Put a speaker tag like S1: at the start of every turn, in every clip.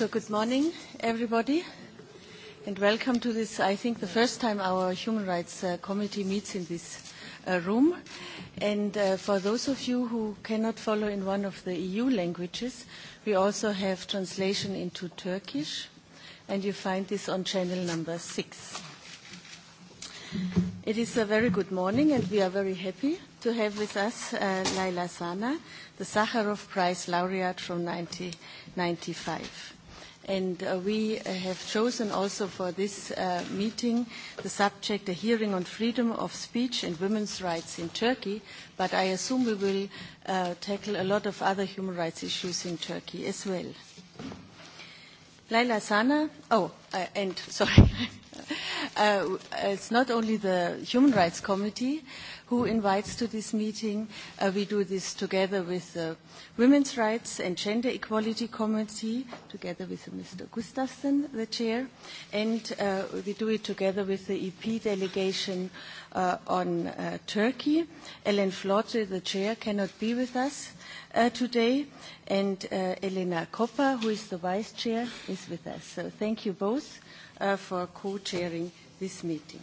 S1: So good morning, everybody, and welcome to this, I think, the first time our Human Rights uh, Committee meets in this uh, room. And uh, for those of you who cannot follow in one of the EU languages, we also have translation into Turkish, and you find this on channel number six. It is a very good morning, and we are very happy to have with us uh, Laila Sana, the Sakharov Prize laureate from 1995. And uh, we uh, have chosen also for this uh, meeting the subject, a hearing on freedom of speech and women's rights in Turkey, but I assume we will uh, tackle a lot of other human rights issues in Turkey as well. Laila Sana, oh, uh, and sorry, uh, it's not only the Human Rights Committee who invites to this meeting. Uh, we do this together with the Women's Rights and Gender Equality Committee, together with Mr. Gustafsson, the chair, and uh, we do it together with the EP delegation uh, on uh, Turkey. Ellen Flotte, the chair, cannot be with us uh, today, and uh, Elena Koppa, who is the vice chair, is with us. So thank you both uh, for co-chairing this meeting.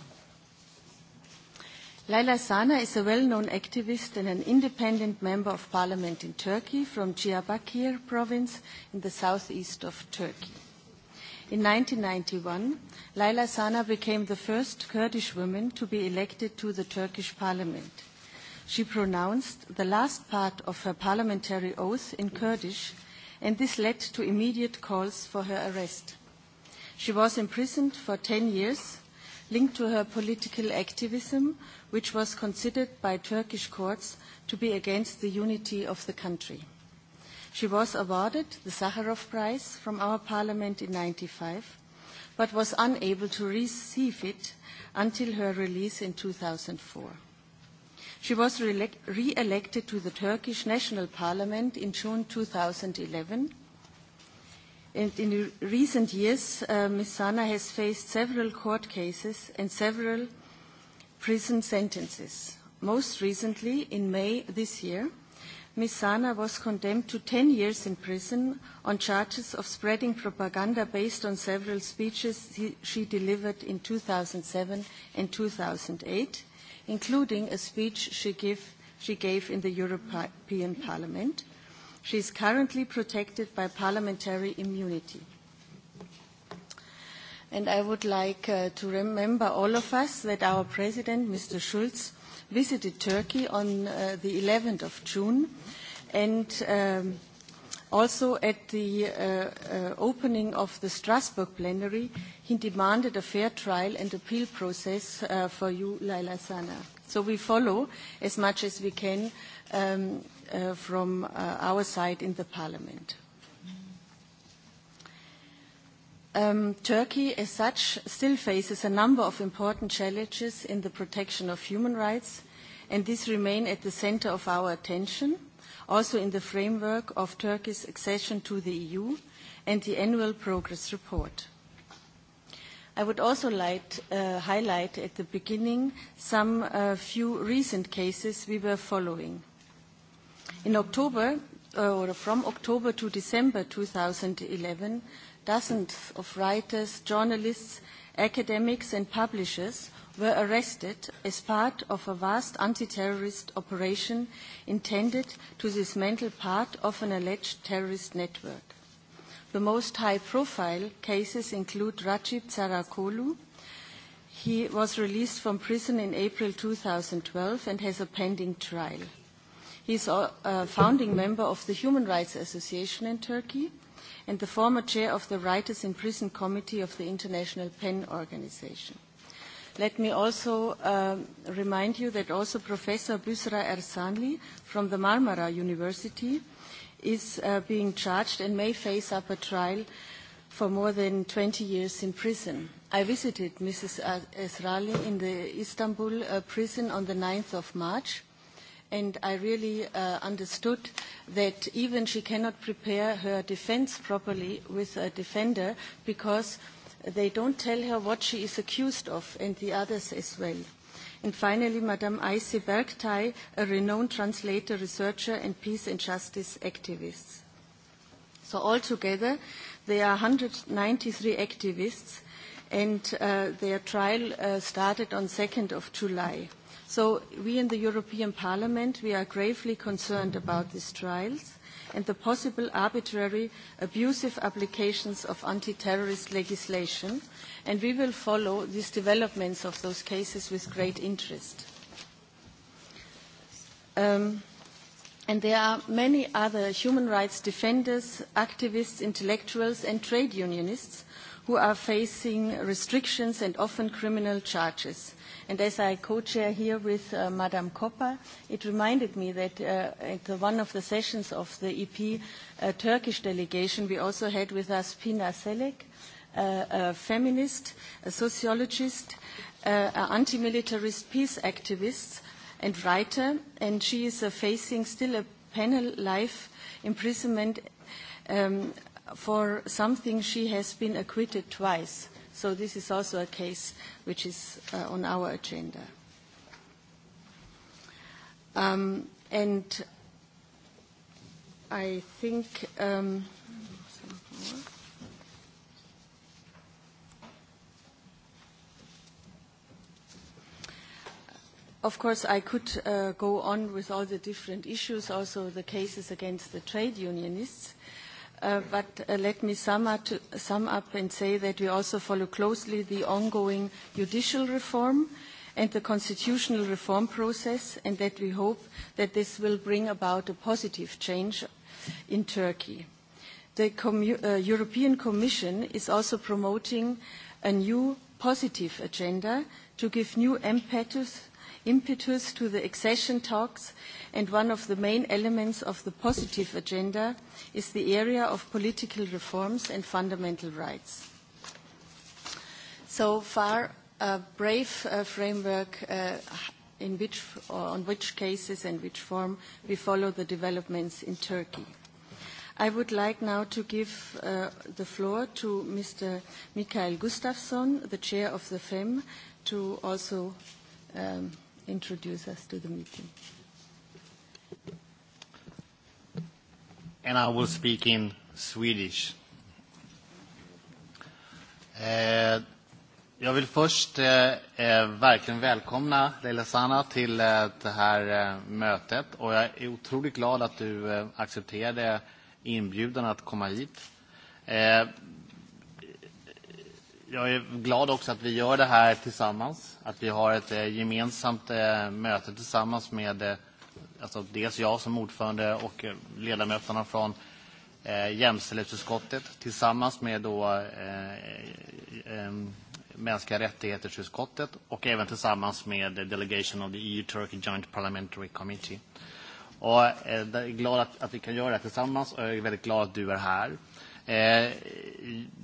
S1: Laila Sana is a well-known activist and an independent member of parliament in Turkey from Diyarbakir province in the southeast of Turkey. In 1991, Laila Sana became the first Kurdish woman to be elected to the Turkish parliament. She pronounced the last part of her parliamentary oath in Kurdish, and this led to immediate calls for her arrest. She was imprisoned for 10 years linked to her political activism, which was considered by Turkish courts to be against the unity of the country. She was awarded the Sakharov Prize from our parliament in 1995, but was unable to receive it until her release in 2004. She was re-elected to the Turkish National Parliament in June 2011 And in recent years, uh, Ms. Sana has faced several court cases and several prison sentences. Most recently, in May this year, Ms. Sana was condemned to 10 years in prison on charges of spreading propaganda based on several speeches he, she delivered in 2007 and 2008, including a speech she, give, she gave in the European Parliament – She is currently protected by parliamentary immunity. And I would like uh, to remember all of us that our President, Mr. Schulz, visited Turkey on uh, the 11th of June and um, also at the uh, uh, opening of the Strasbourg plenary, he demanded a fair trial and appeal process uh, for you, Laila Sana. So we follow as much as we can um, uh, from uh, our side in the parliament. Um, Turkey, as such, still faces a number of important challenges in the protection of human rights, and these remain at the center of our attention, also in the framework of Turkey's accession to the EU and the annual progress report. I would also like uh, highlight at the beginning some uh, few recent cases we were following. In October, uh, or from October to December 2011, dozens of writers, journalists, academics and publishers were arrested as part of a vast anti-terrorist operation intended to dismantle part of an alleged terrorist network. The most high-profile cases include Rajib Tsarakolu. He was released from prison in April 2012 and has a pending trial. He is a founding member of the Human Rights Association in Turkey and the former chair of the Writers in Prison Committee of the International PEN Organization. Let me also uh, remind you that also Professor Busra Ersanli from the Marmara University is uh, being charged and may face up a trial for more than 20 years in prison. I visited Mrs. Esrali in the Istanbul uh, prison on the 9th of March and I really uh, understood that even she cannot prepare her defense properly with a defender because they don't tell her what she is accused of and the others as well. And finally, Madame Aisi Bergtai, a renowned translator, researcher, and peace and justice activist. So altogether, there are 193 activists, and uh, their trial uh, started on 2nd of July. So we in the European Parliament, we are gravely concerned about these trials and the possible arbitrary abusive applications of anti-terrorist legislation, and we will follow these developments of those cases with great interest. Um, and there are many other human rights defenders, activists, intellectuals, and trade unionists who are facing restrictions and often criminal charges. And as I co-chair here with uh, Madame Koppa, it reminded me that uh, at the, one of the sessions of the EP uh, Turkish delegation, we also had with us Pina Selek, uh, a feminist, a sociologist, uh, an anti-militarist peace activist and writer, and she is uh, facing still a penal life imprisonment um, for something she has been acquitted twice. So this is also a case which is uh, on our agenda. Um, and I think... Um, Of course, I could uh, go on with all the different issues, also the cases against the trade unionists. Uh, but uh, let me sum up, sum up and say that we also follow closely the ongoing judicial reform and the constitutional reform process and that we hope that this will bring about a positive change in Turkey. The commu uh, European Commission is also promoting a new positive agenda to give new impetus impetus to the accession talks and one of the main elements of the positive agenda is the area of political reforms and fundamental rights. So far, a brave uh, framework uh, in which, on which cases and which form we follow the developments in Turkey. I would like now to give uh, the floor to Mr. Mikhail Gustafsson, the chair of the FEM, to also um, introduce us to the meeting.
S2: And I will speak in Swedish. Eh, jag vill först eh, eh, verkligen välkomna Leila Sana till eh, det här eh, mötet och jag är otroligt glad att du eh, accepterade inbjudan att komma hit. Eh, Jag är glad också att vi gör det här tillsammans, att vi har ett eh, gemensamt eh, möte tillsammans med eh, alltså dels jag som ordförande och ledamöterna från jämställdhetsutskottet tillsammans med då, eh, eh, mänskliga rättighetersutskottet och även tillsammans med Delegation of the EU-Turkey Joint Parliamentary Committee. Och, eh, jag är glad att, att vi kan göra det tillsammans och jag är väldigt glad att du är här. Eh,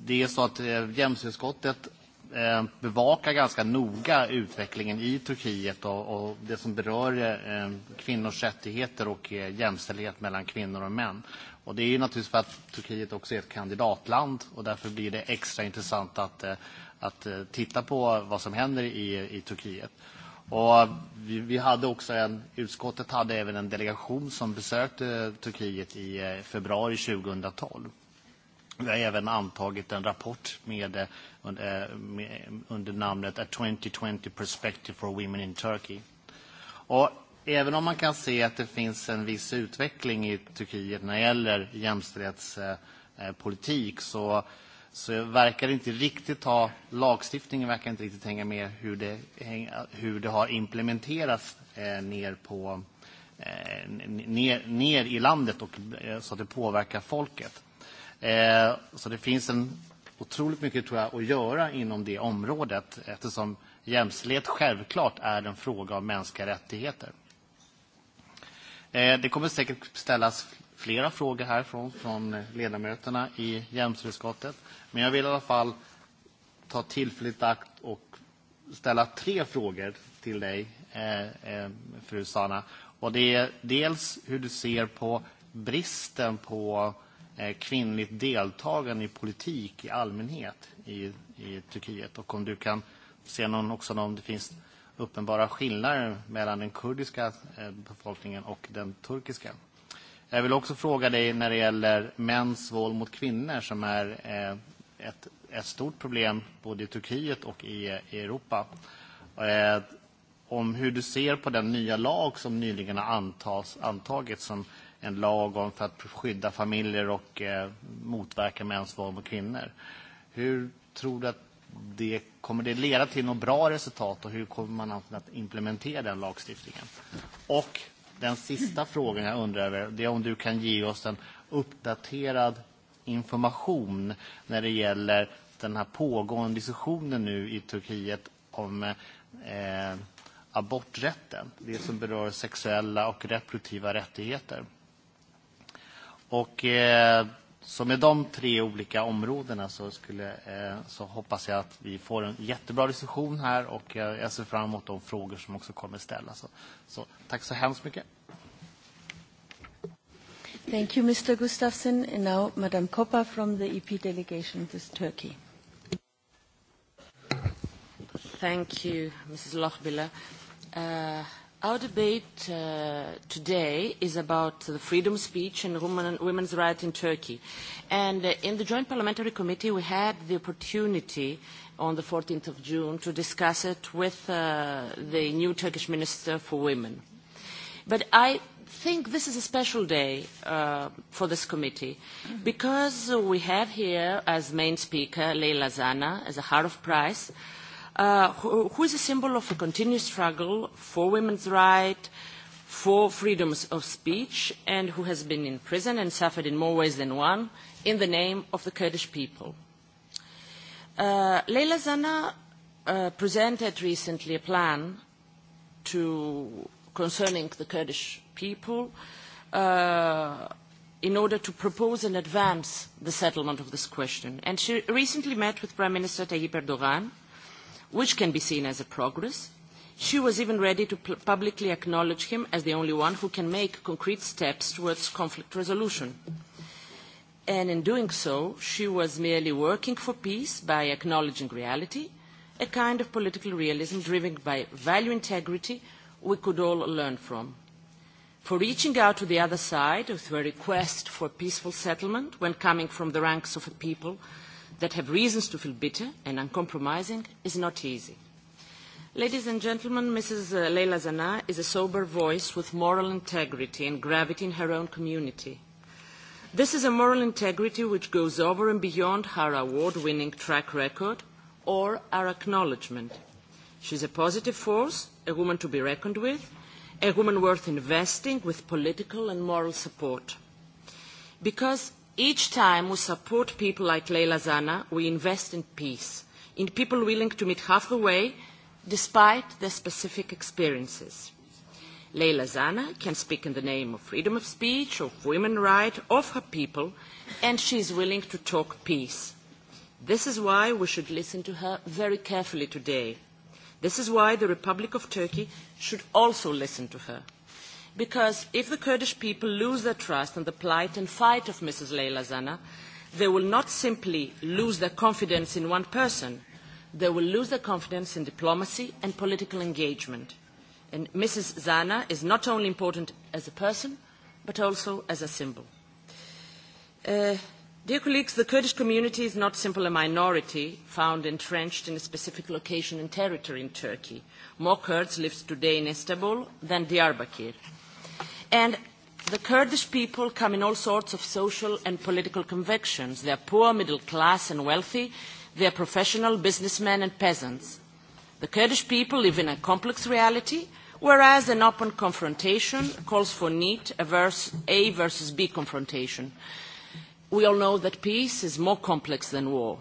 S2: det är så att eh, jämställdhetsutskottet eh, bevakar ganska noga utvecklingen i Turkiet och, det som berör kvinnors rättigheter och jämställdhet mellan kvinnor och män. Och det är ju naturligtvis för att Turkiet också är ett kandidatland och därför blir det extra intressant att, att titta på vad som händer i, i Turkiet. Och vi, vi hade också en, utskottet hade även en delegation som besökte Turkiet i februari 2012. Vi har även antagit en rapport med, eh, eh, under namnet A 2020 Perspective for Women in Turkey. Och även om man kan se att det finns en viss utveckling i Turkiet när det gäller jämställdhetspolitik eh, så, så verkar det inte riktigt ha, lagstiftningen verkar inte riktigt hänga med hur det, hur det har implementerats eh, ner, på, eh, ner, ner i landet och, så att det påverkar folket. Eh, så det finns en otroligt mycket tror jag, att göra inom det området eftersom jämställdhet självklart är en fråga om mänskliga rättigheter. Eh, det kommer säkert ställas flera frågor här från, från ledamöterna i jämställdhetsutskottet. Men jag vill i alla fall ta tillfälligt akt och ställa tre frågor till dig, eh, eh, fru Sana. Och det är dels hur du ser på bristen på Eh, kvinnligt deltagande i politik i allmänhet i, i Turkiet och om du kan se någon, också om det finns uppenbara skillnader mellan den kurdiska eh, befolkningen och den turkiska. Jag vill också fråga dig när det gäller mäns våld mot kvinnor som är eh, ett, ett stort problem både i Turkiet och i, i Europa. Om hur du ser på den nya lag som nyligen har antas, antagits som en lag om för att skydda familjer och eh, motverka mäns våld mot kvinnor. Hur tror du att det kommer det leda till något bra resultat och hur kommer man att implementera den lagstiftningen? Och den sista frågan jag undrar över, det är om du kan ge oss en uppdaterad information när det gäller den här pågående diskussionen nu i Turkiet om eh, aborträtten, det som berör sexuella och reproduktiva rättigheter. Och eh, så med de tre olika områdena så, skulle, eh, så hoppas jag att vi får en jättebra diskussion här och eh, jag ser fram emot de frågor som också kommer ställas. Så, så tack så hemskt mycket.
S1: Thank you, Mr. Gustafsson. And now, Madam Koppa from the EP delegation to Turkey.
S3: Thank you, Mrs. Lochbiller. Uh, Our debate uh, today is about the freedom of speech and woman, women's rights in Turkey. And uh, in the Joint Parliamentary Committee, we had the opportunity on the 14th of June to discuss it with uh, the new Turkish Minister for Women. But I think this is a special day uh, for this committee because we have here as main speaker Leila Zana as a heart Prize, uh, uh, who, who is a symbol of a continuous struggle for women's rights, for freedoms of speech, and who has been in prison and suffered in more ways than one in the name of the Kurdish people. Uh, Leila Zana uh, presented recently a plan to, concerning the Kurdish people uh, in order to propose and advance the settlement of this question. And she recently met with Prime Minister Tayyip Erdogan, which can be seen as a progress. She was even ready to publicly acknowledge him as the only one who can make concrete steps towards conflict resolution. And in doing so, she was merely working for peace by acknowledging reality, a kind of political realism driven by value integrity we could all learn from. For reaching out to the other side with a request for peaceful settlement when coming from the ranks of a people that have reasons to feel bitter and uncompromising is not easy. Ladies and gentlemen, Mrs. Uh, Leila Zana is a sober voice with moral integrity and gravity in her own community. This is a moral integrity which goes over and beyond her award-winning track record or our acknowledgement. She is a positive force, a woman to be reckoned with, a woman worth investing with political and moral support. Because Each time we support people like Leila Zana, we invest in peace, in people willing to meet half the way despite their specific experiences. Leila Zana can speak in the name of freedom of speech, of women's rights, of her people, and she is willing to talk peace. This is why we should listen to her very carefully today. This is why the Republic of Turkey should also listen to her because if the Kurdish people lose their trust in the plight and fight of Mrs. Leila Zana, they will not simply lose their confidence in one person, they will lose their confidence in diplomacy and political engagement. And Mrs. Zana is not only important as a person, but also as a symbol. Uh, dear colleagues, the Kurdish community is not simply a minority found entrenched in a specific location and territory in Turkey. More Kurds live today in Istanbul than Diyarbakir. And the Kurdish people come in all sorts of social and political convictions. They are poor, middle class and wealthy. They are professional, businessmen and peasants. The Kurdish people live in a complex reality, whereas an open confrontation calls for neat a, verse, a versus B confrontation. We all know that peace is more complex than war.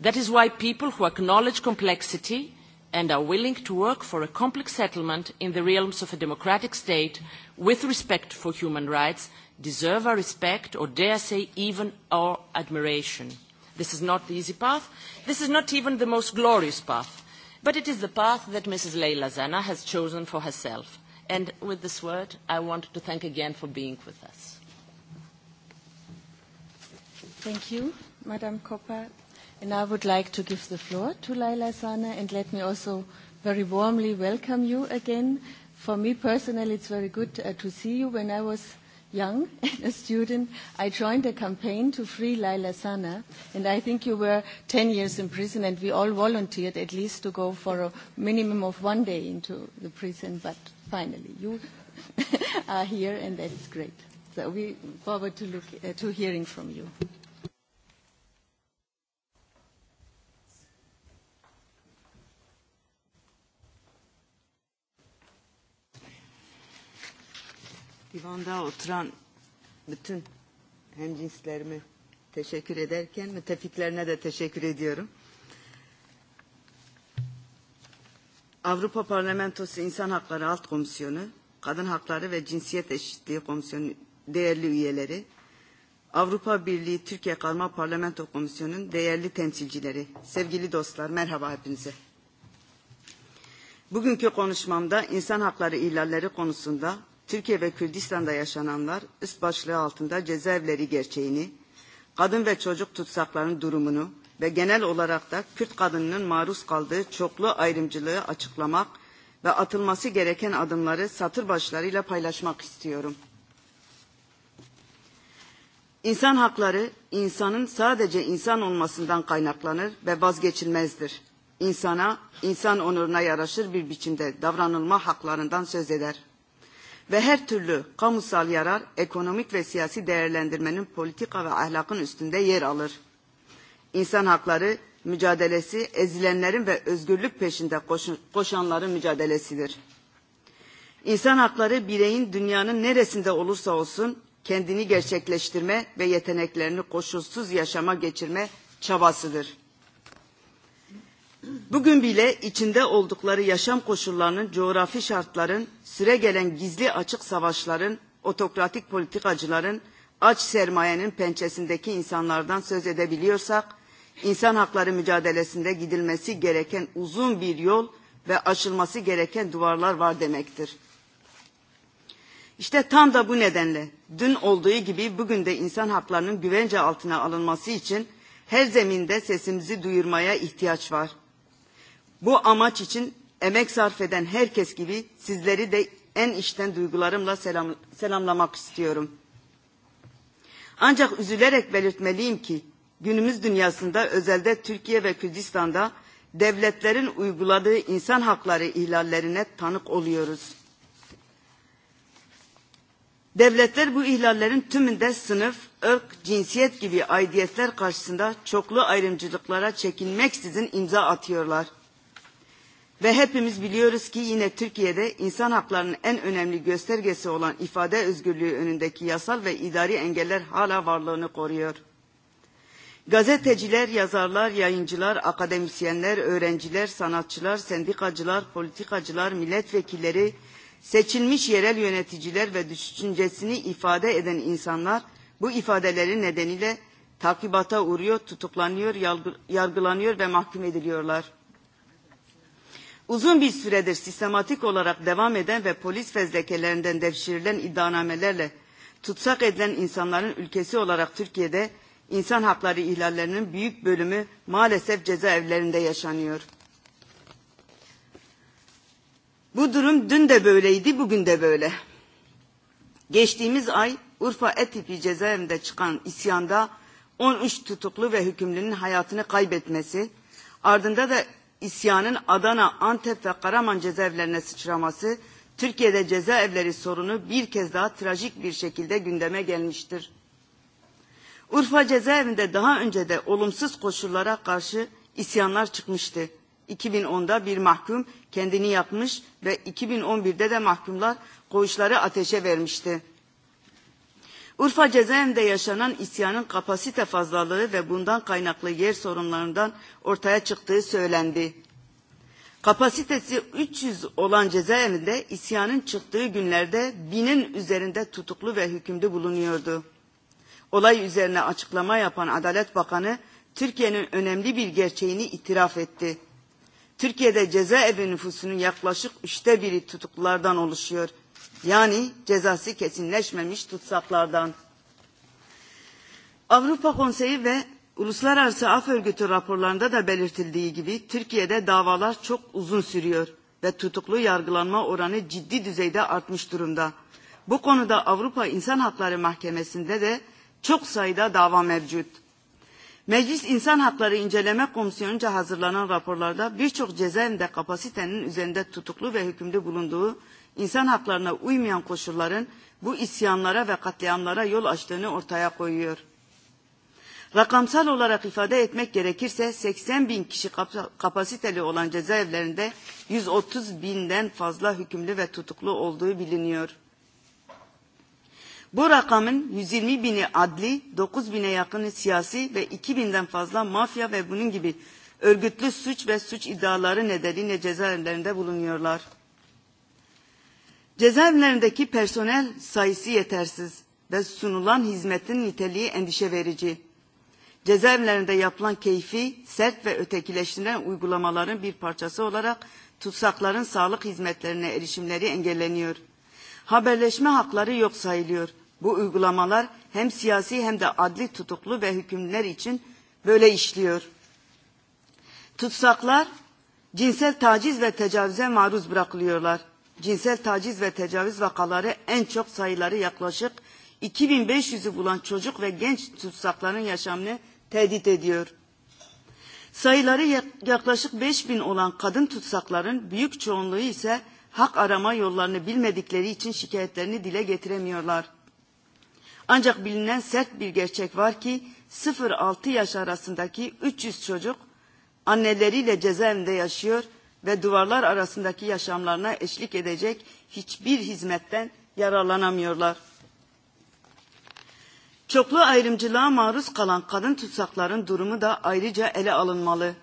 S3: That is why people who acknowledge complexity and are willing to work for a complex settlement in the realms of a democratic state with respect for human rights deserve our respect or dare say even our admiration. This is not the easy path. This is not even the most glorious path. But it is the path that Mrs. Leila Zana has chosen for herself. And with this word, I want to thank again for being with us.
S1: Thank you, Madam Coppa. And I would like to give the floor to Laila Sana and let me also very warmly welcome you again. For me personally, it's very good uh, to see you. When I was young and a student, I joined a campaign to free Laila Sana, and I think you were 10 years in prison, and we all volunteered at least to go for a minimum of one day into the prison, but finally you are here, and that is great. So we forward to, look, uh, to hearing from you.
S4: divanda oturan bütün hemcinslerimi teşekkür ederken müttefiklerine de teşekkür ediyorum. Avrupa Parlamentosu İnsan Hakları Alt Komisyonu, Kadın Hakları ve Cinsiyet Eşitliği Komisyonu değerli üyeleri, Avrupa Birliği Türkiye Kalma Parlamento Komisyonu'nun değerli temsilcileri, sevgili dostlar merhaba hepinize. Bugünkü konuşmamda insan hakları ihlalleri konusunda Türkiye ve Kürdistan'da yaşananlar üst başlığı altında cezaevleri gerçeğini, kadın ve çocuk tutsaklarının durumunu ve genel olarak da Kürt kadınının maruz kaldığı çoklu ayrımcılığı açıklamak ve atılması gereken adımları satır başlarıyla paylaşmak istiyorum. İnsan hakları insanın sadece insan olmasından kaynaklanır ve vazgeçilmezdir. İnsana, insan onuruna yaraşır bir biçimde davranılma haklarından söz eder ve her türlü kamusal yarar ekonomik ve siyasi değerlendirmenin politika ve ahlakın üstünde yer alır. İnsan hakları mücadelesi ezilenlerin ve özgürlük peşinde koşanların mücadelesidir. İnsan hakları bireyin dünyanın neresinde olursa olsun kendini gerçekleştirme ve yeteneklerini koşulsuz yaşama geçirme çabasıdır. Bugün bile içinde oldukları yaşam koşullarının, coğrafi şartların, süre gelen gizli açık savaşların, otokratik politikacıların, aç sermayenin pençesindeki insanlardan söz edebiliyorsak, insan hakları mücadelesinde gidilmesi gereken uzun bir yol ve aşılması gereken duvarlar var demektir. İşte tam da bu nedenle dün olduğu gibi bugün de insan haklarının güvence altına alınması için her zeminde sesimizi duyurmaya ihtiyaç var.'' Bu amaç için emek sarf eden herkes gibi sizleri de en içten duygularımla selam, selamlamak istiyorum. Ancak üzülerek belirtmeliyim ki günümüz dünyasında özelde Türkiye ve Kürdistan'da devletlerin uyguladığı insan hakları ihlallerine tanık oluyoruz. Devletler bu ihlallerin tümünde sınıf, ırk, cinsiyet gibi aidiyetler karşısında çoklu ayrımcılıklara çekinmeksizin imza atıyorlar. Ve hepimiz biliyoruz ki yine Türkiye'de insan haklarının en önemli göstergesi olan ifade özgürlüğü önündeki yasal ve idari engeller hala varlığını koruyor. Gazeteciler, yazarlar, yayıncılar, akademisyenler, öğrenciler, sanatçılar, sendikacılar, politikacılar, milletvekilleri, seçilmiş yerel yöneticiler ve düşüncesini ifade eden insanlar bu ifadeleri nedeniyle takibata uğruyor, tutuklanıyor, yargılanıyor ve mahkum ediliyorlar. Uzun bir süredir sistematik olarak devam eden ve polis fezlekelerinden devşirilen iddianamelerle tutsak edilen insanların ülkesi olarak Türkiye'de insan hakları ihlallerinin büyük bölümü maalesef cezaevlerinde yaşanıyor. Bu durum dün de böyleydi, bugün de böyle. Geçtiğimiz ay Urfa Etipi cezaevinde çıkan isyanda 13 tutuklu ve hükümlünün hayatını kaybetmesi, ardında da isyanın Adana, Antep ve Karaman cezaevlerine sıçraması, Türkiye'de cezaevleri sorunu bir kez daha trajik bir şekilde gündeme gelmiştir. Urfa cezaevinde daha önce de olumsuz koşullara karşı isyanlar çıkmıştı. 2010'da bir mahkum kendini yakmış ve 2011'de de mahkumlar koğuşları ateşe vermişti. Urfa cezaevinde yaşanan isyanın kapasite fazlalığı ve bundan kaynaklı yer sorunlarından ortaya çıktığı söylendi. Kapasitesi 300 olan cezaevinde isyanın çıktığı günlerde binin üzerinde tutuklu ve hükümlü bulunuyordu. Olay üzerine açıklama yapan Adalet Bakanı Türkiye'nin önemli bir gerçeğini itiraf etti. Türkiye'de cezaevi nüfusunun yaklaşık üçte biri tutuklulardan oluşuyor Yani cezası kesinleşmemiş tutsaklardan. Avrupa Konseyi ve Uluslararası Af Örgütü raporlarında da belirtildiği gibi Türkiye'de davalar çok uzun sürüyor ve tutuklu yargılanma oranı ciddi düzeyde artmış durumda. Bu konuda Avrupa İnsan Hakları Mahkemesi'nde de çok sayıda dava mevcut. Meclis İnsan Hakları İnceleme Komisyonu'nca hazırlanan raporlarda birçok cezaevinde kapasitenin üzerinde tutuklu ve hükümlü bulunduğu insan haklarına uymayan koşulların bu isyanlara ve katliamlara yol açtığını ortaya koyuyor. Rakamsal olarak ifade etmek gerekirse 80 bin kişi kapasiteli olan cezaevlerinde 130 binden fazla hükümlü ve tutuklu olduğu biliniyor. Bu rakamın 120 bini adli, 9 bine yakını siyasi ve 2 binden fazla mafya ve bunun gibi örgütlü suç ve suç iddiaları nedeniyle cezaevlerinde bulunuyorlar. Cezaevlerindeki personel sayısı yetersiz ve sunulan hizmetin niteliği endişe verici. Cezaevlerinde yapılan keyfi, sert ve ötekileştiren uygulamaların bir parçası olarak tutsakların sağlık hizmetlerine erişimleri engelleniyor. Haberleşme hakları yok sayılıyor. Bu uygulamalar hem siyasi hem de adli tutuklu ve hükümler için böyle işliyor. Tutsaklar cinsel taciz ve tecavüze maruz bırakılıyorlar cinsel taciz ve tecavüz vakaları en çok sayıları yaklaşık 2500'ü bulan çocuk ve genç tutsakların yaşamını tehdit ediyor. Sayıları yaklaşık 5000 olan kadın tutsakların büyük çoğunluğu ise hak arama yollarını bilmedikleri için şikayetlerini dile getiremiyorlar. Ancak bilinen sert bir gerçek var ki 0-6 yaş arasındaki 300 çocuk anneleriyle cezaevinde yaşıyor ve ve duvarlar arasındaki yaşamlarına eşlik edecek hiçbir hizmetten yararlanamıyorlar. Çoklu ayrımcılığa maruz kalan kadın tutsakların durumu da ayrıca ele alınmalı.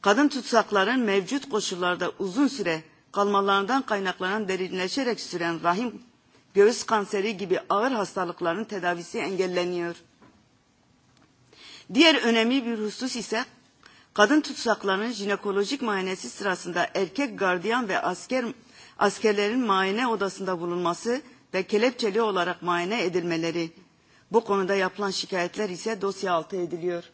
S4: Kadın tutsakların mevcut koşullarda uzun süre kalmalarından kaynaklanan derinleşerek süren rahim, göğüs kanseri gibi ağır hastalıkların tedavisi engelleniyor. Diğer önemli bir husus ise kadın tutsaklarının jinekolojik muayenesi sırasında erkek gardiyan ve asker askerlerin muayene odasında bulunması ve kelepçeli olarak muayene edilmeleri. Bu konuda yapılan şikayetler ise dosya altı ediliyor.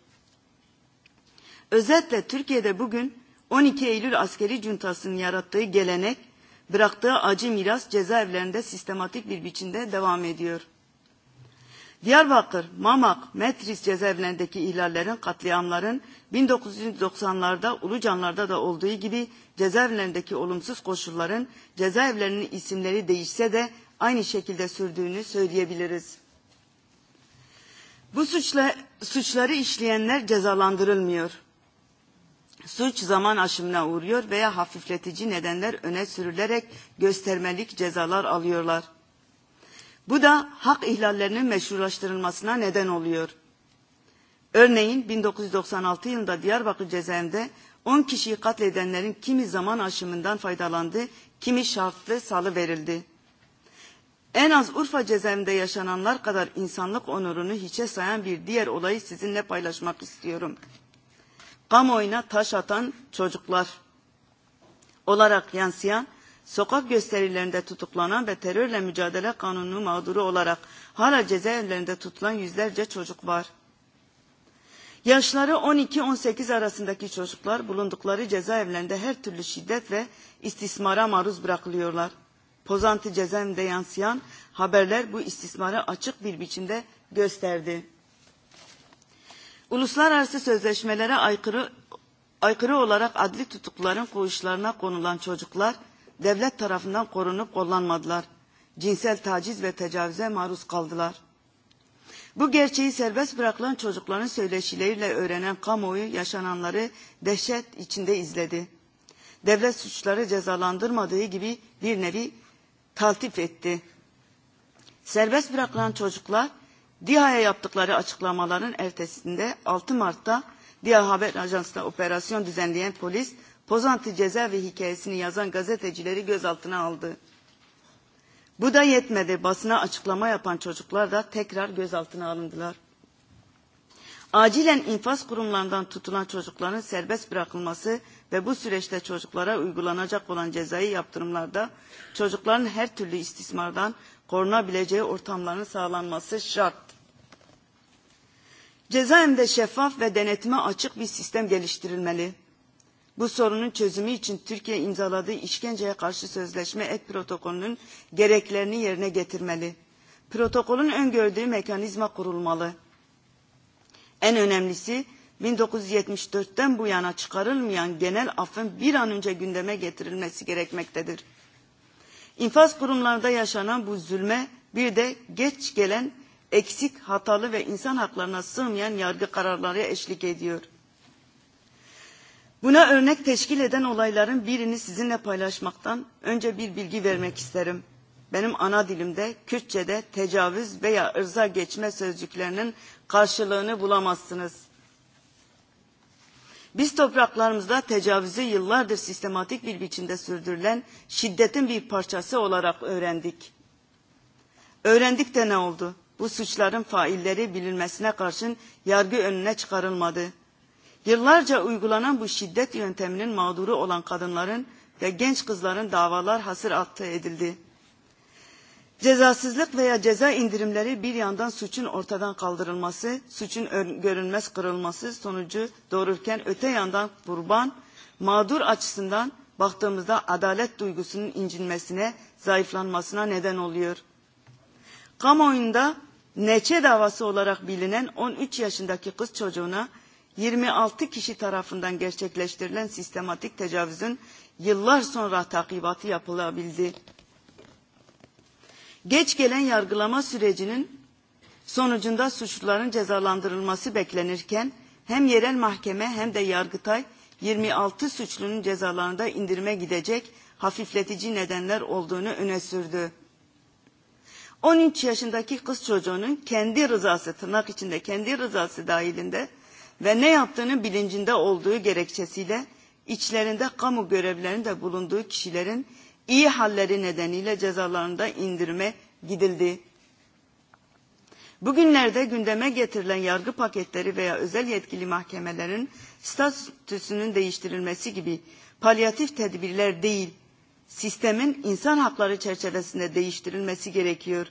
S4: Özetle Türkiye'de bugün 12 Eylül askeri cuntasının yarattığı gelenek, bıraktığı acı miras cezaevlerinde sistematik bir biçimde devam ediyor. Diyarbakır, Mamak, Metris cezaevlerindeki ihlallerin, katliamların 1990'larda Ulucanlar'da da olduğu gibi cezaevlerindeki olumsuz koşulların cezaevlerinin isimleri değişse de aynı şekilde sürdüğünü söyleyebiliriz. Bu suçla, suçları işleyenler cezalandırılmıyor. Suç zaman aşımına uğruyor veya hafifletici nedenler öne sürülerek göstermelik cezalar alıyorlar. Bu da hak ihlallerinin meşrulaştırılmasına neden oluyor. Örneğin 1996 yılında Diyarbakır cezaevinde 10 kişiyi katledenlerin kimi zaman aşımından faydalandı, kimi şartlı salı verildi. En az Urfa cezaevinde yaşananlar kadar insanlık onurunu hiçe sayan bir diğer olayı sizinle paylaşmak istiyorum. Kamuoyuna taş atan çocuklar olarak yansıyan sokak gösterilerinde tutuklanan ve terörle mücadele kanunu mağduru olarak hala cezaevlerinde tutulan yüzlerce çocuk var. Yaşları 12-18 arasındaki çocuklar bulundukları cezaevlerinde her türlü şiddet ve istismara maruz bırakılıyorlar. Pozantı cezaevinde yansıyan haberler bu istismarı açık bir biçimde gösterdi. Uluslararası sözleşmelere aykırı, aykırı olarak adli tutukluların koğuşlarına konulan çocuklar devlet tarafından korunup kullanmadılar. Cinsel taciz ve tecavüze maruz kaldılar. Bu gerçeği serbest bırakılan çocukların söyleşileriyle öğrenen kamuoyu yaşananları dehşet içinde izledi. Devlet suçları cezalandırmadığı gibi bir nevi taltif etti. Serbest bırakılan çocuklar DİHA'ya yaptıkları açıklamaların ertesinde 6 Mart'ta DİHA Haber Ajansı'na operasyon düzenleyen polis Pozantı cezaevi hikayesini yazan gazetecileri gözaltına aldı. Bu da yetmedi. Basına açıklama yapan çocuklar da tekrar gözaltına alındılar. Acilen infaz kurumlarından tutulan çocukların serbest bırakılması ve bu süreçte çocuklara uygulanacak olan cezai yaptırımlarda çocukların her türlü istismardan korunabileceği ortamların sağlanması şart. Cezaevinde şeffaf ve denetime açık bir sistem geliştirilmeli. Bu sorunun çözümü için Türkiye imzaladığı işkenceye karşı sözleşme et protokolünün gereklerini yerine getirmeli. Protokolün öngördüğü mekanizma kurulmalı. En önemlisi 1974'ten bu yana çıkarılmayan genel affın bir an önce gündeme getirilmesi gerekmektedir. İnfaz kurumlarında yaşanan bu zulme bir de geç gelen eksik, hatalı ve insan haklarına sığmayan yargı kararları eşlik ediyor. Buna örnek teşkil eden olayların birini sizinle paylaşmaktan önce bir bilgi vermek isterim. Benim ana dilimde Kürtçe'de tecavüz veya ırza geçme sözcüklerinin karşılığını bulamazsınız. Biz topraklarımızda tecavüzü yıllardır sistematik bir biçimde sürdürülen şiddetin bir parçası olarak öğrendik. Öğrendik de ne oldu? Bu suçların failleri bilinmesine karşın yargı önüne çıkarılmadı. Yıllarca uygulanan bu şiddet yönteminin mağduru olan kadınların ve genç kızların davalar hasır altı edildi. Cezasızlık veya ceza indirimleri bir yandan suçun ortadan kaldırılması, suçun görünmez kırılması sonucu doğururken öte yandan kurban, mağdur açısından baktığımızda adalet duygusunun incinmesine, zayıflanmasına neden oluyor. Kamuoyunda neçe davası olarak bilinen 13 yaşındaki kız çocuğuna 26 kişi tarafından gerçekleştirilen sistematik tecavüzün yıllar sonra takibatı yapılabildi. Geç gelen yargılama sürecinin sonucunda suçluların cezalandırılması beklenirken hem yerel mahkeme hem de Yargıtay 26 suçlunun cezalarında indirime gidecek hafifletici nedenler olduğunu öne sürdü. 13 yaşındaki kız çocuğunun kendi rızası, tırnak içinde kendi rızası dahilinde ve ne yaptığının bilincinde olduğu gerekçesiyle içlerinde kamu görevlerinde bulunduğu kişilerin iyi halleri nedeniyle cezalarında indirme gidildi. Bugünlerde gündeme getirilen yargı paketleri veya özel yetkili mahkemelerin statüsünün değiştirilmesi gibi palyatif tedbirler değil, sistemin insan hakları çerçevesinde değiştirilmesi gerekiyor.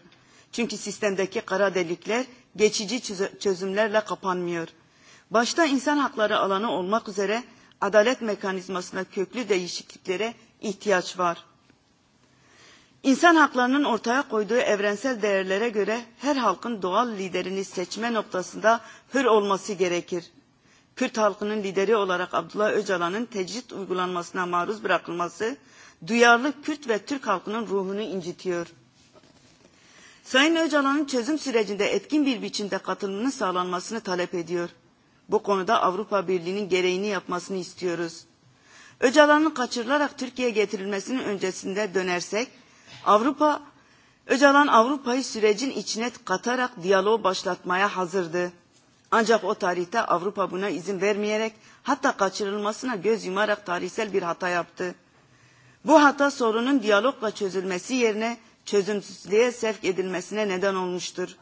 S4: Çünkü sistemdeki kara delikler geçici çözümlerle kapanmıyor.'' başta insan hakları alanı olmak üzere adalet mekanizmasına köklü değişikliklere ihtiyaç var. İnsan haklarının ortaya koyduğu evrensel değerlere göre her halkın doğal liderini seçme noktasında hür olması gerekir. Kürt halkının lideri olarak Abdullah Öcalan'ın tecrit uygulanmasına maruz bırakılması duyarlı Kürt ve Türk halkının ruhunu incitiyor. Sayın Öcalan'ın çözüm sürecinde etkin bir biçimde katılımının sağlanmasını talep ediyor. Bu konuda Avrupa Birliği'nin gereğini yapmasını istiyoruz. Öcalan'ın kaçırılarak Türkiye'ye getirilmesinin öncesinde dönersek, Avrupa, Öcalan Avrupa'yı sürecin içine katarak diyaloğu başlatmaya hazırdı. Ancak o tarihte Avrupa buna izin vermeyerek hatta kaçırılmasına göz yumarak tarihsel bir hata yaptı. Bu hata sorunun diyalogla çözülmesi yerine çözümsüzlüğe sevk edilmesine neden olmuştur.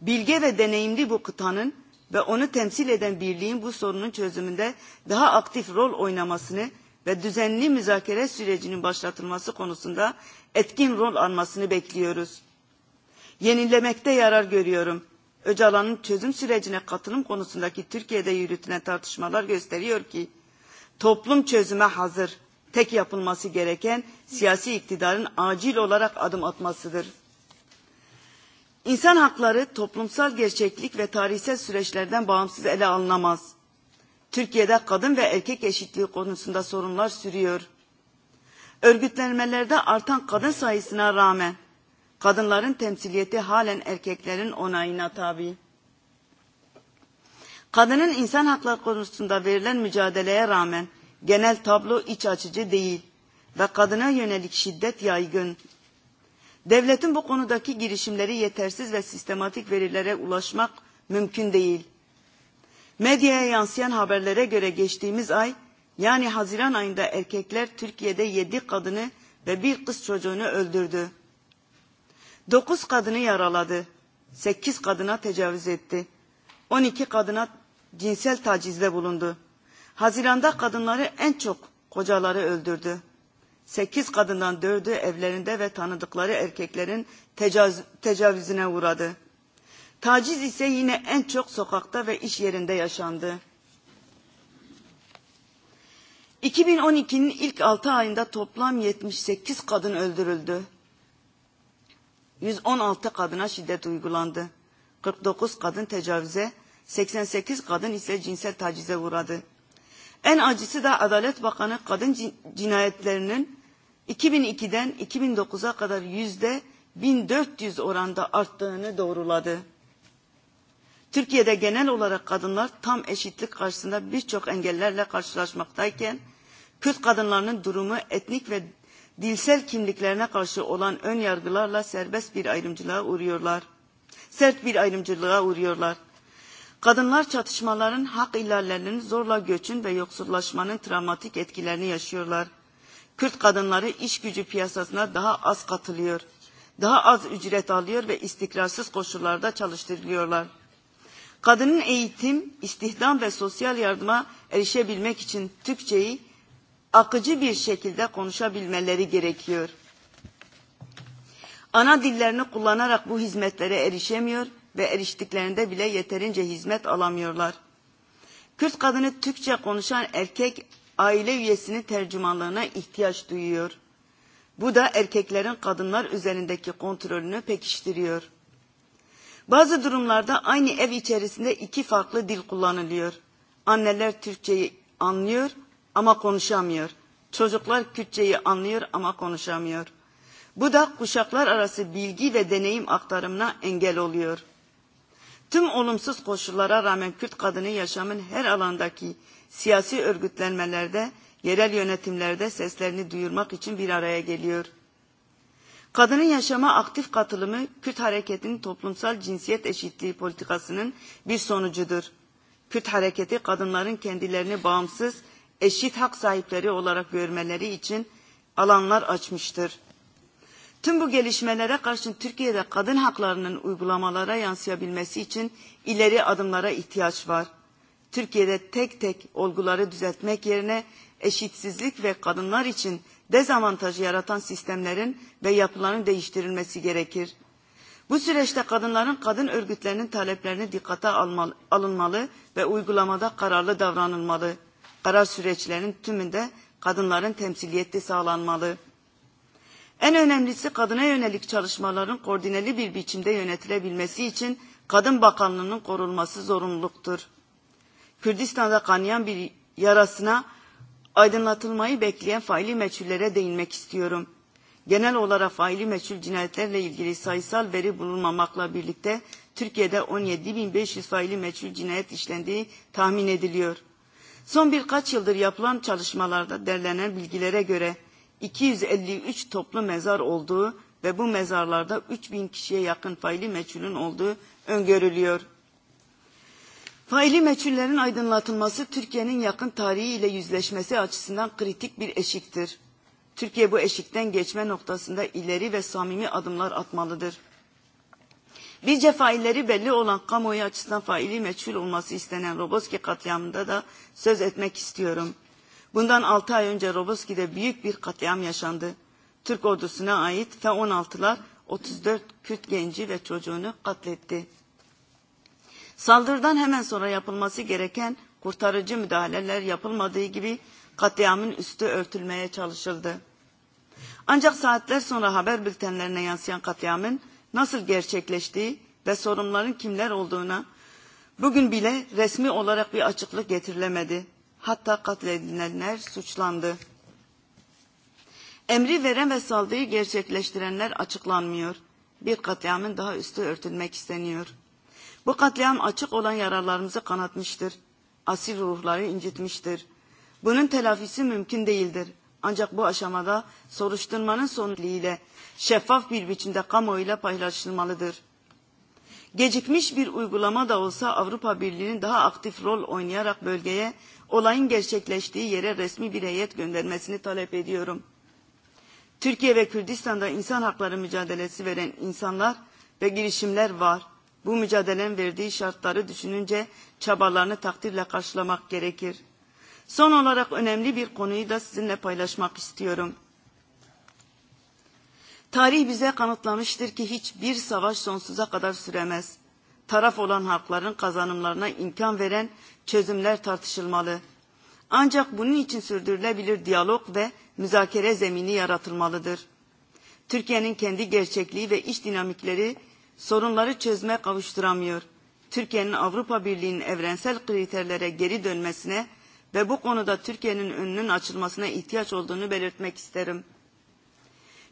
S4: Bilge ve deneyimli bu kıtanın ve onu temsil eden birliğin bu sorunun çözümünde daha aktif rol oynamasını ve düzenli müzakere sürecinin başlatılması konusunda etkin rol almasını bekliyoruz. Yenilemekte yarar görüyorum. Öcalan'ın çözüm sürecine katılım konusundaki Türkiye'de yürütülen tartışmalar gösteriyor ki toplum çözüme hazır. Tek yapılması gereken siyasi iktidarın acil olarak adım atmasıdır. İnsan hakları toplumsal gerçeklik ve tarihsel süreçlerden bağımsız ele alınamaz. Türkiye'de kadın ve erkek eşitliği konusunda sorunlar sürüyor. Örgütlenmelerde artan kadın sayısına rağmen kadınların temsiliyeti halen erkeklerin onayına tabi. Kadının insan hakları konusunda verilen mücadeleye rağmen genel tablo iç açıcı değil ve kadına yönelik şiddet yaygın. Devletin bu konudaki girişimleri yetersiz ve sistematik verilere ulaşmak mümkün değil. Medyaya yansıyan haberlere göre geçtiğimiz ay yani Haziran ayında erkekler Türkiye'de yedi kadını ve bir kız çocuğunu öldürdü. Dokuz kadını yaraladı. Sekiz kadına tecavüz etti. On iki kadına cinsel tacizde bulundu. Haziranda kadınları en çok kocaları öldürdü. 8 kadından 4'ü evlerinde ve tanıdıkları erkeklerin tecavüz, tecavüzüne uğradı. Taciz ise yine en çok sokakta ve iş yerinde yaşandı. 2012'nin ilk 6 ayında toplam 78 kadın öldürüldü. 116 kadına şiddet uygulandı. 49 kadın tecavüze, 88 kadın ise cinsel tacize uğradı. En acısı da Adalet Bakanı kadın cinayetlerinin 2002'den 2009'a kadar yüzde 1400 oranda arttığını doğruladı. Türkiye'de genel olarak kadınlar tam eşitlik karşısında birçok engellerle karşılaşmaktayken, Kürt kadınlarının durumu etnik ve dilsel kimliklerine karşı olan ön yargılarla serbest bir ayrımcılığa uğruyorlar. Sert bir ayrımcılığa uğruyorlar. Kadınlar çatışmaların hak ilerlerinin zorla göçün ve yoksullaşmanın travmatik etkilerini yaşıyorlar. Kürt kadınları iş gücü piyasasına daha az katılıyor. Daha az ücret alıyor ve istikrarsız koşullarda çalıştırılıyorlar. Kadının eğitim, istihdam ve sosyal yardıma erişebilmek için Türkçeyi akıcı bir şekilde konuşabilmeleri gerekiyor. Ana dillerini kullanarak bu hizmetlere erişemiyor ve eriştiklerinde bile yeterince hizmet alamıyorlar. Kürt kadını Türkçe konuşan erkek aile üyesinin tercümanlarına ihtiyaç duyuyor. Bu da erkeklerin kadınlar üzerindeki kontrolünü pekiştiriyor. Bazı durumlarda aynı ev içerisinde iki farklı dil kullanılıyor. Anneler Türkçeyi anlıyor ama konuşamıyor. Çocuklar Kürtçeyi anlıyor ama konuşamıyor. Bu da kuşaklar arası bilgi ve deneyim aktarımına engel oluyor. Tüm olumsuz koşullara rağmen Kürt kadını yaşamın her alandaki siyasi örgütlenmelerde, yerel yönetimlerde seslerini duyurmak için bir araya geliyor. Kadının yaşama aktif katılımı Kürt hareketinin toplumsal cinsiyet eşitliği politikasının bir sonucudur. Kürt hareketi kadınların kendilerini bağımsız, eşit hak sahipleri olarak görmeleri için alanlar açmıştır. Tüm bu gelişmelere karşın Türkiye'de kadın haklarının uygulamalara yansıyabilmesi için ileri adımlara ihtiyaç var. Türkiye'de tek tek olguları düzeltmek yerine eşitsizlik ve kadınlar için dezavantajı yaratan sistemlerin ve yapıların değiştirilmesi gerekir. Bu süreçte kadınların kadın örgütlerinin taleplerini dikkate almalı, alınmalı ve uygulamada kararlı davranılmalı. Karar süreçlerinin tümünde kadınların temsiliyeti sağlanmalı. En önemlisi kadına yönelik çalışmaların koordineli bir biçimde yönetilebilmesi için Kadın Bakanlığı'nın korunması zorunluluktur. Kürdistan'da kanayan bir yarasına aydınlatılmayı bekleyen faili meçhullere değinmek istiyorum. Genel olarak faili meçhul cinayetlerle ilgili sayısal veri bulunmamakla birlikte Türkiye'de 17.500 faili meçhul cinayet işlendiği tahmin ediliyor. Son birkaç yıldır yapılan çalışmalarda derlenen bilgilere göre 253 toplu mezar olduğu ve bu mezarlarda 3000 kişiye yakın faili meçhulün olduğu öngörülüyor. Faili meçhullerin aydınlatılması Türkiye'nin yakın tarihi ile yüzleşmesi açısından kritik bir eşiktir. Türkiye bu eşikten geçme noktasında ileri ve samimi adımlar atmalıdır. Bizce failleri belli olan kamuoyu açısından faili meçhul olması istenen Roboski katliamında da söz etmek istiyorum. Bundan 6 ay önce Roboski'de büyük bir katliam yaşandı. Türk ordusuna ait F-16'lar 34 Kürt genci ve çocuğunu katletti. Saldırıdan hemen sonra yapılması gereken kurtarıcı müdahaleler yapılmadığı gibi katliamın üstü örtülmeye çalışıldı. Ancak saatler sonra haber bültenlerine yansıyan katliamın nasıl gerçekleştiği ve sorunların kimler olduğuna bugün bile resmi olarak bir açıklık getirilemedi. Hatta katledilenler suçlandı. Emri veren ve saldırıyı gerçekleştirenler açıklanmıyor. Bir katliamın daha üstü örtülmek isteniyor.'' Bu katliam açık olan yaralarımızı kanatmıştır. Asil ruhları incitmiştir. Bunun telafisi mümkün değildir. Ancak bu aşamada soruşturmanın sonucuyla şeffaf bir biçimde kamuoyuyla paylaşılmalıdır. Gecikmiş bir uygulama da olsa Avrupa Birliği'nin daha aktif rol oynayarak bölgeye olayın gerçekleştiği yere resmi bir heyet göndermesini talep ediyorum. Türkiye ve Kürdistan'da insan hakları mücadelesi veren insanlar ve girişimler var. Bu mücadelen verdiği şartları düşününce çabalarını takdirle karşılamak gerekir. Son olarak önemli bir konuyu da sizinle paylaşmak istiyorum. Tarih bize kanıtlamıştır ki hiçbir savaş sonsuza kadar süremez. Taraf olan halkların kazanımlarına imkan veren çözümler tartışılmalı. Ancak bunun için sürdürülebilir diyalog ve müzakere zemini yaratılmalıdır. Türkiye'nin kendi gerçekliği ve iç dinamikleri sorunları çözme kavuşturamıyor. Türkiye'nin Avrupa Birliği'nin evrensel kriterlere geri dönmesine ve bu konuda Türkiye'nin önünün açılmasına ihtiyaç olduğunu belirtmek isterim.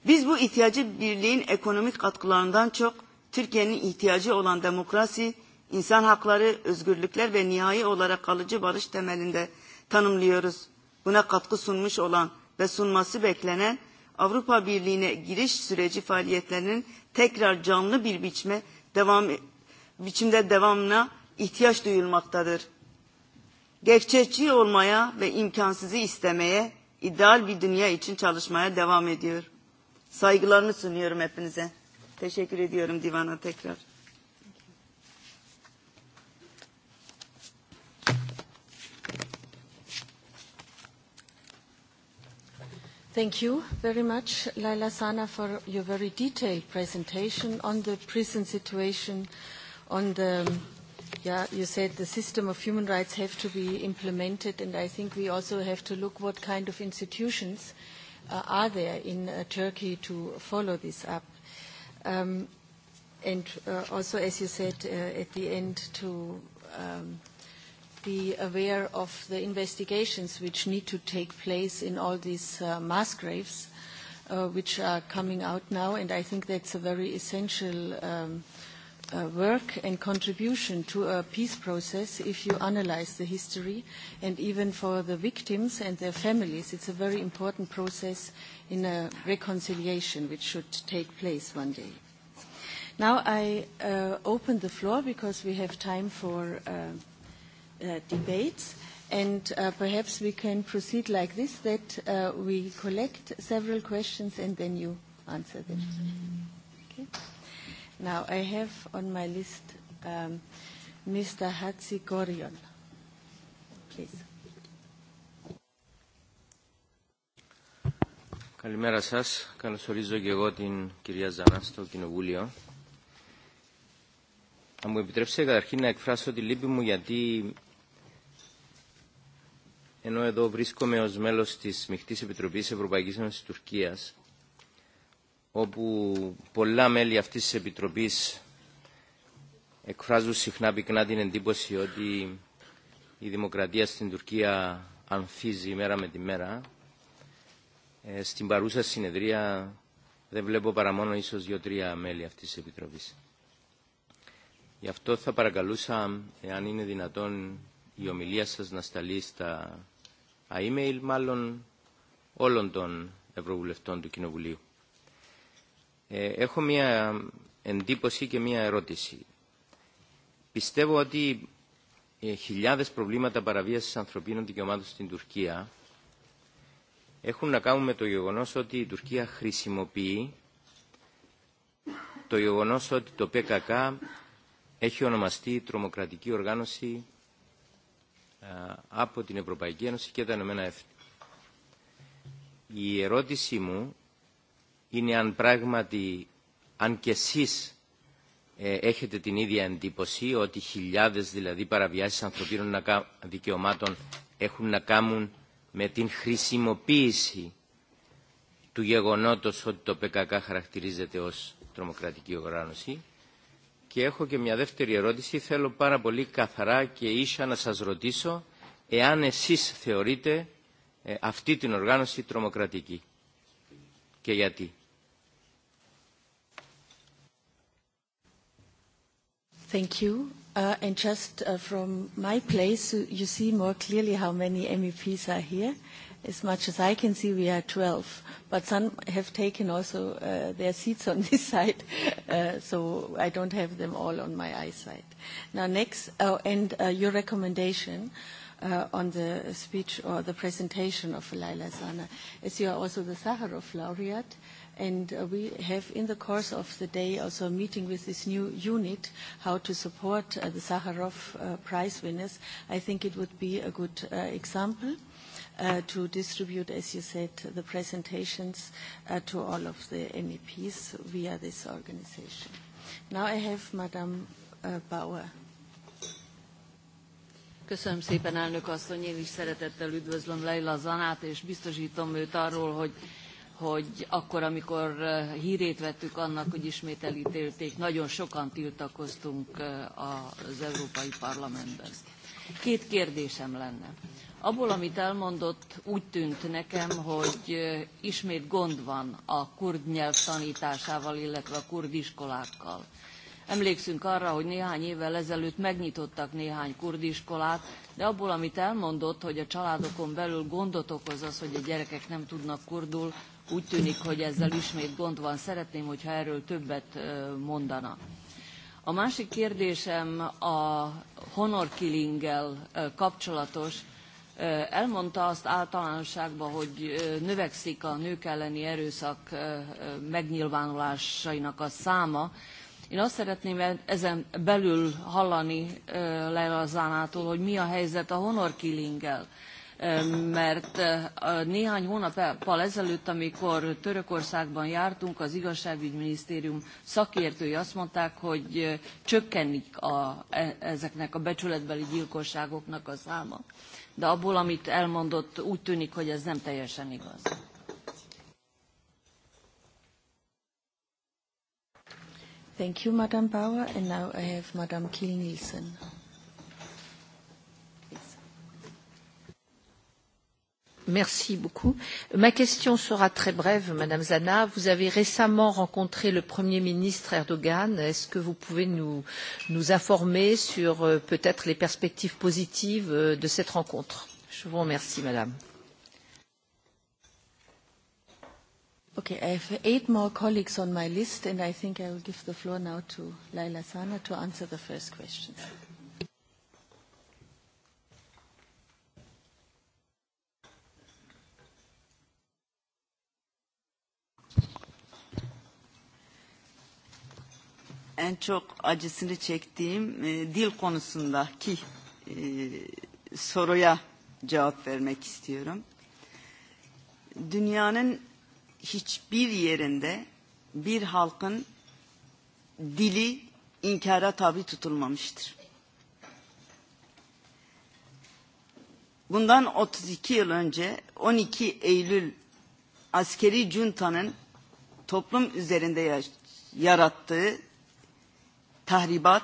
S4: Biz bu ihtiyacı birliğin ekonomik katkılarından çok Türkiye'nin ihtiyacı olan demokrasi, insan hakları, özgürlükler ve nihai olarak kalıcı barış temelinde tanımlıyoruz. Buna katkı sunmuş olan ve sunması beklenen Avrupa Birliği'ne giriş süreci faaliyetlerinin tekrar canlı bir biçme devam, biçimde devamına ihtiyaç duyulmaktadır. Gerçekçi olmaya ve imkansızı istemeye, ideal bir dünya için çalışmaya devam ediyor. Saygılarımı sunuyorum hepinize. Teşekkür ediyorum divana tekrar.
S1: Thank you very much, Laila Sana, for your very detailed presentation on the prison situation, on the, yeah, you said the system of human rights have to be implemented, and I think we also have to look what kind of institutions uh, are there in uh, Turkey to follow this up. Um, and uh, also, as you said uh, at the end, to um, be aware of the investigations which need to take place in all these uh, mass graves uh, which are coming out now, and I think that's a very essential um, uh, work and contribution to a peace process if you analyze the history, and even for the victims and their families, it's a very important process in a reconciliation which should take place one day. Now I uh, open the floor because we have time for uh, uh, debates. And uh, perhaps we can proceed like this, that uh, we collect several questions and then you answer them. Okay. Now, I have on my list um, Mr. Hatzi Gorion. Please.
S5: Καλημέρα σας. Καλωσορίζω και εγώ την κυρία Ζανά στο Κοινοβούλιο. Θα μου επιτρέψετε καταρχήν να εκφράσω τη λύπη μου γιατί ενώ εδώ βρίσκομαι ως μέλος της Μιχτής Επιτροπής Ευρωπαϊκής Ένωσης Τουρκίας, όπου πολλά μέλη αυτής της Επιτροπής εκφράζουν συχνά πυκνά την εντύπωση ότι η δημοκρατία στην Τουρκία ανθίζει μέρα με τη μέρα. Ε, στην παρούσα συνεδρία δεν βλέπω παρά μόνο ίσως δύο-τρία μέλη αυτής της Επιτροπής. Γι' αυτό θα παρακαλούσα, εάν είναι δυνατόν, η ομιλία σας να σταλεί στα email μάλλον όλων των Ευρωβουλευτών του Κοινοβουλίου. Ε, έχω μια εντύπωση και μια ερώτηση. Πιστεύω ότι ε, χιλιάδες προβλήματα παραβίασης ανθρωπίνων δικαιωμάτων στην Τουρκία έχουν να κάνουν με το γεγονός ότι η Τουρκία χρησιμοποιεί το γεγονός ότι το ΠΚΚ έχει ονομαστεί τρομοκρατική οργάνωση από την Ευρωπαϊκή Ένωση και τα Ηνωμένα Έθνη. Η ερώτησή μου είναι αν πράγματι, αν και εσείς ε, έχετε την ίδια εντύπωση ότι χιλιάδες δηλαδή παραβιάσεις ανθρωπίνων δικαιωμάτων έχουν να κάνουν με την χρησιμοποίηση του γεγονότος ότι το ΠΚΚ χαρακτηρίζεται ως τρομοκρατική οργάνωση Και έχω και μια δεύτερη ερώτηση. Θέλω πάρα πολύ καθαρά και ίσα να σας ρωτήσω εάν εσείς θεωρείτε ε, αυτή την οργάνωση τρομοκρατική και γιατί.
S1: Thank you. Uh, and just uh, from my place, you see more clearly how many MEPs are here as much as I can see, we are 12, but some have taken also uh, their seats on this side, uh, so I don't have them all on my eyesight. Now, next, oh, and uh, your recommendation uh, on the speech or the presentation of Laila Zana, as you are also the Sakharov laureate, and uh, we have in the course of the day also a meeting with this new unit how to support uh, the Sakharov uh, prize winners I think it would be a good uh, example uh, to distribute, as you said, the presentations uh, to all of the MEPs via this organization. Now I have Madame uh, Bauer.
S6: Köszönöm szépen, elnök asszony, én is szeretettel üdvözlöm Leila Zanát, és biztosítom őt arról, hogy hogy akkor, amikor uh, hírét vettük annak, hogy ismét elítélték, nagyon sokan tiltakoztunk uh, az Európai Parlamentben. Két kérdésem lenne. Abból, amit elmondott, úgy tűnt nekem, hogy ismét gond van a kurd nyelv tanításával, illetve a kurd iskolákkal. Emlékszünk arra, hogy néhány évvel ezelőtt megnyitottak néhány kurdiskolát, de abból, amit elmondott, hogy a családokon belül gondot okoz az, hogy a gyerekek nem tudnak kurdul, úgy tűnik, hogy ezzel ismét gond van. Szeretném, hogyha erről többet mondana. A másik kérdésem a honor killinggel kapcsolatos, elmondta azt általánosságban, hogy növekszik a nők elleni erőszak megnyilvánulásainak a száma. Én azt szeretném e-, ezen belül hallani Leila Zánától, hogy mi a helyzet a honor killinggel mert néhány hónappal ezelőtt, amikor Törökországban jártunk, az igazságügyminisztérium szakértői azt mondták, hogy csökkenik a, e-, ezeknek a becsületbeli gyilkosságoknak a száma de abból, amit elmondott, úgy tűnik, hogy ez nem teljesen igaz.
S1: Thank you, Madam Bauer. And now I have Madam Kiel Nielsen. Merci beaucoup.
S6: Ma question sera très brève, Madame Zana. Vous avez récemment rencontré le Premier ministre Erdogan. Est-ce que vous pouvez nous, nous informer sur euh, peut-être les perspectives positives euh, de cette rencontre Je vous remercie, Madame.
S1: Okay, I have eight more colleagues on my list, and I think I will give the floor now to Laila Sana to answer the first question. Yeah.
S4: en çok acısını çektiğim e, dil konusundaki e, soruya cevap vermek istiyorum. Dünyanın hiçbir yerinde bir halkın dili inkara tabi tutulmamıştır. Bundan 32 yıl önce 12 Eylül askeri cuntanın toplum üzerinde yarattığı tahribat,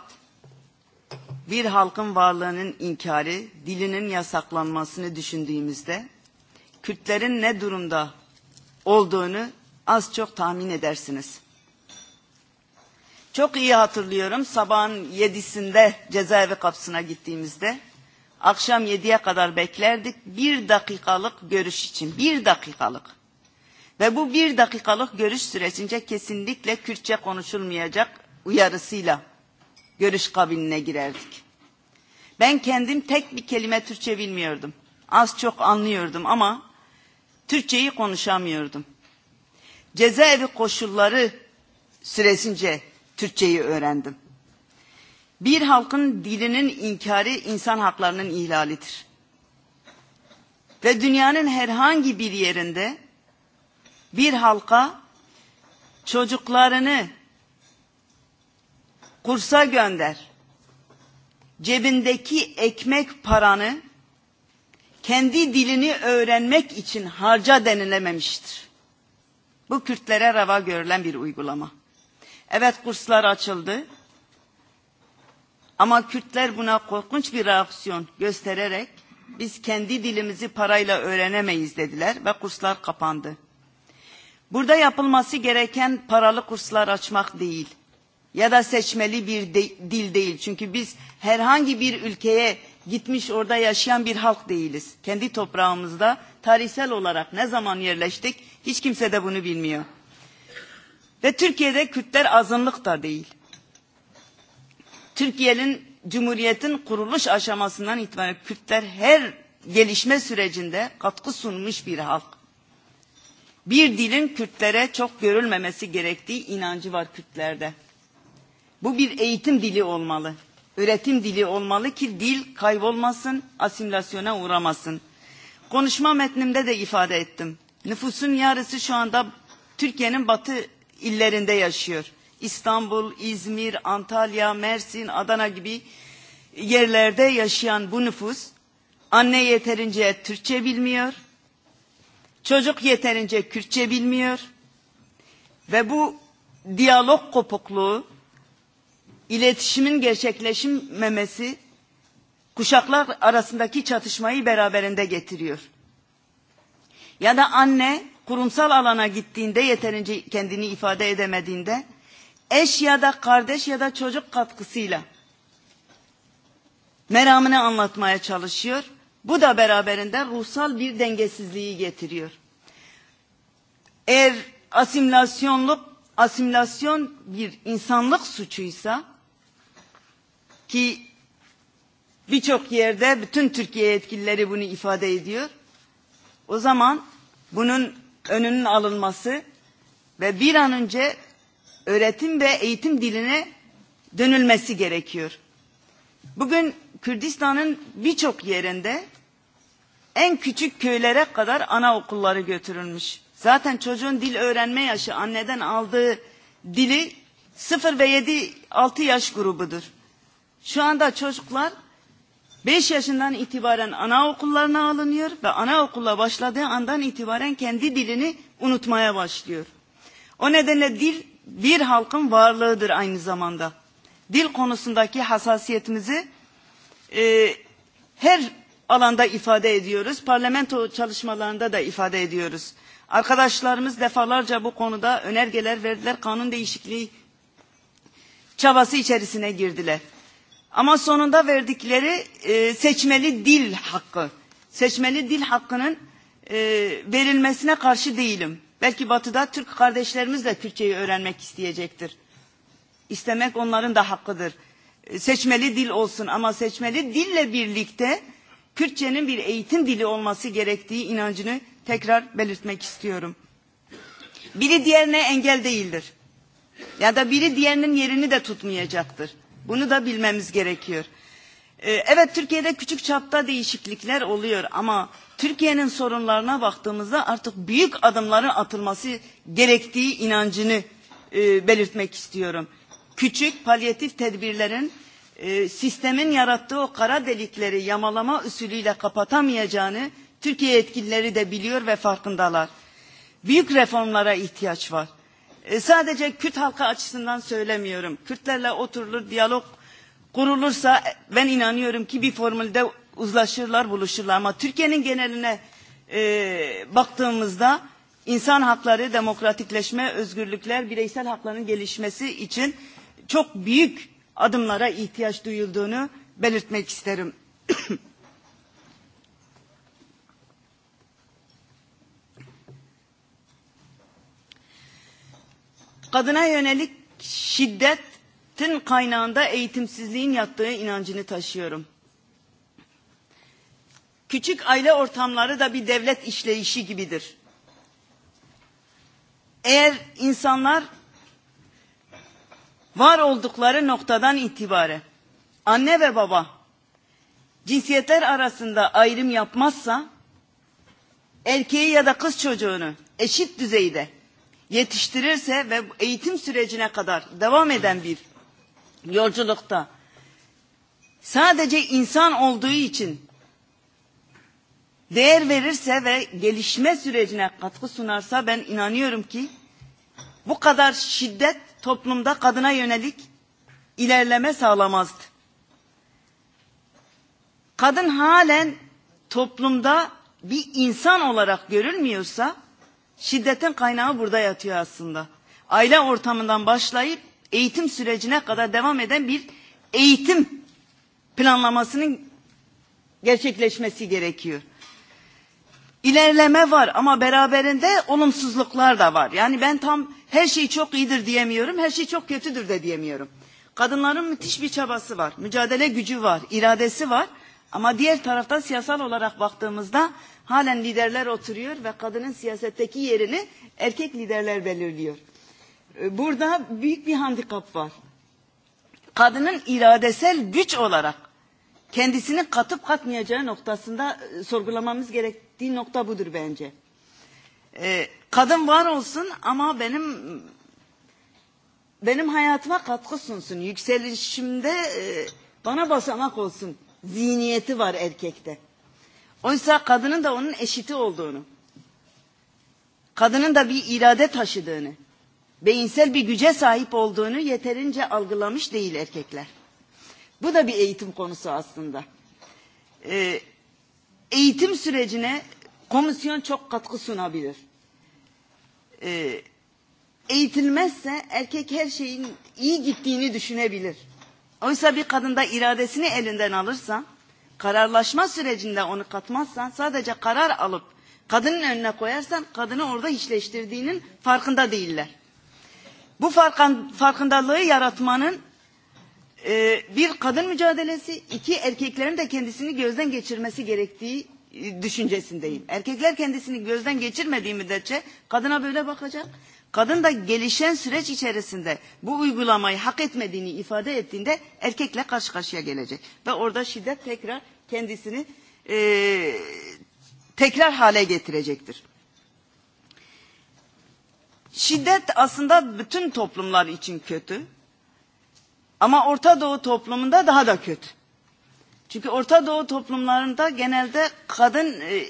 S4: bir halkın varlığının inkarı, dilinin yasaklanmasını düşündüğümüzde Kürtlerin ne durumda olduğunu az çok tahmin edersiniz. Çok iyi hatırlıyorum sabahın yedisinde cezaevi kapısına gittiğimizde akşam yediye kadar beklerdik bir dakikalık görüş için bir dakikalık. Ve bu bir dakikalık görüş süresince kesinlikle Kürtçe konuşulmayacak uyarısıyla görüş kabinine girerdik. Ben kendim tek bir kelime Türkçe bilmiyordum. Az çok anlıyordum ama Türkçeyi konuşamıyordum. Cezaevi koşulları süresince Türkçeyi öğrendim. Bir halkın dilinin inkarı insan haklarının ihlalidir. Ve dünyanın herhangi bir yerinde bir halka çocuklarını kursa gönder. Cebindeki ekmek paranı kendi dilini öğrenmek için harca denilememiştir. Bu Kürtlere rava görülen bir uygulama. Evet kurslar açıldı. Ama Kürtler buna korkunç bir reaksiyon göstererek biz kendi dilimizi parayla öğrenemeyiz dediler ve kurslar kapandı. Burada yapılması gereken paralı kurslar açmak değil ya da seçmeli bir de, dil değil. Çünkü biz herhangi bir ülkeye gitmiş orada yaşayan bir halk değiliz. Kendi toprağımızda tarihsel olarak ne zaman yerleştik hiç kimse de bunu bilmiyor. Ve Türkiye'de Kürtler azınlık da değil. Türkiye'nin Cumhuriyet'in kuruluş aşamasından itibaren Kürtler her gelişme sürecinde katkı sunmuş bir halk. Bir dilin Kürtlere çok görülmemesi gerektiği inancı var Kürtlerde. Bu bir eğitim dili olmalı, öğretim dili olmalı ki dil kaybolmasın, asimilasyona uğramasın. Konuşma metnimde de ifade ettim. Nüfusun yarısı şu anda Türkiye'nin batı illerinde yaşıyor. İstanbul, İzmir, Antalya, Mersin, Adana gibi yerlerde yaşayan bu nüfus anne yeterince Türkçe bilmiyor, çocuk yeterince Kürtçe bilmiyor ve bu diyalog kopukluğu iletişimin gerçekleşmemesi kuşaklar arasındaki çatışmayı beraberinde getiriyor. Ya da anne kurumsal alana gittiğinde yeterince kendini ifade edemediğinde eş ya da kardeş ya da çocuk katkısıyla meramını anlatmaya çalışıyor. Bu da beraberinde ruhsal bir dengesizliği getiriyor. Eğer asimilasyonluk, asimilasyon bir insanlık suçuysa Ki birçok yerde bütün Türkiye yetkilileri bunu ifade ediyor. O zaman bunun önünün alınması ve bir an önce öğretim ve eğitim diline dönülmesi gerekiyor. Bugün Kürdistan'ın birçok yerinde en küçük köylere kadar anaokulları götürülmüş. Zaten çocuğun dil öğrenme yaşı anneden aldığı dili 0 ve 7-6 yaş grubudur. Şu anda çocuklar 5 yaşından itibaren anaokullarına alınıyor ve anaokula başladığı andan itibaren kendi dilini unutmaya başlıyor. O nedenle dil bir halkın varlığıdır aynı zamanda. Dil konusundaki hassasiyetimizi e, her alanda ifade ediyoruz. Parlamento çalışmalarında da ifade ediyoruz. Arkadaşlarımız defalarca bu konuda önergeler verdiler. Kanun değişikliği çabası içerisine girdiler. Ama sonunda verdikleri e, seçmeli dil hakkı. Seçmeli dil hakkının e, verilmesine karşı değilim. Belki batıda Türk kardeşlerimiz de Türkçeyi öğrenmek isteyecektir. İstemek onların da hakkıdır. E, seçmeli dil olsun ama seçmeli dille birlikte Kürtçenin bir eğitim dili olması gerektiği inancını tekrar belirtmek istiyorum. Biri diğerine engel değildir. Ya da biri diğerinin yerini de tutmayacaktır. Bunu da bilmemiz gerekiyor. Ee, evet Türkiye'de küçük çapta değişiklikler oluyor ama Türkiye'nin sorunlarına baktığımızda artık büyük adımların atılması gerektiği inancını e, belirtmek istiyorum. Küçük palyatif tedbirlerin e, sistemin yarattığı o kara delikleri yamalama usulüyle kapatamayacağını Türkiye yetkilileri de biliyor ve farkındalar. Büyük reformlara ihtiyaç var. E, sadece Kürt halkı açısından söylemiyorum. Kürtlerle oturulur, diyalog kurulursa ben inanıyorum ki bir formülde uzlaşırlar, buluşurlar. Ama Türkiye'nin geneline e, baktığımızda insan hakları, demokratikleşme, özgürlükler, bireysel hakların gelişmesi için çok büyük adımlara ihtiyaç duyulduğunu belirtmek isterim. kadına yönelik şiddetin kaynağında eğitimsizliğin yattığı inancını taşıyorum. Küçük aile ortamları da bir devlet işleyişi gibidir. Eğer insanlar var oldukları noktadan itibaren anne ve baba cinsiyetler arasında ayrım yapmazsa erkeği ya da kız çocuğunu eşit düzeyde yetiştirirse ve eğitim sürecine kadar devam eden bir yolculukta sadece insan olduğu için değer verirse ve gelişme sürecine katkı sunarsa ben inanıyorum ki bu kadar şiddet toplumda kadına yönelik ilerleme sağlamazdı. Kadın halen toplumda bir insan olarak görülmüyorsa Şiddetin kaynağı burada yatıyor aslında. Aile ortamından başlayıp eğitim sürecine kadar devam eden bir eğitim planlamasının gerçekleşmesi gerekiyor. İlerleme var ama beraberinde olumsuzluklar da var. Yani ben tam her şey çok iyidir diyemiyorum, her şey çok kötüdür de diyemiyorum. Kadınların müthiş bir çabası var, mücadele gücü var, iradesi var. Ama diğer tarafta siyasal olarak baktığımızda halen liderler oturuyor ve kadının siyasetteki yerini erkek liderler belirliyor. Burada büyük bir handikap var. Kadının iradesel güç olarak kendisini katıp katmayacağı noktasında e, sorgulamamız gerektiği nokta budur bence. Kadın var olsun ama benim benim hayatıma katkı sunsun, yükselişimde e, bana basamak olsun zihniyeti var erkekte. Oysa kadının da onun eşiti olduğunu, kadının da bir irade taşıdığını, beyinsel bir güce sahip olduğunu yeterince algılamış değil erkekler. Bu da bir eğitim konusu aslında. Ee, eğitim sürecine komisyon çok katkı sunabilir. Ee, eğitilmezse erkek her şeyin iyi gittiğini düşünebilir. Oysa bir kadında iradesini elinden alırsa kararlaşma sürecinde onu katmazsan sadece karar alıp kadının önüne koyarsan kadını orada işleştirdiğinin farkında değiller. Bu farkan, farkındalığı yaratmanın e, bir kadın mücadelesi, iki erkeklerin de kendisini gözden geçirmesi gerektiği e, düşüncesindeyim. Erkekler kendisini gözden geçirmediği müddetçe kadına böyle bakacak. Kadın da gelişen süreç içerisinde bu uygulamayı hak etmediğini ifade ettiğinde erkekle karşı karşıya gelecek. Ve orada şiddet tekrar kendisini e, tekrar hale getirecektir. Şiddet aslında bütün toplumlar için kötü. Ama Orta Doğu toplumunda daha da kötü. Çünkü Orta Doğu toplumlarında genelde kadın e,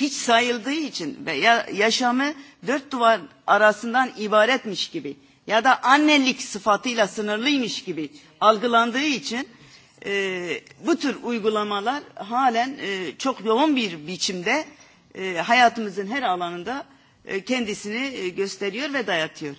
S4: hiç sayıldığı için veya yaşamı dört duvar arasından ibaretmiş gibi ya da annelik sıfatıyla sınırlıymış gibi algılandığı için e, bu tür uygulamalar halen e, çok yoğun bir biçimde e, hayatımızın her alanında e, kendisini e, gösteriyor ve dayatıyor.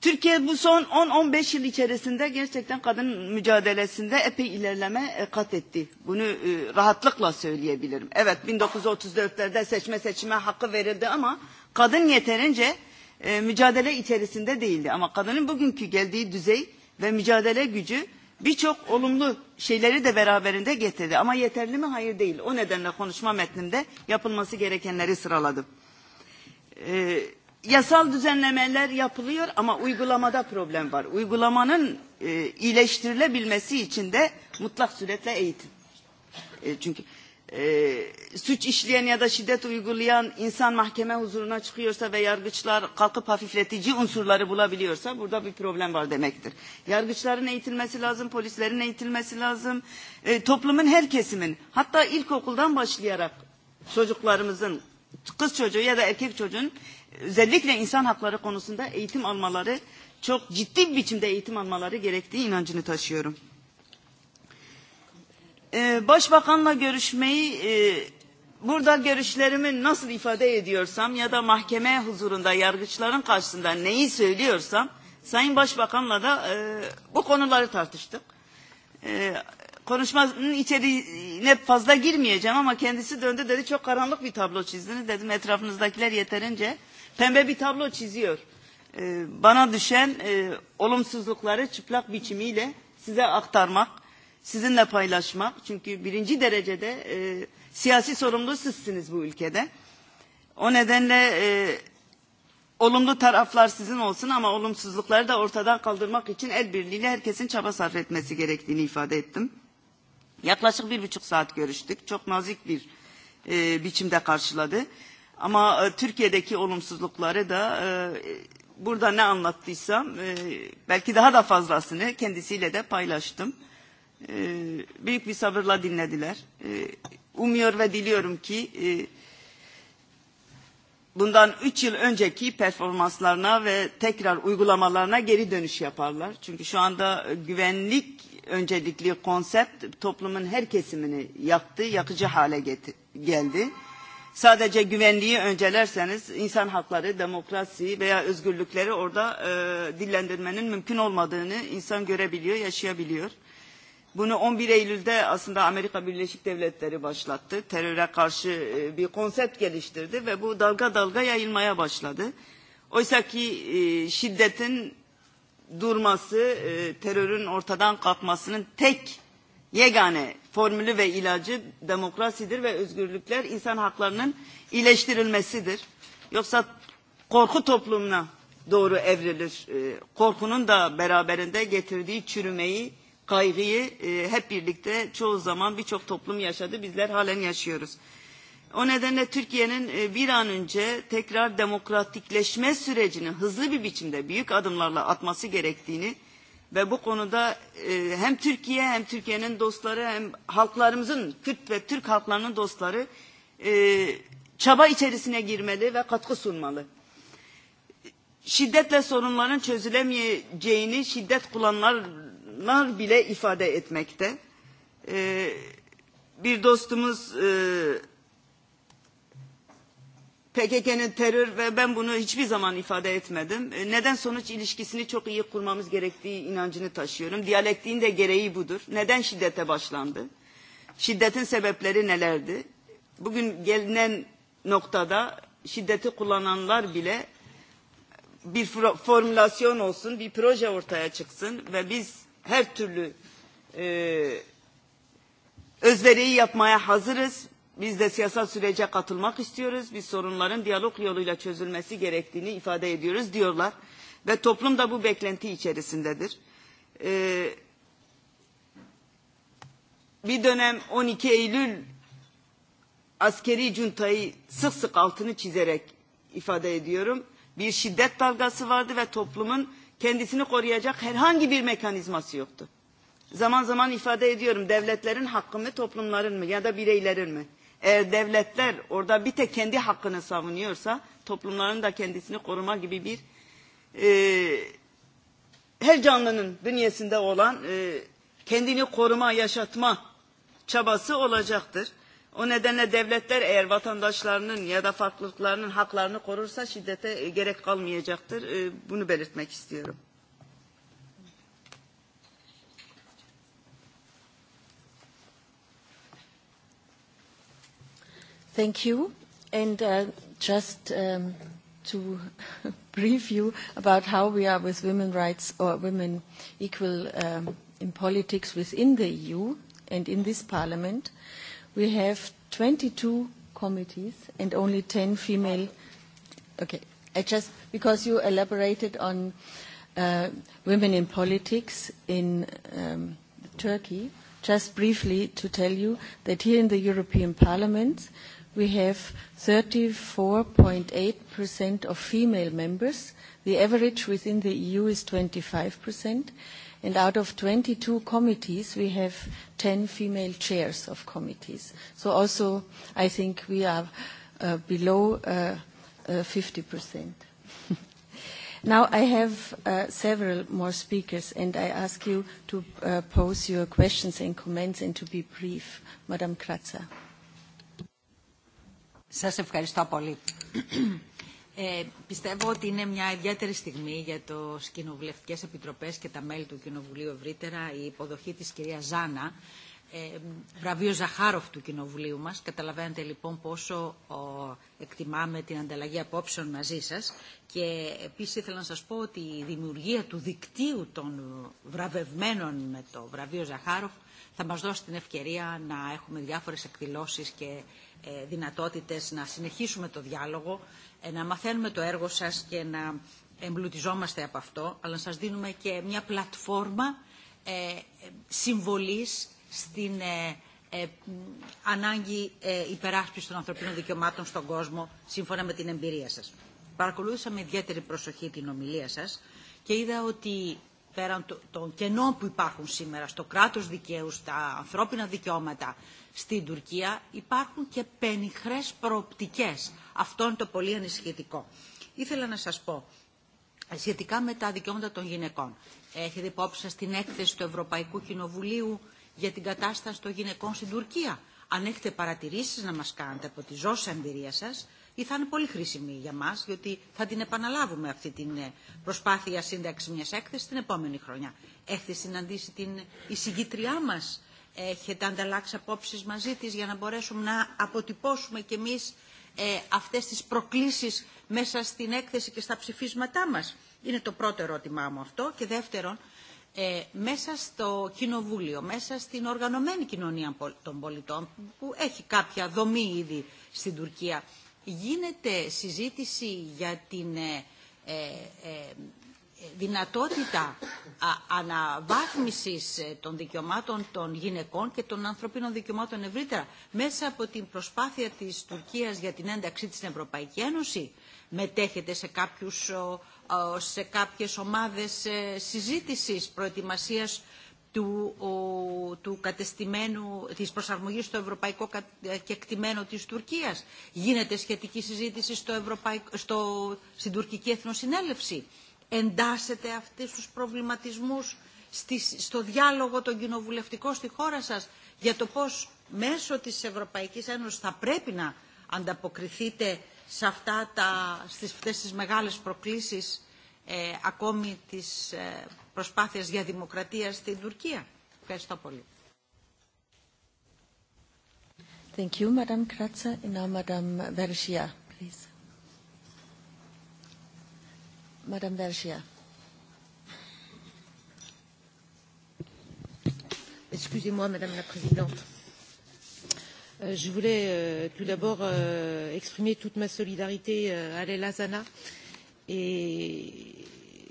S4: Türkiye bu son 10-15 yıl içerisinde gerçekten kadın mücadelesinde epey ilerleme e, kat etti. Bunu e, rahatlıkla söyleyebilirim. Evet 1934'lerde seçme seçme hakkı verildi ama kadın yeterince e, mücadele içerisinde değildi. Ama kadının bugünkü geldiği düzey ve mücadele gücü birçok olumlu şeyleri de beraberinde getirdi. Ama yeterli mi? Hayır değil. O nedenle konuşma metnimde yapılması gerekenleri sıraladım. Evet Yasal düzenlemeler yapılıyor ama uygulamada problem var. Uygulamanın e, iyileştirilebilmesi için de mutlak suretle eğitim. E, çünkü e, suç işleyen ya da şiddet uygulayan insan mahkeme huzuruna çıkıyorsa ve yargıçlar kalkıp hafifletici unsurları bulabiliyorsa burada bir problem var demektir. Yargıçların eğitilmesi lazım, polislerin eğitilmesi lazım, e, toplumun her kesimin hatta ilkokuldan başlayarak çocuklarımızın kız çocuğu ya da erkek çocuğun özellikle insan hakları konusunda eğitim almaları çok ciddi bir biçimde eğitim almaları gerektiği inancını taşıyorum. Ee, Başbakanla görüşmeyi e, burada görüşlerimi nasıl ifade ediyorsam ya da mahkeme huzurunda yargıçların karşısında neyi söylüyorsam Sayın Başbakan'la da e, bu konuları tartıştık. E, konuşmanın içeriğine fazla girmeyeceğim ama kendisi döndü dedi çok karanlık bir tablo çizdiniz dedim etrafınızdakiler yeterince pembe bir tablo çiziyor. E, bana düşen e, olumsuzlukları çıplak biçimiyle size aktarmak, sizinle paylaşmak. Çünkü birinci derecede e, siyasi sorumlu sizsiniz bu ülkede. O nedenle e, olumlu taraflar sizin olsun ama olumsuzlukları da ortadan kaldırmak için el birliğiyle herkesin çaba sarf etmesi gerektiğini ifade ettim. Yaklaşık bir buçuk saat görüştük. Çok nazik bir e, biçimde karşıladı. Ama e, Türkiye'deki olumsuzlukları da e, burada ne anlattıysam e, belki daha da fazlasını kendisiyle de paylaştım. E, büyük bir sabırla dinlediler. E, umuyor ve diliyorum ki e, bundan 3 yıl önceki performanslarına ve tekrar uygulamalarına geri dönüş yaparlar. Çünkü şu anda güvenlik öncelikli konsept toplumun her kesimini yaktı, yakıcı hale geldi sadece güvenliği öncelerseniz insan hakları, demokrasi veya özgürlükleri orada e, dillendirmenin mümkün olmadığını insan görebiliyor, yaşayabiliyor. Bunu 11 Eylül'de aslında Amerika Birleşik Devletleri başlattı. Teröre karşı e, bir konsept geliştirdi ve bu dalga dalga yayılmaya başladı. Oysa ki e, şiddetin durması, e, terörün ortadan kalkmasının tek yegane formülü ve ilacı demokrasidir ve özgürlükler insan haklarının iyileştirilmesidir. Yoksa korku toplumuna doğru evrilir. Korkunun da beraberinde getirdiği çürümeyi, kaygıyı e, hep birlikte çoğu zaman birçok toplum yaşadı. Bizler halen yaşıyoruz. O nedenle Türkiye'nin e, bir an önce tekrar demokratikleşme sürecini hızlı bir biçimde büyük adımlarla atması gerektiğini Ve bu konuda e, hem Türkiye hem Türkiye'nin dostları hem halklarımızın, Kürt ve Türk halklarının dostları e, çaba içerisine girmeli ve katkı sunmalı. Şiddetle sorunların çözülemeyeceğini şiddet kullananlar bile ifade etmekte. E, bir dostumuz e, PKK'nin terör ve ben bunu hiçbir zaman ifade etmedim. E, neden sonuç ilişkisini çok iyi kurmamız gerektiği inancını taşıyorum. Diyalektiğin de gereği budur. Neden şiddete başlandı? Şiddetin sebepleri nelerdi? Bugün gelinen noktada şiddeti kullananlar bile bir formülasyon olsun, bir proje ortaya çıksın ve biz her türlü e, özveriyi yapmaya hazırız. Biz de siyasal sürece katılmak istiyoruz. Biz sorunların diyalog yoluyla çözülmesi gerektiğini ifade ediyoruz diyorlar. Ve toplum da bu beklenti içerisindedir. Ee, bir dönem 12 Eylül askeri cuntayı sık sık altını çizerek ifade ediyorum. Bir şiddet dalgası vardı ve toplumun kendisini koruyacak herhangi bir mekanizması yoktu. Zaman zaman ifade ediyorum devletlerin hakkı mı toplumların mı ya da bireylerin mi? eğer devletler orada bir tek kendi hakkını savunuyorsa toplumların da kendisini koruma gibi bir e, her canlının bünyesinde olan e, kendini koruma, yaşatma çabası olacaktır. O nedenle devletler eğer vatandaşlarının ya da farklılıklarının haklarını korursa şiddete e, gerek kalmayacaktır. E, bunu belirtmek istiyorum.
S1: Thank you. And uh, just um, to brief you about how we are with women rights or women equal um, in politics within the EU and in this parliament, we have 22 committees and only 10 female. Okay, I just, because you elaborated on uh, women in politics in um, Turkey, just briefly to tell you that here in the European Parliament, we have 34.8% of female members. The average within the EU is 25%. And out of 22 committees, we have 10 female chairs of committees. So also, I think we are uh, below uh, uh, 50%. Now I have uh, several more speakers and I ask you to uh, pose your questions and comments and to be brief. Madam Kratzer.
S7: Σας ευχαριστώ πολύ. Ε, πιστεύω ότι είναι μια ιδιαίτερη στιγμή για το κοινοβουλευτικέ επιτροπέ και τα μέλη του Κοινοβουλίου ευρύτερα η υποδοχή τη κυρία Ζάνα, ε, βραβείο Ζαχάροφ του Κοινοβουλίου μα, Καταλαβαίνετε λοιπόν πόσο ο, εκτιμάμε την ανταλλαγή απόψεων μαζί σα και επίση ήθελα να σα πω ότι η δημιουργία του δικτύου των βραβευμένων με το βραβείο Ζαχάροφ θα μα δώσει την ευκαιρία να έχουμε διάφορε εκδηλώσει και δυνατότητες να συνεχίσουμε το διάλογο, να μαθαίνουμε το έργο σας και να εμπλουτιζόμαστε από αυτό, αλλά να σας δίνουμε και μια πλατφόρμα συμβολής στην ανάγκη υπεράσπιση των ανθρωπίνων δικαιωμάτων στον κόσμο σύμφωνα με την εμπειρία σας. Παρακολούθησα με ιδιαίτερη προσοχή την ομιλία σας και είδα ότι πέραν των κενών που υπάρχουν σήμερα στο κράτος δικαίου, στα ανθρώπινα δικαιώματα, στην Τουρκία υπάρχουν και πενιχρές προοπτικές. Αυτό είναι το πολύ ανησυχητικό. Ήθελα να σας πω, σχετικά με τα δικαιώματα των γυναικών. Έχετε υπόψη σας την έκθεση του Ευρωπαϊκού Κοινοβουλίου για την κατάσταση των γυναικών στην Τουρκία. Αν έχετε παρατηρήσεις να μας κάνετε από τη ζώσα εμπειρία σας, ή θα είναι πολύ χρήσιμη για μας, γιατί θα την επαναλάβουμε αυτή την προσπάθεια σύνταξη μιας έκθεσης την επόμενη χρονιά. Έχετε συναντήσει την εισηγήτριά μας έχετε ανταλλάξει απόψεις μαζί της για να μπορέσουμε να αποτυπώσουμε κι εμείς ε, αυτές τις προκλήσεις μέσα στην έκθεση και στα ψηφίσματά μας. Είναι το πρώτο ερώτημά μου αυτό. Και δεύτερον, ε, μέσα στο κοινοβούλιο, μέσα στην οργανωμένη κοινωνία των πολιτών, που έχει κάποια δομή ήδη στην Τουρκία, γίνεται συζήτηση για την ε, ε, δυνατότητα αναβάθμισης των δικαιωμάτων των γυναικών και των ανθρωπίνων δικαιωμάτων ευρύτερα μέσα από την προσπάθεια της Τουρκίας για την ένταξή της στην Ευρωπαϊκή Ένωση μετέχετε σε, κάποιους, σε κάποιες ομάδες συζήτησης προετοιμασίας του, ο, του κατεστημένου, της προσαρμογής στο ευρωπαϊκό κεκτημένο της Τουρκίας. Γίνεται σχετική συζήτηση στο, στο, στην τουρκική εθνοσυνέλευση εντάσσετε αυτούς τους προβληματισμούς στο διάλογο τον κοινοβουλευτικό στη χώρα σας για το πώς μέσω της Ευρωπαϊκής Ένωσης θα πρέπει να ανταποκριθείτε σε αυτά τα, στις αυτές τις μεγάλες προκλήσεις ε, ακόμη της ε, προσπάθειας για δημοκρατία στην Τουρκία. Ευχαριστώ πολύ.
S1: Thank you, Madam Kratzer. And now, Madam Vergia, please. Madam Vergia.
S8: Excusez-moi, Madame la Présidente. Euh, je voulais euh, tout d'abord euh, exprimer toute ma solidarité euh, à Leila Zana et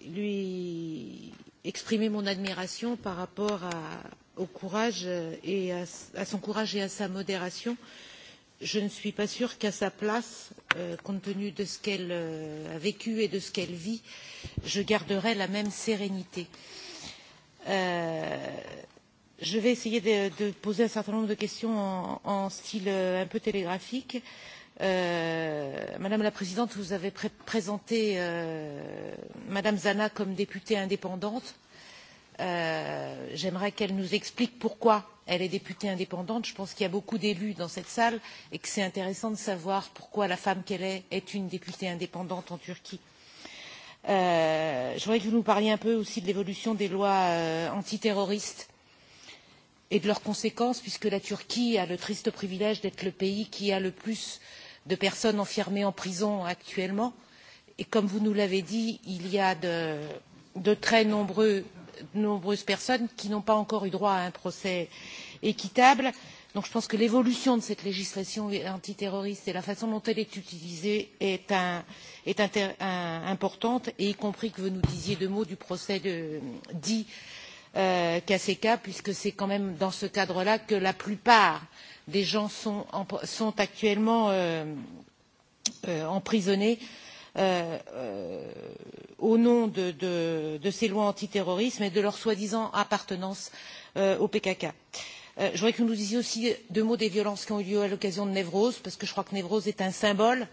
S8: lui exprimer mon admiration par rapport à, au courage euh, et à, à son courage et à sa modération euh, je ne suis pas sûre qu'à sa place, euh, compte tenu de ce qu'elle euh, a vécu et de ce qu'elle vit, je garderai la même sérénité. Euh, je vais essayer de, de poser un certain nombre de questions en, en style euh, un peu télégraphique. Euh, Madame la Présidente, vous avez pr présenté euh, Madame Zana comme députée indépendante. Euh, Euh, j'aimerais qu'elle nous explique pourquoi elle est députée indépendante. Je pense qu'il y a beaucoup d'élus dans cette salle et que c'est intéressant de savoir pourquoi la femme qu'elle est est une députée indépendante en Turquie. Euh, je voudrais que vous nous parliez un peu aussi de l'évolution des lois euh, antiterroristes et de leurs conséquences, puisque la Turquie a le triste privilège d'être le pays qui a le plus de personnes enfermées en prison actuellement. Et comme vous nous l'avez dit, il y a de, de très nombreux de nombreuses personnes qui n'ont pas encore eu droit à un procès équitable. Donc je pense que l'évolution de cette législation antiterroriste et la façon dont elle est utilisée est, un, est inter, un, importante, et y compris que vous nous disiez deux mots du procès de, dit euh, KCK, puisque c'est quand même dans ce cadre-là que la plupart des gens sont, en, sont actuellement euh, euh, emprisonnés. Euh, Euh, euh, au nom de, de, de ces lois antiterrorisme et de leur soi-disant appartenance euh, au PKK. Euh, je voudrais que vous nous disiez aussi deux mots des violences qui ont eu lieu à l'occasion de Névrose, parce que je crois que Névrose est un symbole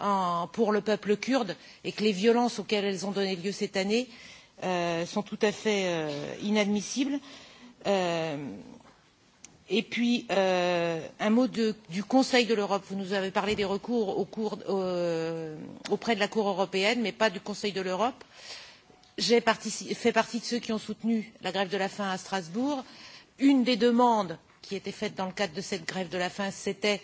S8: en, pour le peuple kurde et que les violences auxquelles elles ont donné lieu cette année euh, sont tout à fait euh, inadmissibles. Euh, Et puis, euh, un mot de, du Conseil de l'Europe. Vous nous avez parlé des recours au cours, euh, auprès de la Cour européenne, mais pas du Conseil de l'Europe. J'ai fait partie de ceux qui ont soutenu la grève de la faim à Strasbourg. Une des demandes qui était faite dans le cadre de cette grève de la faim, c'était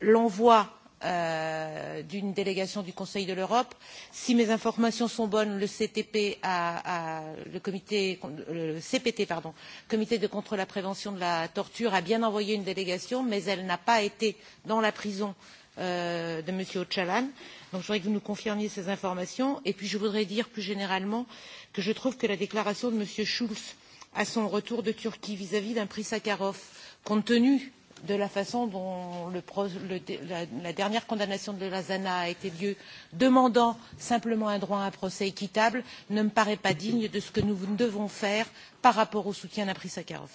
S8: l'envoi Euh, d'une délégation du Conseil de l'Europe. Si mes informations sont bonnes, le CTP a, a le comité le CPT pardon, comité de contre la prévention de la torture a bien envoyé une délégation, mais elle n'a pas été dans la prison euh, de M. Ocalan. Donc je voudrais que vous nous confirmiez ces informations. Et puis je voudrais dire plus généralement que je trouve que la déclaration de M. Schulz à son retour de Turquie vis-à-vis d'un prix Sakharov, compte tenu de la façon dont le, le, la, la dernière condamnation de la Zana a été lieu, demandant simplement un droit à un procès équitable, ne me paraît pas digne de ce que nous devons faire par rapport au soutien d'un prix Sakharov.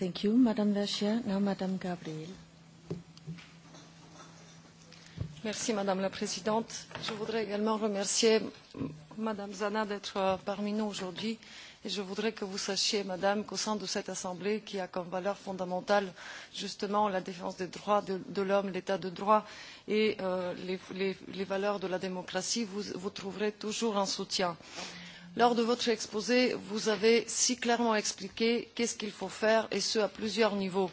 S1: Thank you, Madame Vachia. Now, Madame Gabriel.
S9: Merci, Madame la Présidente. Je voudrais également remercier Madame Zana d'être euh, parmi nous aujourd'hui Et je voudrais que vous sachiez, Madame, qu'au sein de cette Assemblée, qui a comme valeur fondamentale justement la défense des droits de, de l'homme, l'état de droit et euh, les, les, les valeurs de la démocratie, vous, vous trouverez toujours un soutien. Lors de votre exposé, vous avez si clairement expliqué qu'est-ce qu'il faut faire, et ce à plusieurs niveaux.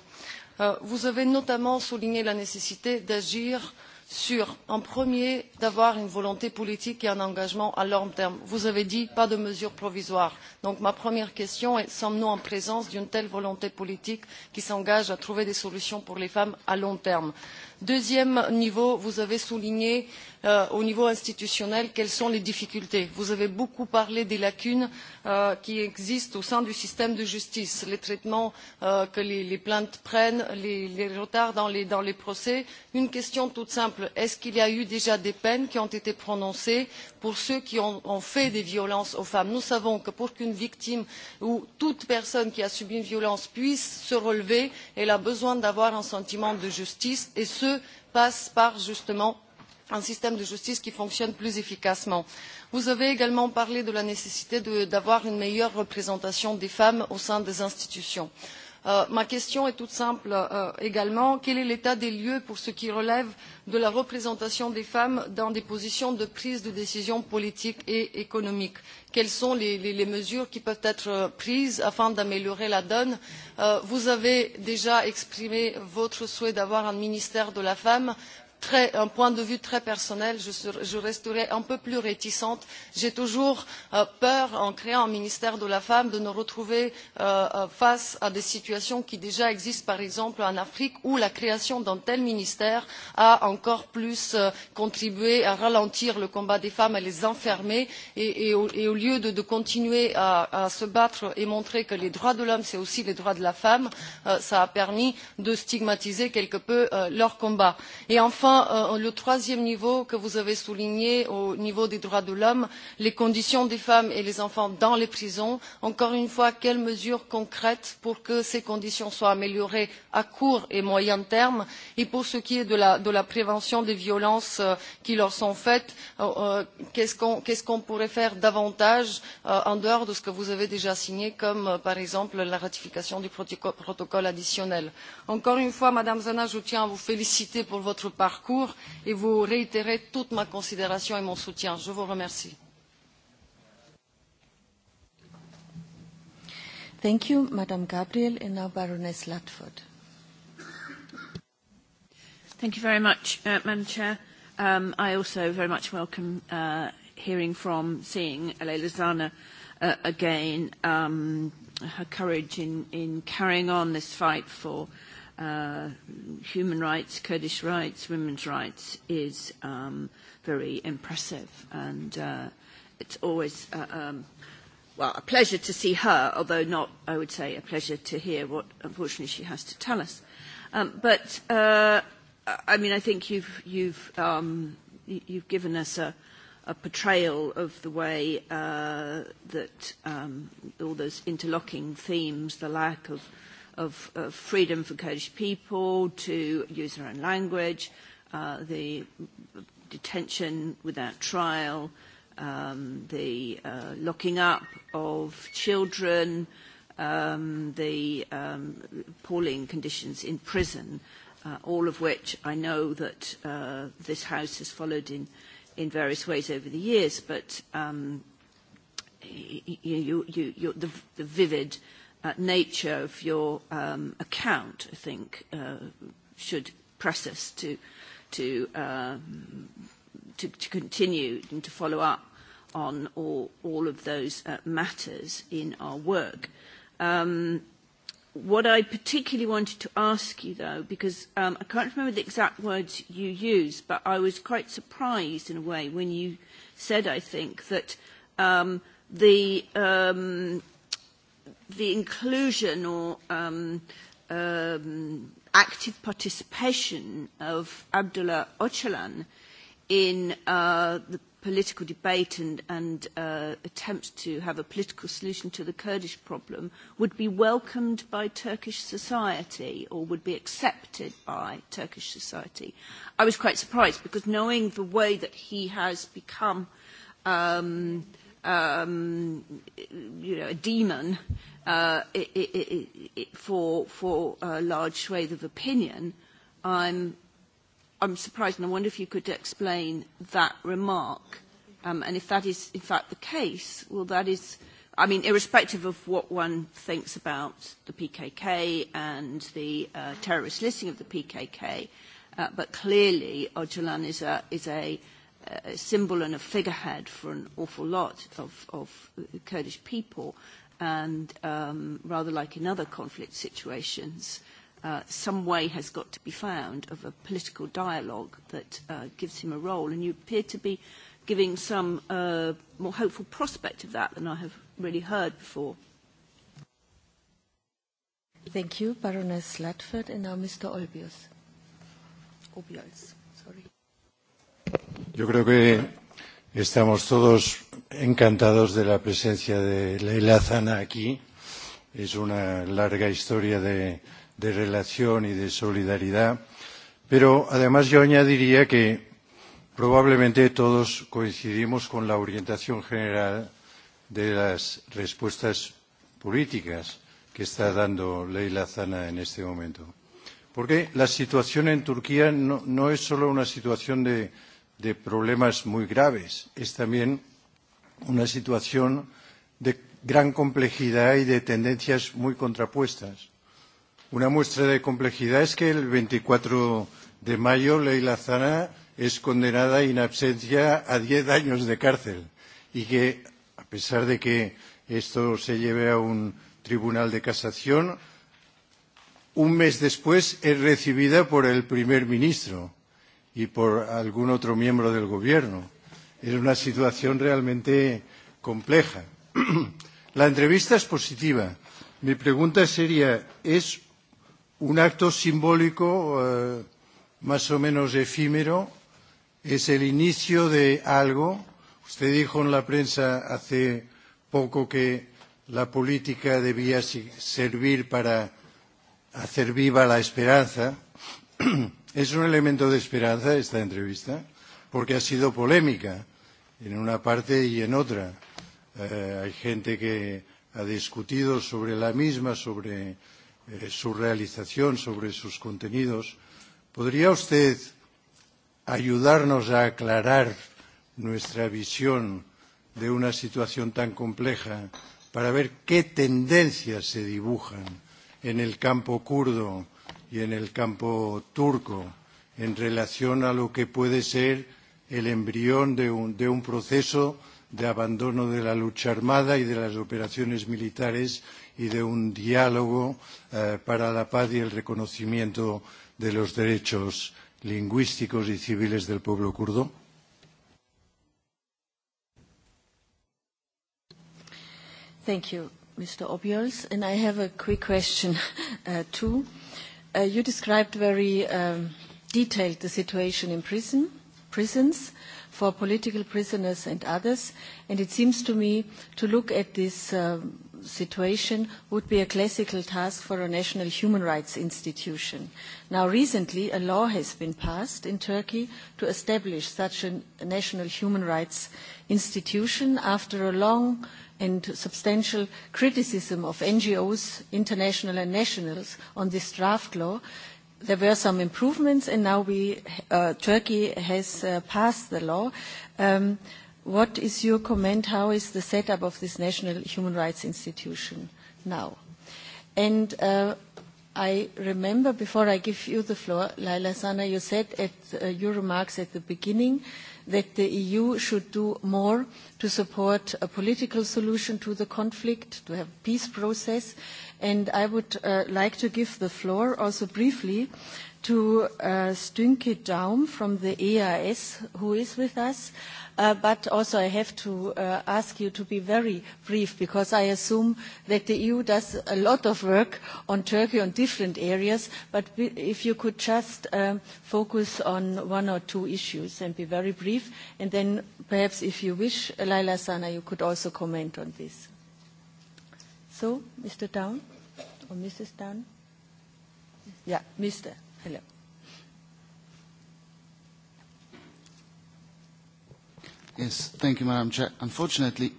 S9: Euh, vous avez notamment souligné la nécessité d'agir euh, sur, en premier, d'avoir une volonté politique et un engagement à long terme. Vous avez dit pas de mesures provisoires. Donc ma première question est, sommes-nous en présence d'une telle volonté politique qui s'engage à trouver des solutions pour les femmes à long terme Deuxième niveau, vous avez souligné euh, au niveau institutionnel quelles sont les difficultés. Vous avez beaucoup parlé des lacunes euh, qui existent au sein du système de justice, les traitements euh, que les, les plaintes prennent, les, les retards dans les, dans les procès. Une question toute simple, est-ce qu'il y a eu déjà des peines qui ont été prononcées pour ceux qui ont, ont fait des violences aux femmes Nous savons que pour qu'une victime ou toute personne qui a subi une violence puisse se relever, elle a besoin d'avoir un sentiment de justice et ce, deux passe par justement un système de justice qui fonctionne plus efficacement. Vous avez également parlé de la nécessité d'avoir une meilleure représentation des femmes au sein des institutions. Euh, ma question est toute simple euh, également. Quel est l'état des lieux pour ce qui relève de la représentation des femmes dans des positions de prise de décision politique et économique Quelles sont les, les, les mesures qui peuvent être euh, prises afin d'améliorer la donne euh, Vous avez déjà exprimé votre souhait d'avoir un ministère de la femme très, un point de vue très personnel, je, je resterai un peu plus réticente. J'ai toujours euh, peur, en créant un ministère de la femme, de nous retrouver euh, euh, face à des situations qui déjà existent, par exemple en Afrique, où la création d'un tel ministère a encore plus euh, contribué à ralentir le combat des femmes, à les enfermer, et, et, au, et au lieu de, de continuer à, à se battre et montrer que les droits de l'homme, c'est aussi les droits de la femme, euh, ça a permis de stigmatiser quelque peu euh, leur combat. Et enfin, Enfin, euh, le troisième niveau que vous avez souligné au niveau des droits de l'homme, les conditions des femmes et des enfants dans les prisons. Encore une fois, quelles mesures concrètes pour que ces conditions soient améliorées à court et moyen terme Et pour ce qui est de la, de la prévention des violences euh, qui leur sont faites, euh, euh qu'est-ce qu'on qu qu pourrait faire davantage euh, en dehors de ce que vous avez déjà signé, comme euh, par exemple la ratification du protocole additionnel Encore une fois, Madame Zana, je tiens à vous féliciter pour votre parcours parcours et vous réitérez toute ma considération et mon soutien. Je vous remercie.
S1: Thank you, Madame Gabriel, and now Baroness Latford.
S10: Thank you very much, uh, Madam Chair. Um, I also very much welcome uh, hearing from, seeing Ale Lozana uh, again, um, her courage in, in carrying on this fight for uh, human rights, Kurdish rights, women's rights is um, very impressive. And uh, it's always, uh, um, well, a pleasure to see her, although not, I would say, a pleasure to hear what, unfortunately, she has to tell us. Um, but, uh, I mean, I think you've, you've, um, you've given us a, a portrayal of the way uh, that um, all those interlocking themes, the lack of of, of freedom for Kurdish people to use their own language, uh, the detention without trial, um, the uh, locking up of children, um, the um, appalling conditions in prison, uh, all of which I know that uh, this House has followed in, in various ways over the years, but um, you, you, you, the, the vivid uh, uh, nature of your um, account, I think, uh, should press us to, to, um, to, to continue and to follow up on all, all of those uh, matters in our work. Um, what I particularly wanted to ask you, though, because um, I can't remember the exact words you used, but I was quite surprised in a way when you said, I think, that um, the um, the inclusion or um, um, active participation of Abdullah Öcalan in uh, the political debate and, and uh, attempts to have a political solution to the Kurdish problem would be welcomed by Turkish society or would be accepted by Turkish society. I was quite surprised because knowing the way that he has become um, – um, you know, a demon uh, it, it, it, for, for a large swathe of opinion, I'm, I'm surprised and I wonder if you could explain that remark. Um, and if that is in fact the case, well that is, I mean, irrespective of what one thinks about the PKK and the uh, terrorist listing of the PKK, uh, but clearly Öcalan is a, is a a symbol and a figurehead for an awful lot of, of Kurdish people, and um, rather like in other conflict situations, uh, some way has got to be found of a political dialogue that uh, gives him a role. And you appear to be giving some uh, more hopeful prospect of that than I have really heard before.
S1: Thank you, Baroness Latford, and now Mr. Olbius. Obios.
S11: Yo creo que estamos todos encantados de la presencia de Leila Zana aquí. Es una larga historia de, de relación y de solidaridad. Pero además yo añadiría que probablemente todos coincidimos con la orientación general de las respuestas políticas que está dando Leila Zana en este momento. Porque la situación en Turquía no, no es solo una situación de de problemas muy graves. Es también una situación de gran complejidad y de tendencias muy contrapuestas. Una muestra de complejidad es que el 24 de mayo Leila Zana es condenada in absencia a 10 años de cárcel y que, a pesar de que esto se lleve a un tribunal de casación, un mes después es recibida por el primer ministro y por algún otro miembro del Gobierno. Era una situación realmente compleja. La entrevista es positiva. Mi pregunta sería, ¿es un acto simbólico eh, más o menos efímero? ¿Es el inicio de algo? Usted dijo en la prensa hace poco que la política debía servir para hacer viva la esperanza. Es un elemento de esperanza esta entrevista, porque ha sido polémica en una parte y en otra. Eh, hay gente que ha discutido sobre la misma, sobre eh, su realización, sobre sus contenidos. ¿Podría usted ayudarnos a aclarar nuestra visión de una situación tan compleja para ver qué tendencias se dibujan en el campo kurdo y en el campo turco en relación a lo que puede ser el embrión de un, de un proceso de abandono de la lucha armada y de las operaciones militares y de un diálogo eh, para la paz y el reconocimiento de los derechos lingüísticos y civiles del pueblo kurdo?
S1: Thank you, Mr. Obiols. And I have a quick question uh, too. Uh, you described very um, detailed the situation in prison, prisons for political prisoners and others, and it seems to me to look at this um, situation would be a classical task for a national human rights institution. Now recently a law has been passed in Turkey to establish such a national human rights institution after a long and substantial criticism of NGOs, international and nationals, on this draft law. There were some improvements and now we, uh, Turkey has uh, passed the law. Um, what is your comment? How is the setup of this National Human Rights Institution now? And uh, I remember before I give you the floor, Laila Sana, you said at uh, your remarks at the beginning that the EU should do more to support a political solution to the conflict, to have a peace process. And I would uh, like to give the floor also briefly to uh, Stünke Daum from the EAS, who is with us. Uh, Uh, but also I have to uh, ask you to be very brief because I assume that the EU does a lot of work on Turkey on different areas, but if you could just um, focus on one or two issues and be very brief, and then perhaps if you wish, Laila Sana, you could also comment on this. So, Mr. Down or Mrs. Down? Yeah, Mr. Hello.
S2: Yes, thank you, Madam Chair. Unfortunately,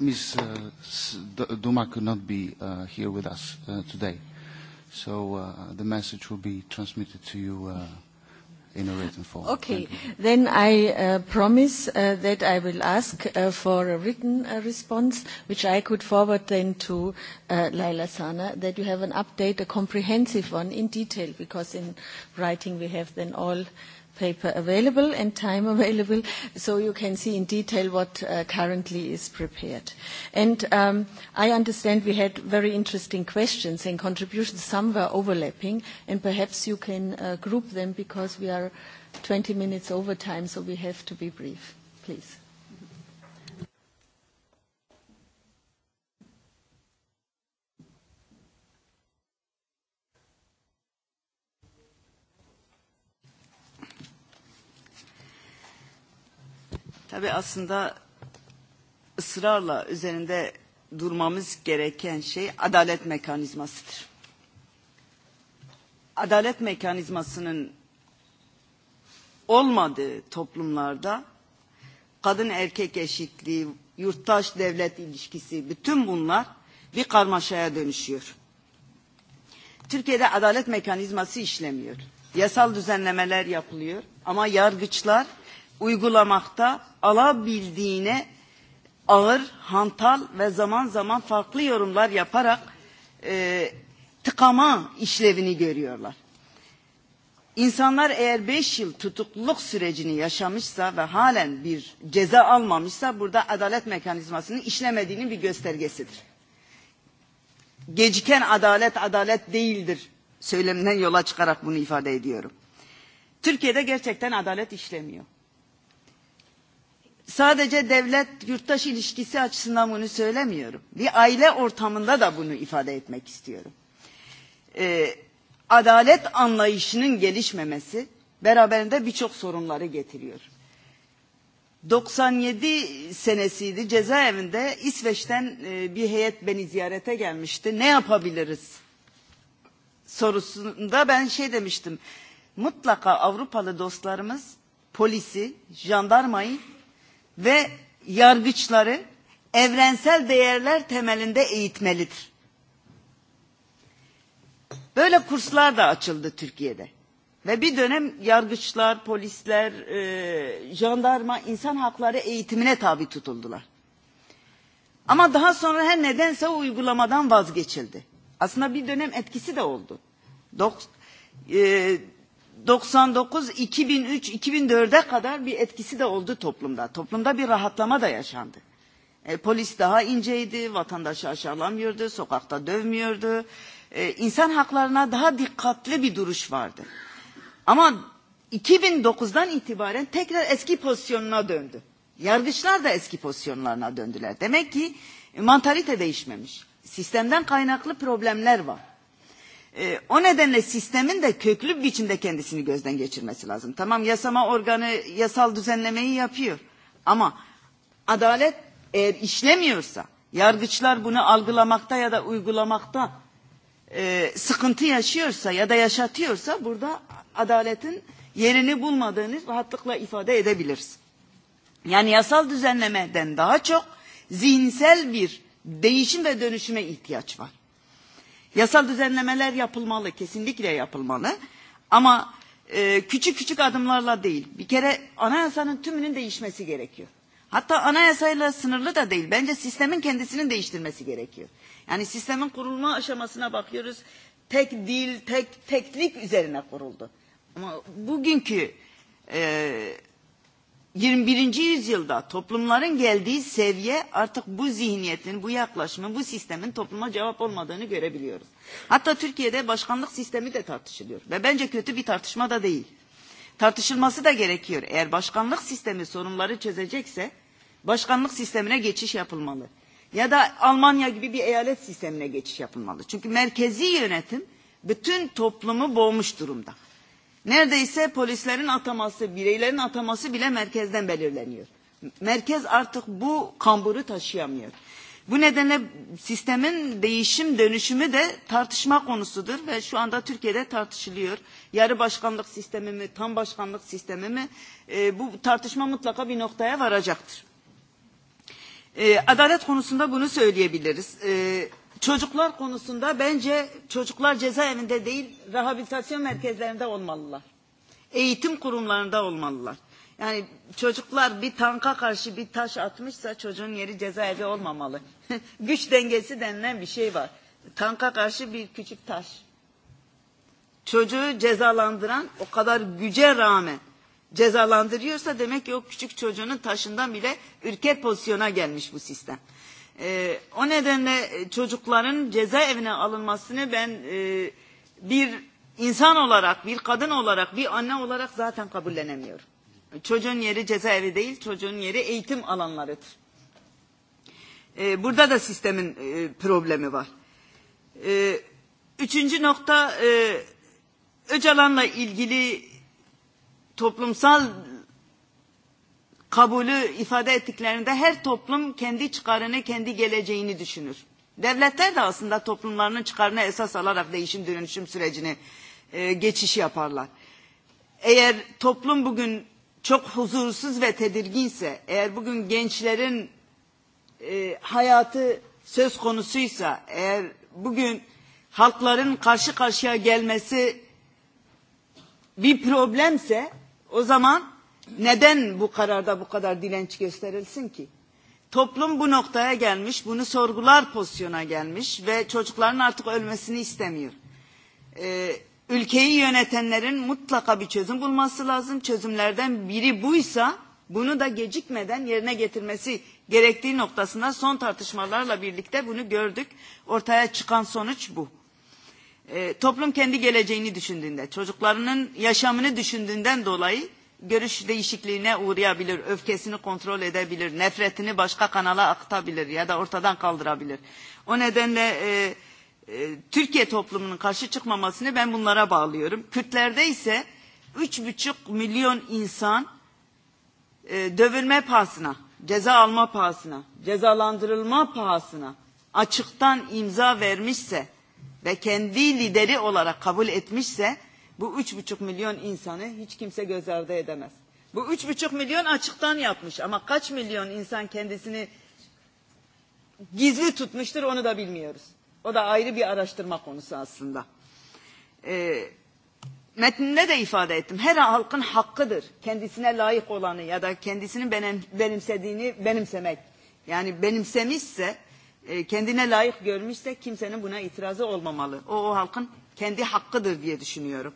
S2: Ms. Uh, Duma could not be uh, here with us uh, today, so uh, the message will be transmitted to you uh, in a written form. Okay,
S1: then I uh, promise uh, that I will ask uh, for a written uh, response, which I could forward then to uh, Laila Sana, that you have an update, a comprehensive one in detail, because in writing we have then all paper available and time available so you can see in detail what uh, currently is prepared. And um, I understand we had very interesting questions and contributions. Some were overlapping and perhaps you can uh, group them because we are 20 minutes over time so we have to be brief. Please.
S4: Tabi aslında ısrarla üzerinde durmamız gereken şey adalet mekanizmasıdır. Adalet mekanizmasının olmadığı toplumlarda kadın erkek eşitliği, yurttaş devlet ilişkisi bütün bunlar bir karmaşaya dönüşüyor. Türkiye'de adalet mekanizması işlemiyor. Yasal düzenlemeler yapılıyor ama yargıçlar uygulamakta alabildiğine ağır, hantal ve zaman zaman farklı yorumlar yaparak e, tıkama işlevini görüyorlar. İnsanlar eğer 5 yıl tutukluluk sürecini yaşamışsa ve halen bir ceza almamışsa burada adalet mekanizmasının işlemediğinin bir göstergesidir. Geciken adalet adalet değildir söyleminden yola çıkarak bunu ifade ediyorum. Türkiye'de gerçekten adalet işlemiyor. Sadece devlet yurttaş ilişkisi açısından bunu söylemiyorum. Bir aile ortamında da bunu ifade etmek istiyorum. Ee, adalet anlayışının gelişmemesi beraberinde birçok sorunları getiriyor. 97 senesiydi cezaevinde İsveç'ten e, bir heyet beni ziyarete gelmişti. Ne yapabiliriz sorusunda ben şey demiştim. Mutlaka Avrupalı dostlarımız polisi, jandarmayı ve yargıçları evrensel değerler temelinde eğitmelidir. Böyle kurslar da açıldı Türkiye'de. Ve bir dönem yargıçlar, polisler, e, jandarma insan hakları eğitimine tabi tutuldular. Ama daha sonra her nedense o uygulamadan vazgeçildi. Aslında bir dönem etkisi de oldu. Dok, e, 99, 2003, 2004'e kadar bir etkisi de oldu toplumda. Toplumda bir rahatlama da yaşandı. E, polis daha inceydi, vatandaşı aşağılamıyordu, sokakta dövmüyordu. E, insan haklarına daha dikkatli bir duruş vardı. Ama 2009'dan itibaren tekrar eski pozisyonuna döndü. Yargıçlar da eski pozisyonlarına döndüler. Demek ki mantalite değişmemiş. Sistemden kaynaklı problemler var. E, o nedenle sistemin de köklü bir biçimde kendisini gözden geçirmesi lazım. Tamam yasama organı yasal düzenlemeyi yapıyor. Ama adalet eğer işlemiyorsa, yargıçlar bunu algılamakta ya da uygulamakta e, sıkıntı yaşıyorsa ya da yaşatıyorsa burada adaletin yerini bulmadığını rahatlıkla ifade edebiliriz. Yani yasal düzenlemeden daha çok zihinsel bir değişim ve dönüşüme ihtiyaç var. Yasal düzenlemeler yapılmalı, kesinlikle yapılmalı. Ama e, küçük küçük adımlarla değil. Bir kere anayasanın tümünün değişmesi gerekiyor. Hatta anayasayla sınırlı da değil. Bence sistemin kendisinin değiştirmesi gerekiyor. Yani sistemin kurulma aşamasına bakıyoruz. Tek dil, tek teklik üzerine kuruldu. Ama bugünkü e, 21. yüzyılda toplumların geldiği seviye artık bu zihniyetin, bu yaklaşımın, bu sistemin topluma cevap olmadığını görebiliyoruz. Hatta Türkiye'de başkanlık sistemi de tartışılıyor ve bence kötü bir tartışma da değil. Tartışılması da gerekiyor. Eğer başkanlık sistemi sorunları çözecekse başkanlık sistemine geçiş yapılmalı. Ya da Almanya gibi bir eyalet sistemine geçiş yapılmalı. Çünkü merkezi yönetim bütün toplumu boğmuş durumda. Neredeyse polislerin ataması, bireylerin ataması bile merkezden belirleniyor. Merkez artık bu kamburu taşıyamıyor. Bu nedenle sistemin değişim dönüşümü de tartışma konusudur ve şu anda Türkiye'de tartışılıyor. Yarı başkanlık sistemi mi, tam başkanlık sistemi mi e, bu tartışma mutlaka bir noktaya varacaktır. E, adalet konusunda bunu söyleyebiliriz. E, Çocuklar konusunda bence çocuklar cezaevinde değil rehabilitasyon merkezlerinde olmalılar. Eğitim kurumlarında olmalılar. Yani çocuklar bir tanka karşı bir taş atmışsa çocuğun yeri cezaevi olmamalı. Güç dengesi denilen bir şey var. Tanka karşı bir küçük taş. Çocuğu cezalandıran o kadar güce rağmen cezalandırıyorsa demek ki o küçük çocuğunun taşından bile ürker pozisyona gelmiş bu sistem. E, o nedenle e, çocukların cezaevine alınmasını ben e, bir insan olarak, bir kadın olarak, bir anne olarak zaten kabullenemiyorum. Çocuğun yeri cezaevi değil, çocuğun yeri eğitim alanlarıdır. E, burada da sistemin e, problemi var. E, üçüncü nokta e, Öcalan'la ilgili toplumsal kabulü ifade ettiklerinde her toplum kendi çıkarını, kendi geleceğini düşünür. Devletler de aslında toplumlarının çıkarını esas alarak değişim dönüşüm sürecini e, geçiş yaparlar. Eğer toplum bugün çok huzursuz ve tedirginse, eğer bugün gençlerin e, hayatı söz konusuysa, eğer bugün halkların karşı karşıya gelmesi bir problemse o zaman neden bu kararda bu kadar dilenç gösterilsin ki? Toplum bu noktaya gelmiş, bunu sorgular pozisyona gelmiş ve çocukların artık ölmesini istemiyor. Ee, ülkeyi yönetenlerin mutlaka bir çözüm bulması lazım. Çözümlerden biri buysa bunu da gecikmeden yerine getirmesi gerektiği noktasında son tartışmalarla birlikte bunu gördük. Ortaya çıkan sonuç bu. Ee, toplum kendi geleceğini düşündüğünde, çocuklarının yaşamını düşündüğünden dolayı görüş değişikliğine uğrayabilir, öfkesini kontrol edebilir, nefretini başka kanala aktabilir ya da ortadan kaldırabilir. O nedenle e, e, Türkiye toplumunun karşı çıkmamasını ben bunlara bağlıyorum. Kürtlerde ise 3,5 milyon insan e, dövülme pahasına, ceza alma pahasına, cezalandırılma pahasına açıktan imza vermişse ve kendi lideri olarak kabul etmişse Bu üç buçuk milyon insanı hiç kimse göz ardı edemez. Bu üç buçuk milyon açıktan yapmış ama kaç milyon insan kendisini gizli tutmuştur onu da bilmiyoruz. O da ayrı bir araştırma konusu aslında. E, metninde de ifade ettim. Her halkın hakkıdır. Kendisine layık olanı ya da kendisinin benim, benimsediğini benimsemek. Yani benimsemişse, e, kendine layık görmüşse kimsenin buna itirazı olmamalı. O, o halkın kendi hakkıdır diye düşünüyorum.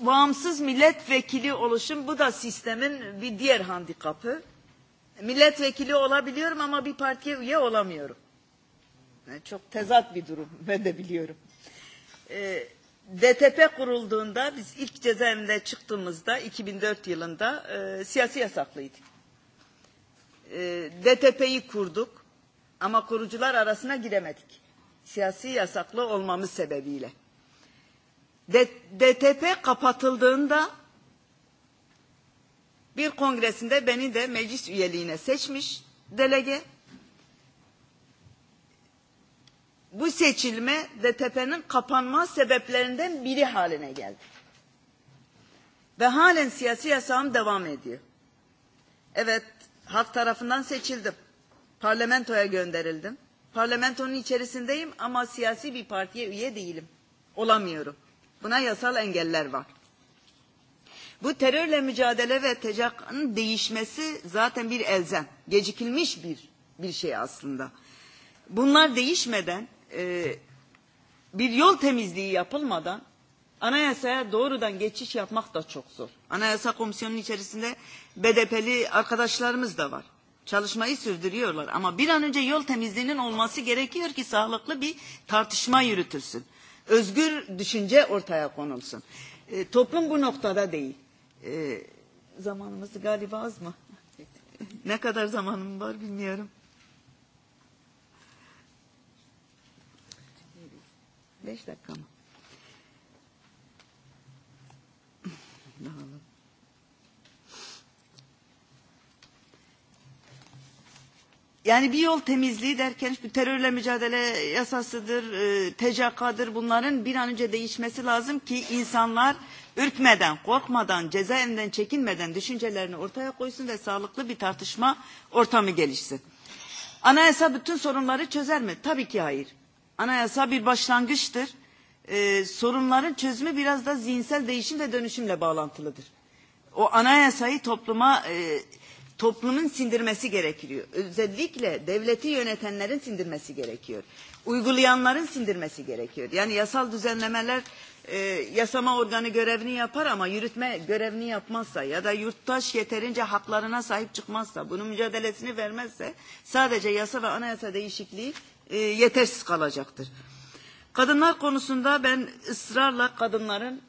S4: Bağımsız milletvekili oluşum bu da sistemin bir diğer handikapı. Milletvekili olabiliyorum ama bir partiye üye olamıyorum. Yani çok tezat bir durum ben de biliyorum. Ee, DTP kurulduğunda biz ilk cezaevinde çıktığımızda 2004 yılında e, siyasi yasaklıydı. E, DTP'yi kurduk ama kurucular arasına giremedik. Siyasi yasaklı olmamız sebebiyle. DTP kapatıldığında bir kongresinde beni de meclis üyeliğine seçmiş delege. Bu seçilme DTP'nin kapanma sebeplerinden biri haline geldi. Ve halen siyasi yasağım devam ediyor. Evet, halk tarafından seçildim. Parlamentoya gönderildim. Parlamentonun içerisindeyim ama siyasi bir partiye üye değilim. Olamıyorum. Buna yasal engeller var. Bu terörle mücadele ve tecakkının değişmesi zaten bir elzem. Gecikilmiş bir bir şey aslında. Bunlar değişmeden, e, bir yol temizliği yapılmadan anayasaya doğrudan geçiş yapmak da çok zor. Anayasa komisyonunun içerisinde BDP'li arkadaşlarımız da var. Çalışmayı sürdürüyorlar ama bir an önce yol temizliğinin olması gerekiyor ki sağlıklı bir tartışma yürütülsün özgür düşünce ortaya konulsun. E, toplum bu noktada değil. E, zamanımız galiba az mı? ne kadar zamanım var bilmiyorum. Beş dakika mı? Daha Yani bir yol temizliği derken terörle mücadele yasasıdır, e, tecakadır bunların bir an önce değişmesi lazım ki insanlar ürkmeden, korkmadan, cezaevinden çekinmeden düşüncelerini ortaya koysun ve sağlıklı bir tartışma ortamı gelişsin. Anayasa bütün sorunları çözer mi? Tabii ki hayır. Anayasa bir başlangıçtır. Ee, sorunların çözümü biraz da zihinsel değişim ve dönüşümle bağlantılıdır. O anayasayı topluma e, toplumun sindirmesi gerekiyor. Özellikle devleti yönetenlerin sindirmesi gerekiyor. Uygulayanların sindirmesi gerekiyor. Yani yasal düzenlemeler e, yasama organı görevini yapar ama yürütme görevini yapmazsa ya da yurttaş yeterince haklarına sahip çıkmazsa, bunun mücadelesini vermezse sadece yasa ve anayasa değişikliği e, yetersiz kalacaktır. Kadınlar konusunda ben ısrarla kadınların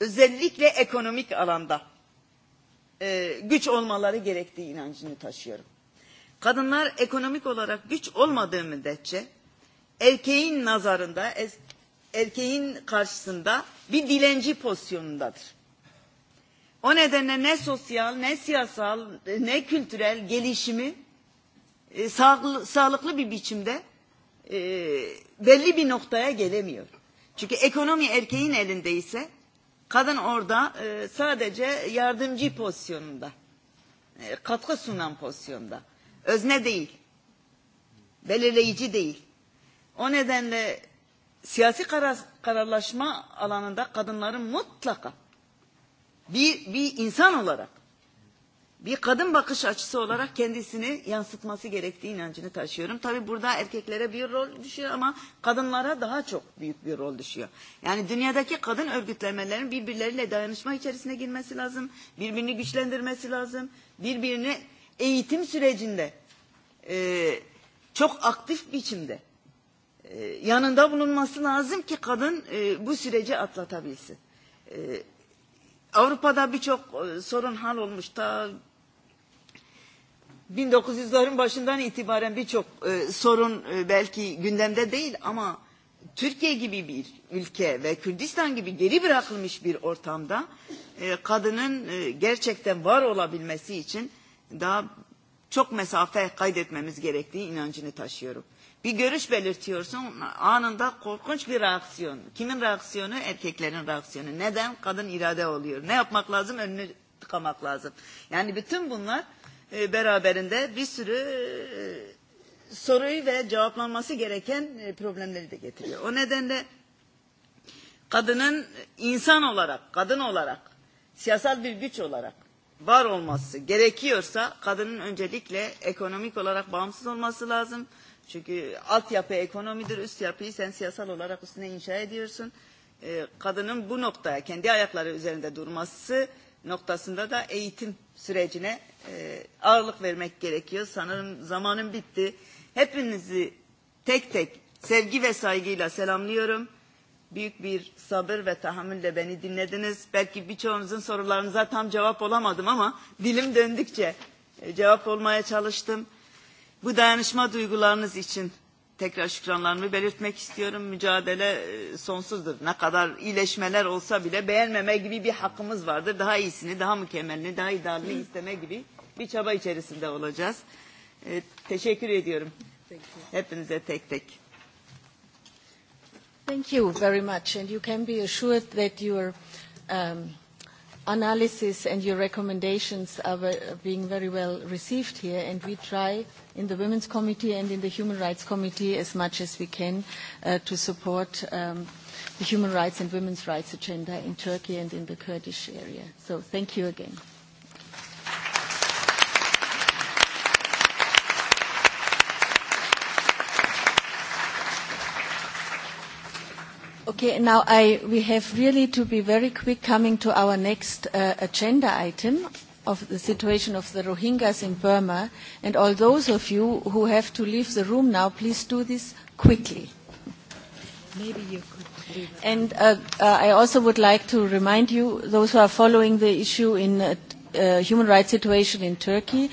S4: özellikle ekonomik alanda e, güç olmaları gerektiği inancını taşıyorum. Kadınlar ekonomik olarak güç olmadığı müddetçe erkeğin nazarında, erkeğin karşısında bir dilenci pozisyonundadır. O nedenle ne sosyal, ne siyasal, ne kültürel gelişimi e, sağ, sağlıklı bir biçimde e, belli bir noktaya gelemiyor. Çünkü ekonomi erkeğin elindeyse ise Kadın orada e, sadece yardımcı pozisyonunda, e, katkı sunan pozisyonda. Özne değil, belirleyici değil. O nedenle siyasi karar, kararlaşma alanında kadınların mutlaka bir, bir insan olarak bir kadın bakış açısı olarak kendisini yansıtması gerektiği inancını taşıyorum. Tabi burada erkeklere bir rol düşüyor ama kadınlara daha çok büyük bir rol düşüyor. Yani dünyadaki kadın örgütlenmelerinin birbirleriyle dayanışma içerisine girmesi lazım. Birbirini güçlendirmesi lazım. Birbirini eğitim sürecinde e, çok aktif biçimde e, yanında bulunması lazım ki kadın e, bu süreci atlatabilsin. E, Avrupa'da birçok e, sorun hal olmuş. Ta 1900'ların başından itibaren birçok e, sorun e, belki gündemde değil ama Türkiye gibi bir ülke ve Kürdistan gibi geri bırakılmış bir ortamda e, kadının e, gerçekten var olabilmesi için daha çok mesafe kaydetmemiz gerektiği inancını taşıyorum. Bir görüş belirtiyorsun anında korkunç bir reaksiyon. Kimin reaksiyonu? Erkeklerin reaksiyonu. Neden? Kadın irade oluyor. Ne yapmak lazım? Önünü tıkamak lazım. Yani bütün bunlar E, beraberinde bir sürü e, soruyu ve cevaplanması gereken e, problemleri de getiriyor. O nedenle kadının insan olarak, kadın olarak, siyasal bir güç olarak var olması gerekiyorsa kadının öncelikle ekonomik olarak bağımsız olması lazım. Çünkü altyapı ekonomidir, üst yapıyı sen siyasal olarak üstüne inşa ediyorsun. Ee, kadının bu noktaya kendi ayakları üzerinde durması noktasında da eğitim sürecine e, ağırlık vermek gerekiyor. Sanırım zamanım bitti. Hepinizi tek tek sevgi ve saygıyla selamlıyorum. Büyük bir sabır ve tahammülle beni dinlediniz. Belki birçoğunuzun sorularınıza tam cevap olamadım ama dilim döndükçe e, cevap olmaya çalıştım. Bu dayanışma duygularınız için tekrar şükranlarımı belirtmek istiyorum. Mücadele e, sonsuzdur. Ne kadar iyileşmeler olsa bile beğenmeme gibi bir hakkımız vardır. Daha iyisini, daha mükemmelini, daha idealini isteme gibi bir çaba içerisinde olacağız. E, teşekkür ediyorum. Hepinize tek tek.
S1: Thank you very much and you can be assured that your um, analysis and your recommendations are being very well received here and we try in the Women's Committee and in the Human Rights Committee as much as we can uh, to support um, the human rights and women's rights agenda in Turkey and in the Kurdish area. So thank you again. Okay, now I, we have really to be very quick coming to our next uh, agenda item of the situation of the Rohingyas in Burma. And all those of you who have to leave the room now, please do this quickly.
S5: Maybe you could leave.
S1: And uh, uh, I also would like to remind you, those who are following the issue in uh, uh, human rights situation in Turkey,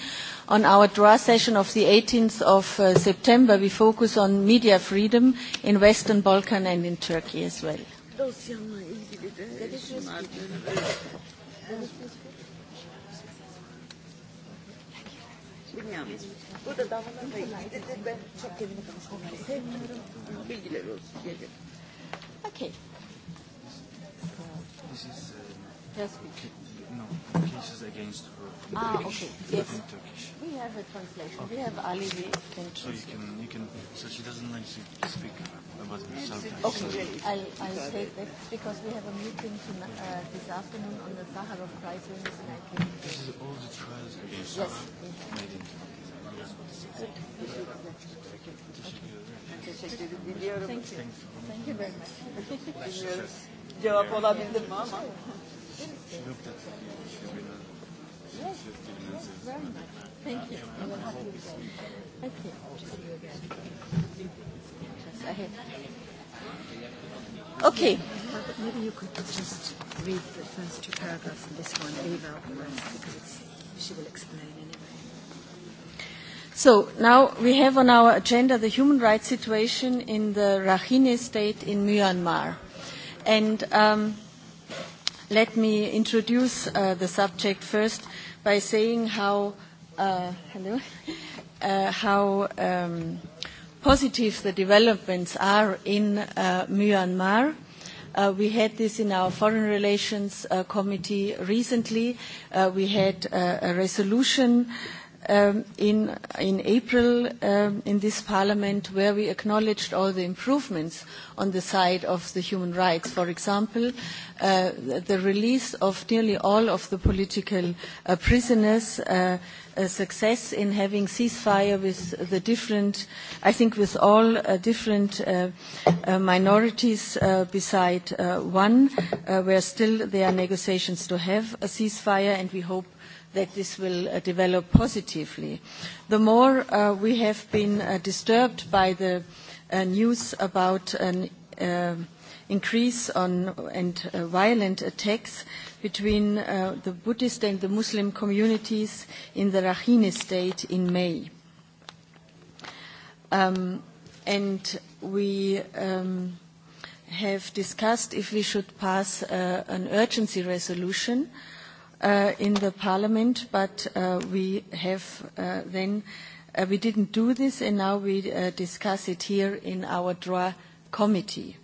S1: On our draw session of the 18th of uh, September, we focus on media freedom in Western Balkan and in Turkey as well. Okay. This is, uh, yes, no, cases against Ah,
S11: okay. Yes. We have a translation. We have Ali. We can So you can, you can. So she doesn't like to speak about herself. Okay. I'll, I'll take that
S1: because we have a meeting tonight, uh, this afternoon on the Sakharov Prize winners, and I
S12: can. This is all the trials against yes. made in.
S5: Teşekkür ediyorum. Thank you. Thank you very much. Cevap olabildim mi ama? you.
S1: Okay, Maybe you could just read the first two paragraphs in this one, leave out the rest, because it's,
S13: she will explain anyway.
S1: So now we have on our agenda the human rights situation in the Rakhine state in Myanmar. And um, Let me introduce uh, the subject first by saying how, uh, hello, uh, how um, positive the developments are in uh, Myanmar. Uh, we had this in our Foreign Relations uh, Committee recently. Uh, we had uh, a resolution uh, um, in, in April um, in this Parliament where we acknowledged all the improvements on the side of the human rights. For example, uh, the release of nearly all of the political uh, prisoners, uh, a success in having ceasefire with the different, I think with all uh, different uh, uh, minorities uh, beside uh, one, uh, where still there are negotiations to have a ceasefire and we hope that this will uh, develop positively. The more uh, we have been uh, disturbed by the uh, news about an uh, increase on and uh, violent attacks between uh, the Buddhist and the Muslim communities in the Rakhine state in May. Um, and we um, have discussed if we should pass uh, an urgency resolution uh, uh, in the parliament, but uh, we have uh, then, uh, we didn't do this and now we uh, discuss it here in our DRA committee.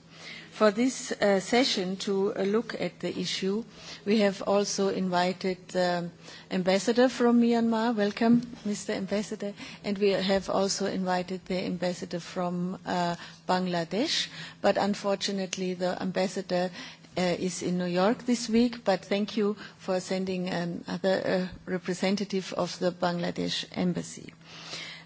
S1: For this uh, session to uh, look at the issue, we have also invited the um, ambassador from Myanmar. Welcome, Mr. Ambassador. And we have also invited the ambassador from uh, Bangladesh. But unfortunately, the ambassador uh, is in New York this week, but thank you for sending another um, uh, representative of the Bangladesh Embassy.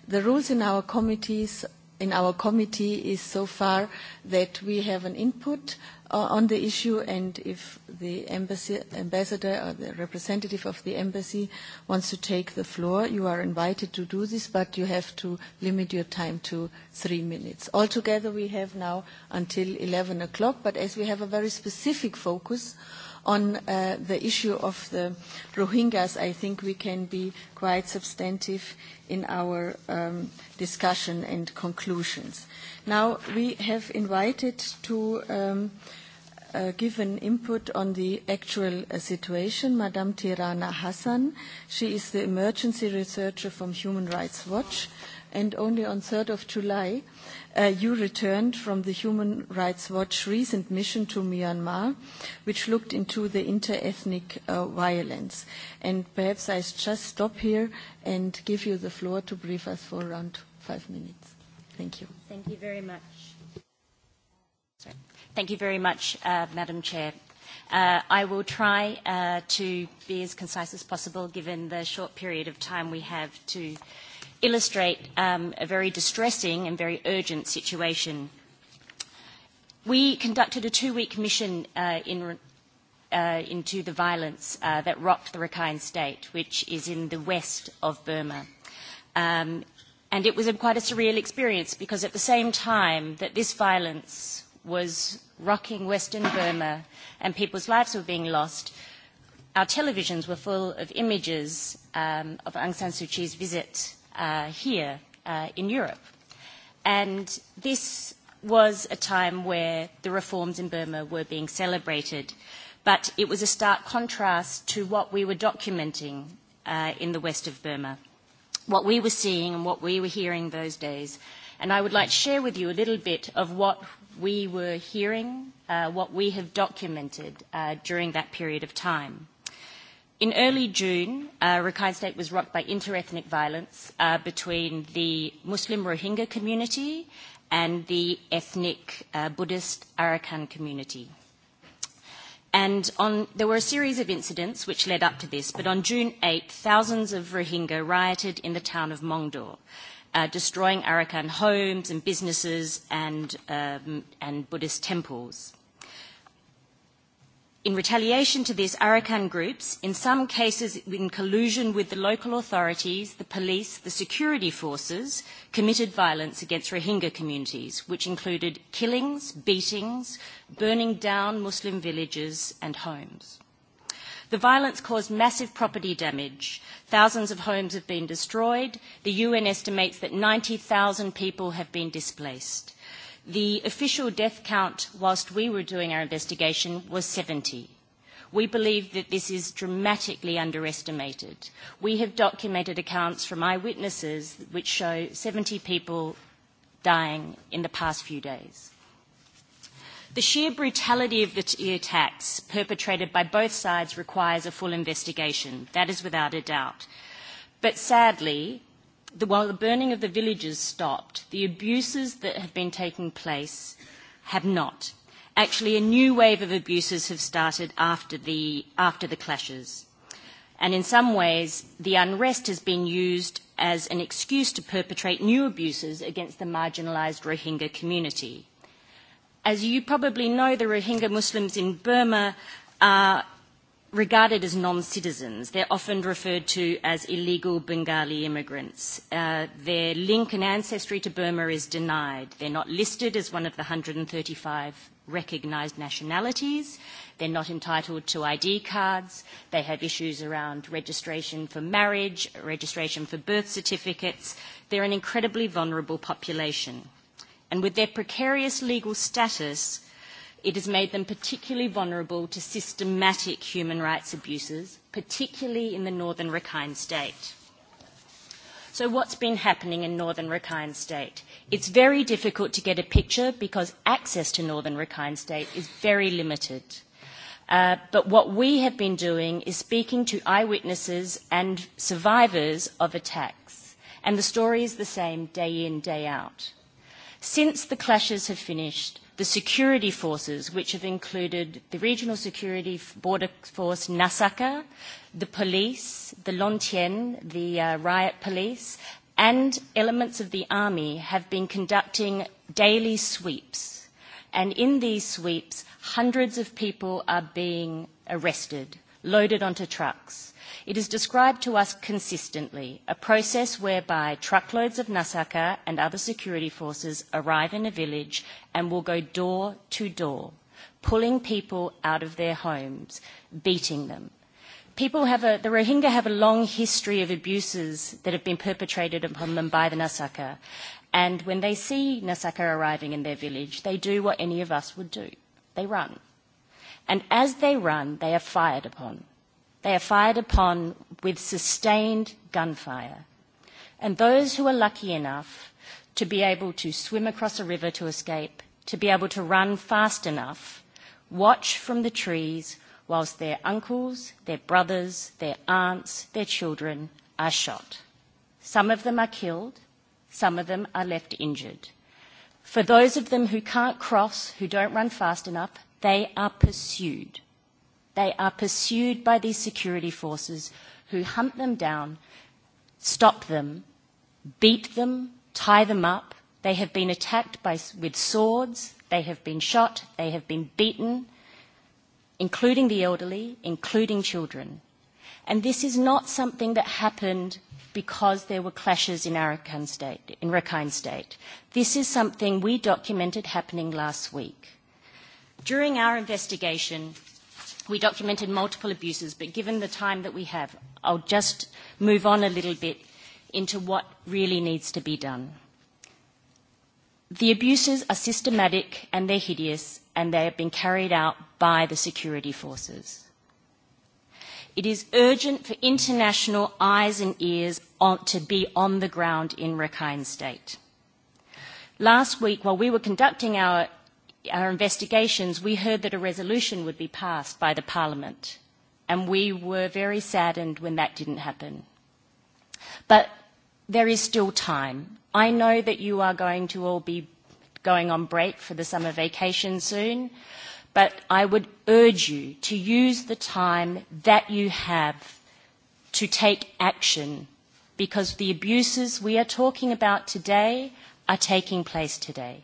S1: The rules in our committees in our committee is so far that we have an input uh, on the issue and if the embassy, ambassador or the representative of the embassy wants to take the floor, you are invited to do this, but you have to limit your time to three minutes. Altogether, we have now until 11 o'clock, but as we have a very specific focus on uh, the issue of the Rohingyas, I think we can be quite substantive in our um, discussion and conclusions. Now, we have invited to... Um, uh, give an input on the actual uh, situation, Madame Tirana Hassan. She is the emergency researcher from Human Rights Watch, and only on 3rd of July uh, you returned from the Human Rights Watch recent mission to Myanmar, which looked into the inter-ethnic uh, violence. And perhaps I just stop here and give you the floor to brief us for around five minutes. Thank you.
S14: Thank you very much. Thank you very much, uh, Madam Chair. Uh, I will try uh, to be as concise as possible given the short period of time we have to illustrate um, a very distressing and very urgent situation. We conducted a two-week mission uh, in, uh, into the violence uh, that rocked the Rakhine State, which is in the west of Burma. Um, and it was a, quite a surreal experience because at the same time that this violence was rocking Western Burma and people's lives were being lost, our televisions were full of images um, of Aung San Suu Kyi's visit uh, here uh, in Europe. And this was a time where the reforms in Burma were being celebrated, but it was a stark contrast to what we were documenting uh, in the west of Burma, what we were seeing and what we were hearing those days. And I would like to share with you a little bit of what we were hearing, uh, what we have documented uh, during that period of time. In early June, uh, Rakhine State was rocked by interethnic violence uh, between the Muslim Rohingya community and the ethnic uh, Buddhist Arakan community. And on, there were a series of incidents which led up to this, but on June 8, thousands of Rohingya rioted in the town of Mongdor uh, destroying Arakan homes and businesses and, um, and Buddhist temples. In retaliation to this, Arakan groups, in some cases in collusion with the local authorities, the police, the security forces, committed violence against Rohingya communities, which included killings, beatings, burning down Muslim villages and homes. The violence caused massive property damage. Thousands of homes have been destroyed. The UN estimates that 90,000 people have been displaced. The official death count whilst we were doing our investigation was 70. We believe that this is dramatically underestimated. We have documented accounts from eyewitnesses which show 70 people dying in the past few days. The sheer brutality of the attacks perpetrated by both sides requires a full investigation. That is without a doubt. But sadly, the, while the burning of the villages stopped, the abuses that have been taking place have not. Actually, a new wave of abuses have started after the, after the clashes. And in some ways, the unrest has been used as an excuse to perpetrate new abuses against the marginalised Rohingya community. As you probably know, the Rohingya Muslims in Burma are regarded as non-citizens. They're often referred to as illegal Bengali immigrants. Uh, their link and ancestry to Burma is denied. They're not listed as one of the 135 recognised nationalities. They're not entitled to ID cards. They have issues around registration for marriage, registration for birth certificates. They're an incredibly vulnerable population and with their precarious legal status, it has made them particularly vulnerable to systematic human rights abuses, particularly in the northern Rakhine state. So what's been happening in northern Rakhine state? It's very difficult to get a picture because access to northern Rakhine state is very limited. Uh, but what we have been doing is speaking to eyewitnesses and survivors of attacks. And the story is the same day in, day out. Since the clashes have finished, the security forces, which have included the Regional Security Border Force Nasaka, the police, the Lontien, the uh, riot police, and elements of the army have been conducting daily sweeps. And in these sweeps, hundreds of people are being arrested, loaded onto trucks. It is described to us consistently, a process whereby truckloads of Nasaka and other security forces arrive in a village and will go door to door, pulling people out of their homes, beating them. People have a, the Rohingya have a long history of abuses that have been perpetrated upon them by the Nasaka. And when they see Nasaka arriving in their village, they do what any of us would do. They run. And as they run, they are fired upon. They are fired upon with sustained gunfire. And those who are lucky enough to be able to swim across a river to escape, to be able to run fast enough, watch from the trees whilst their uncles, their brothers, their aunts, their children are shot. Some of them are killed, some of them are left injured. For those of them who can't cross, who don't run fast enough, they are pursued. They are pursued by these security forces who hunt them down, stop them, beat them, tie them up. They have been attacked by, with swords. They have been shot. They have been beaten, including the elderly, including children. And this is not something that happened because there were clashes in Arakan State, in Rakhine State. This is something we documented happening last week. During our investigation, We documented multiple abuses, but given the time that we have, I'll just move on a little bit into what really needs to be done. The abuses are systematic and they're hideous and they have been carried out by the security forces. It is urgent for international eyes and ears on, to be on the ground in Rakhine State. Last week, while we were conducting our our investigations, we heard that a resolution would be passed by the Parliament, and we were very saddened when that didn't happen. But there is still time. I know that you are going to all be going on break for the summer vacation soon, but I would urge you to use the time that you have to take action because the abuses we are talking about today are taking place today.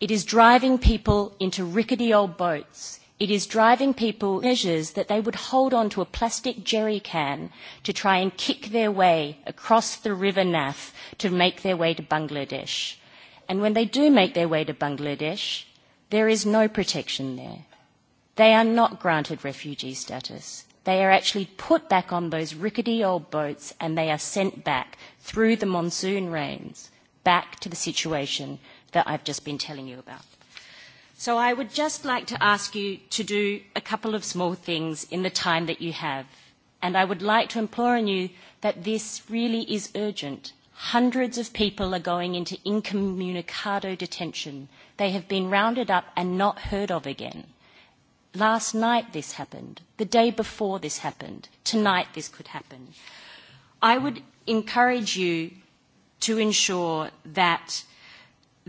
S14: It is driving people into rickety old boats. It is driving people measures that they would hold on to a plastic jerry can to try and kick their way across the river Naf to make their way to Bangladesh. And when they do make their way to Bangladesh, there is no protection there. They are not granted refugee status. They are actually put back on those rickety old boats and they are sent back through the monsoon rains back to the situation that I've just been telling you about. So I would just like to ask you to do a couple of small things in the time that you have. And I would like to implore on you that this really is urgent. Hundreds of people are going into incommunicado detention. They have been rounded up and not heard of again. Last night this happened. The day before this happened. Tonight this could happen. I would encourage you to ensure that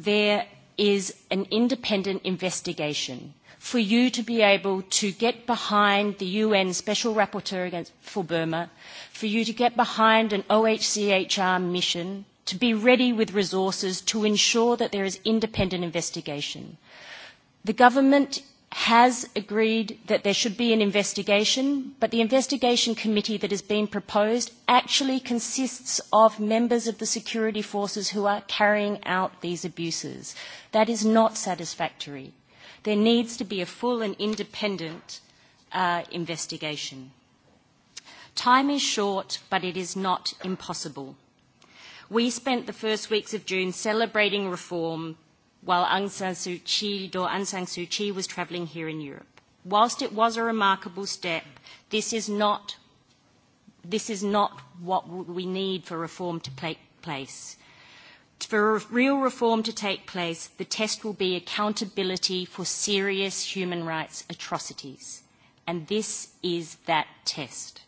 S14: there is an independent investigation for you to be able to get behind the UN Special Rapporteur against, for Burma, for you to get behind an OHCHR mission, to be ready with resources to ensure that there is independent investigation. The government has agreed that there should be an investigation, but the investigation committee that has been proposed actually consists of members of the security forces who are carrying out these abuses. That is not satisfactory. There needs to be a full and independent uh, investigation. Time is short, but it is not impossible. We spent the first weeks of June celebrating reform while Aung San Suu Kyi, Do Aung San Suu Kyi was travelling here in Europe. Whilst it was a remarkable step, this is not, this is not what we need for reform to take place. For real reform to take place, the test will be accountability for serious human rights atrocities. And this is that test.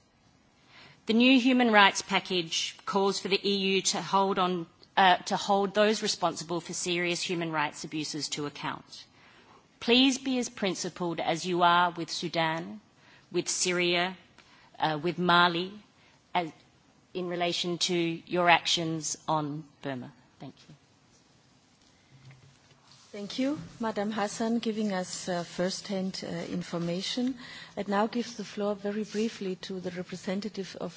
S14: The new human rights package calls for the EU to hold on uh, to hold those responsible for serious human rights abuses to account. Please be as principled as you are with Sudan, with Syria, uh, with Mali, as, in relation to your actions on Burma. Thank you.
S1: Thank you, Madam Hassan, giving us uh, first-hand uh, information. I now give the floor very briefly to the representative of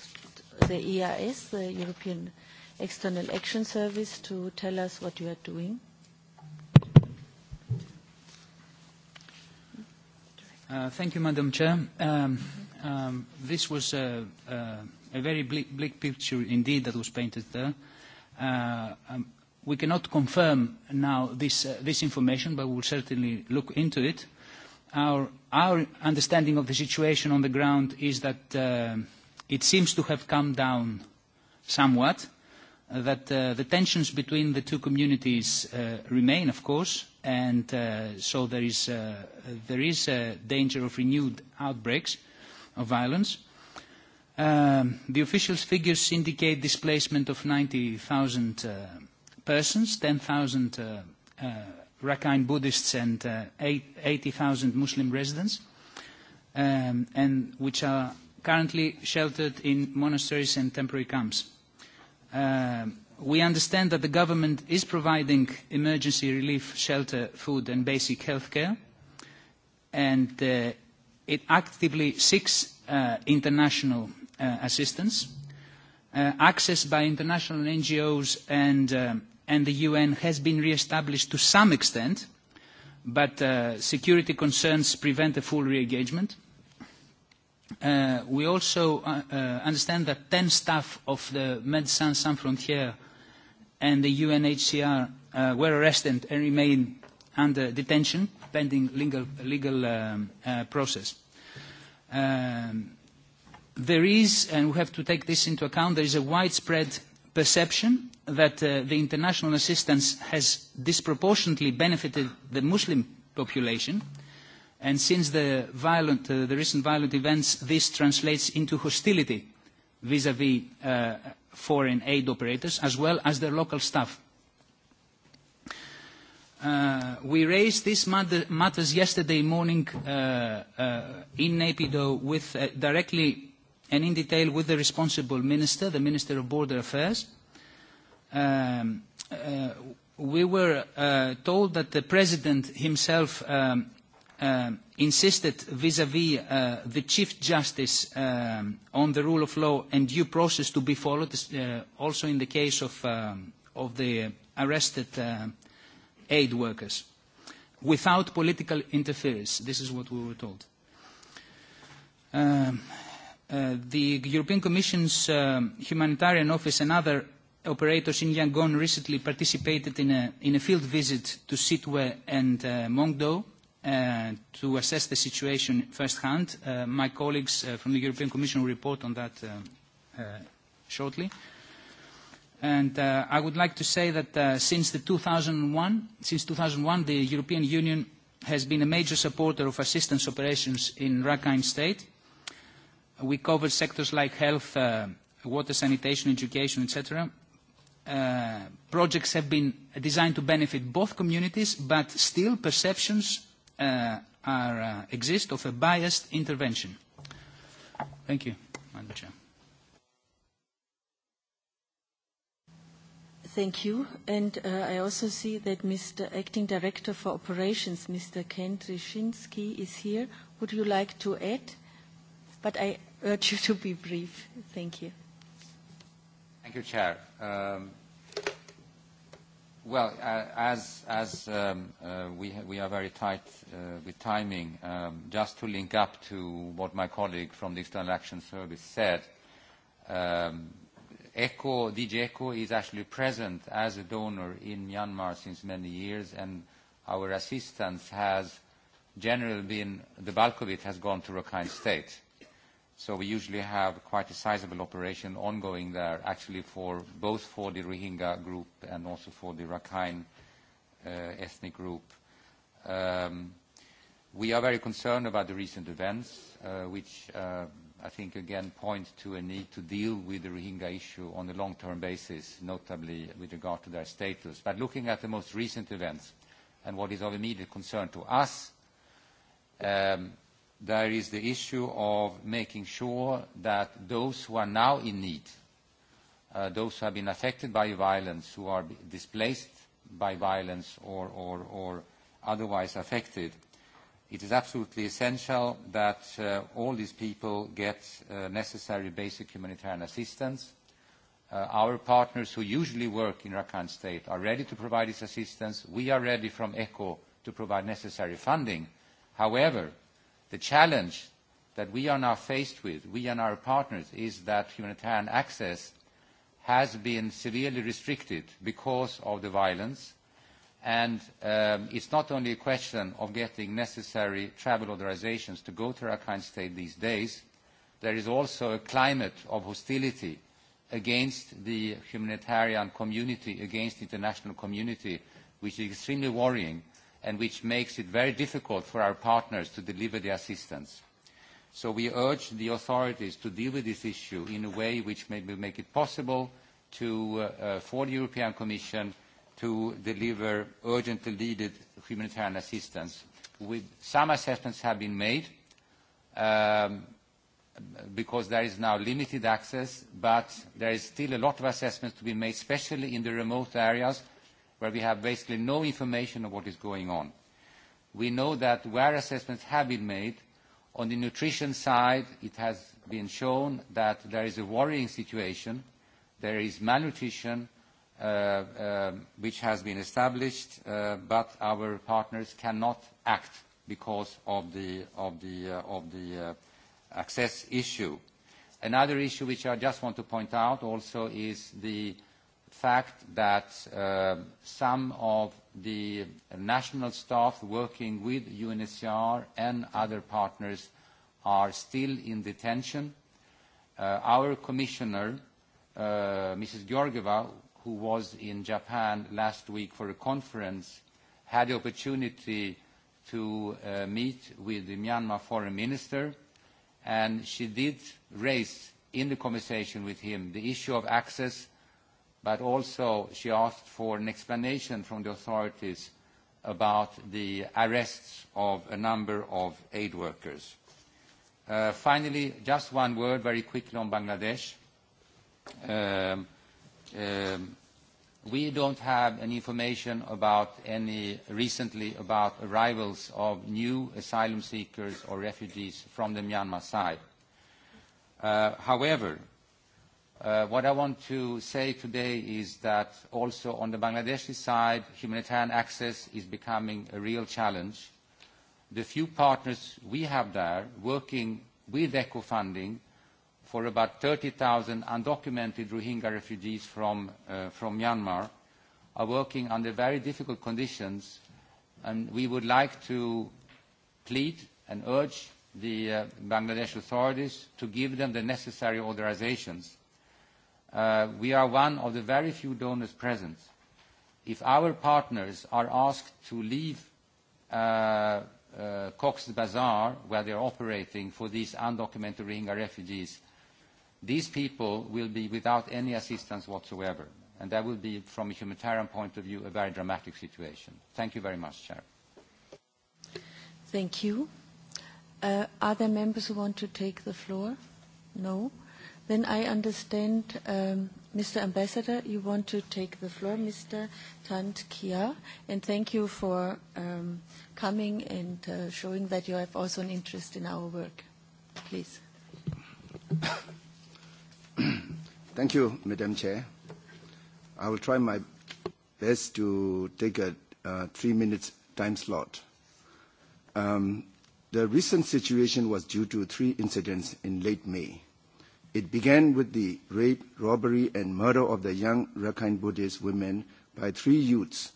S1: the EIS, the European External Action Service to tell us what you are doing?
S12: Uh, thank you, Madam Chair. Um, um, this was a, a, a very bleak, bleak picture indeed that was painted there. Uh, um, we cannot confirm now this, uh, this information, but we will certainly look into it. Our, our understanding of the situation on the ground is that uh, it seems to have come down somewhat. Uh, Uh, that uh, the tensions between the two communities uh, remain, of course, and uh, so there is, uh, there is a danger of renewed outbreaks of violence. Um, the official figures indicate displacement of 90,000 uh, persons, 10,000 uh, uh, Rakhine Buddhists and uh, 80,000 Muslim residents, um, and which are currently sheltered in monasteries and temporary camps. Um, we understand that the government is providing emergency relief, shelter, food and basic health care, and uh, it actively seeks uh, international uh, assistance. Uh, access by international NGOs and, um, and the UN has been re-established to some extent, but uh, security concerns prevent a full re-engagement. Uh, we also uh, uh, understand that 10 staff of the Médecins Sans Frontières and the UNHCR uh, were arrested and remain under detention pending legal, legal um, uh, process. Um, there is, and we have to take this into account, there is a widespread perception that uh, the international assistance has disproportionately benefited the Muslim population uh, And since the, violent, uh, the recent violent events, this translates into hostility vis-à-vis -vis, uh, foreign aid operators as well as their local staff. Uh, we raised these matter, matters yesterday morning uh, uh, in NAPIDO with, uh, directly and in detail with the responsible minister, the Minister of Border Affairs. Um, uh, we were uh, told that the President himself um, uh, insisted vis-à-vis -vis, uh, the Chief Justice um, on the rule of law and due process to be followed, uh, also in the case of, uh, of the arrested uh, aid workers, without political interference. This is what we were told. Um, uh, the European Commission's uh, humanitarian office and other operators in Yangon recently participated in a, in a field visit to Sitwe and uh, Mongdo Uh, to assess the situation firsthand. Uh, my colleagues uh, from the European Commission will report on that uh, uh, shortly. And uh, I would like to say that uh, since, the 2001, since 2001, the European Union has been a major supporter of assistance operations in Rakhine State. We cover sectors like health, uh, water, sanitation, education, etc. Uh, projects have been designed to benefit both communities, but still perceptions uh, are, uh, exist of a biased intervention. Thank you, Madam Chair.
S1: Thank you. And uh, I also see that Mr. Acting Director for Operations, Mr. Kent Ryshinsky, is here. Would you like to add? But I urge you to be brief. Thank you.
S15: Thank you, Chair. Um, Well, uh, as, as um, uh, we, ha we are very tight uh, with timing, um, just to link up to what my colleague from the External Action Service said, um, ECHO, DG ECHO is actually present as a donor in Myanmar since many years, and our assistance has generally been, the bulk of it has gone to Rakhine State. So we usually have quite a sizable operation ongoing there, actually for both for the Rohingya group and also for the Rakhine uh, ethnic group. Um, we are very concerned about the recent events, uh, which uh, I think again point to a need to deal with the Rohingya issue on a long-term basis, notably with regard to their status. But looking at the most recent events and what is of immediate concern to us, um, there is the issue of making sure that those who are now in need, uh, those who have been affected by violence, who are displaced by violence or, or, or otherwise affected, it is absolutely essential that uh, all these people get uh, necessary basic humanitarian assistance. Uh, our partners who usually work in Rakhine State are ready to provide this assistance. We are ready from ECHO to provide necessary funding. However, The challenge that we are now faced with, we and our partners, is that humanitarian access has been severely restricted because of the violence. And um, it's not only a question of getting necessary travel authorizations to go to Rakhine State these days. There is also a climate of hostility against the humanitarian community, against the international community, which is extremely worrying and which makes it very difficult for our partners to deliver the assistance. So we urge the authorities to deal with this issue in a way which may make it possible to, uh, uh, for the European Commission to deliver urgently needed humanitarian assistance. With some assessments have been made um, because there is now limited access, but there is still a lot of assessments to be made, especially in the remote areas where we have basically no information of what is going on. We know that where assessments have been made, on the nutrition side, it has been shown that there is a worrying situation. There is malnutrition, uh, uh, which has been established, uh, but our partners cannot act because of the, of the, uh, of the uh, access issue. Another issue which I just want to point out also is the fact that uh, some of the national staff working with UNHCR and other partners are still in detention. Uh, our commissioner, uh, Mrs. Georgieva, who was in Japan last week for a conference, had the opportunity to uh, meet with the Myanmar foreign minister, and she did raise in the conversation with him the issue of access but also she asked for an explanation from the authorities about the arrests of a number of aid workers. Uh, finally, just one word very quickly on Bangladesh. Um, um, we don't have any information about any recently about arrivals of new asylum seekers or refugees from the Myanmar side. Uh, however, Uh, what I want to say today is that also on the Bangladeshi side, humanitarian access is becoming a real challenge. The few partners we have there working with eco funding for about 30,000 undocumented Rohingya refugees uh, from, Myanmar are working under very difficult conditions and we would like to plead and urge the uh, Bangladesh authorities to give them the necessary authorizations uh, we are one of the very few donors present. If our partners are asked to leave uh, uh, Cox's Bazar, where they are operating for these undocumented Rohingya refugees, these people will be without any assistance whatsoever. And that will be, from a humanitarian point of view, a very dramatic situation. Thank you very much, Chair.
S1: Thank you. Uh, are there members who want to take the floor? No. Then I understand, um, Mr. Ambassador, you want to take the floor, Mr. Tant Kia, and thank you for um, coming and uh, showing that you have also an interest in our work.
S13: Please. thank you, Madam Chair. I will try my best to take a uh, three minutes time slot. Um, the recent situation was due to three incidents in late May It began with the rape, robbery, and murder of the young Rakhine Buddhist women by three youths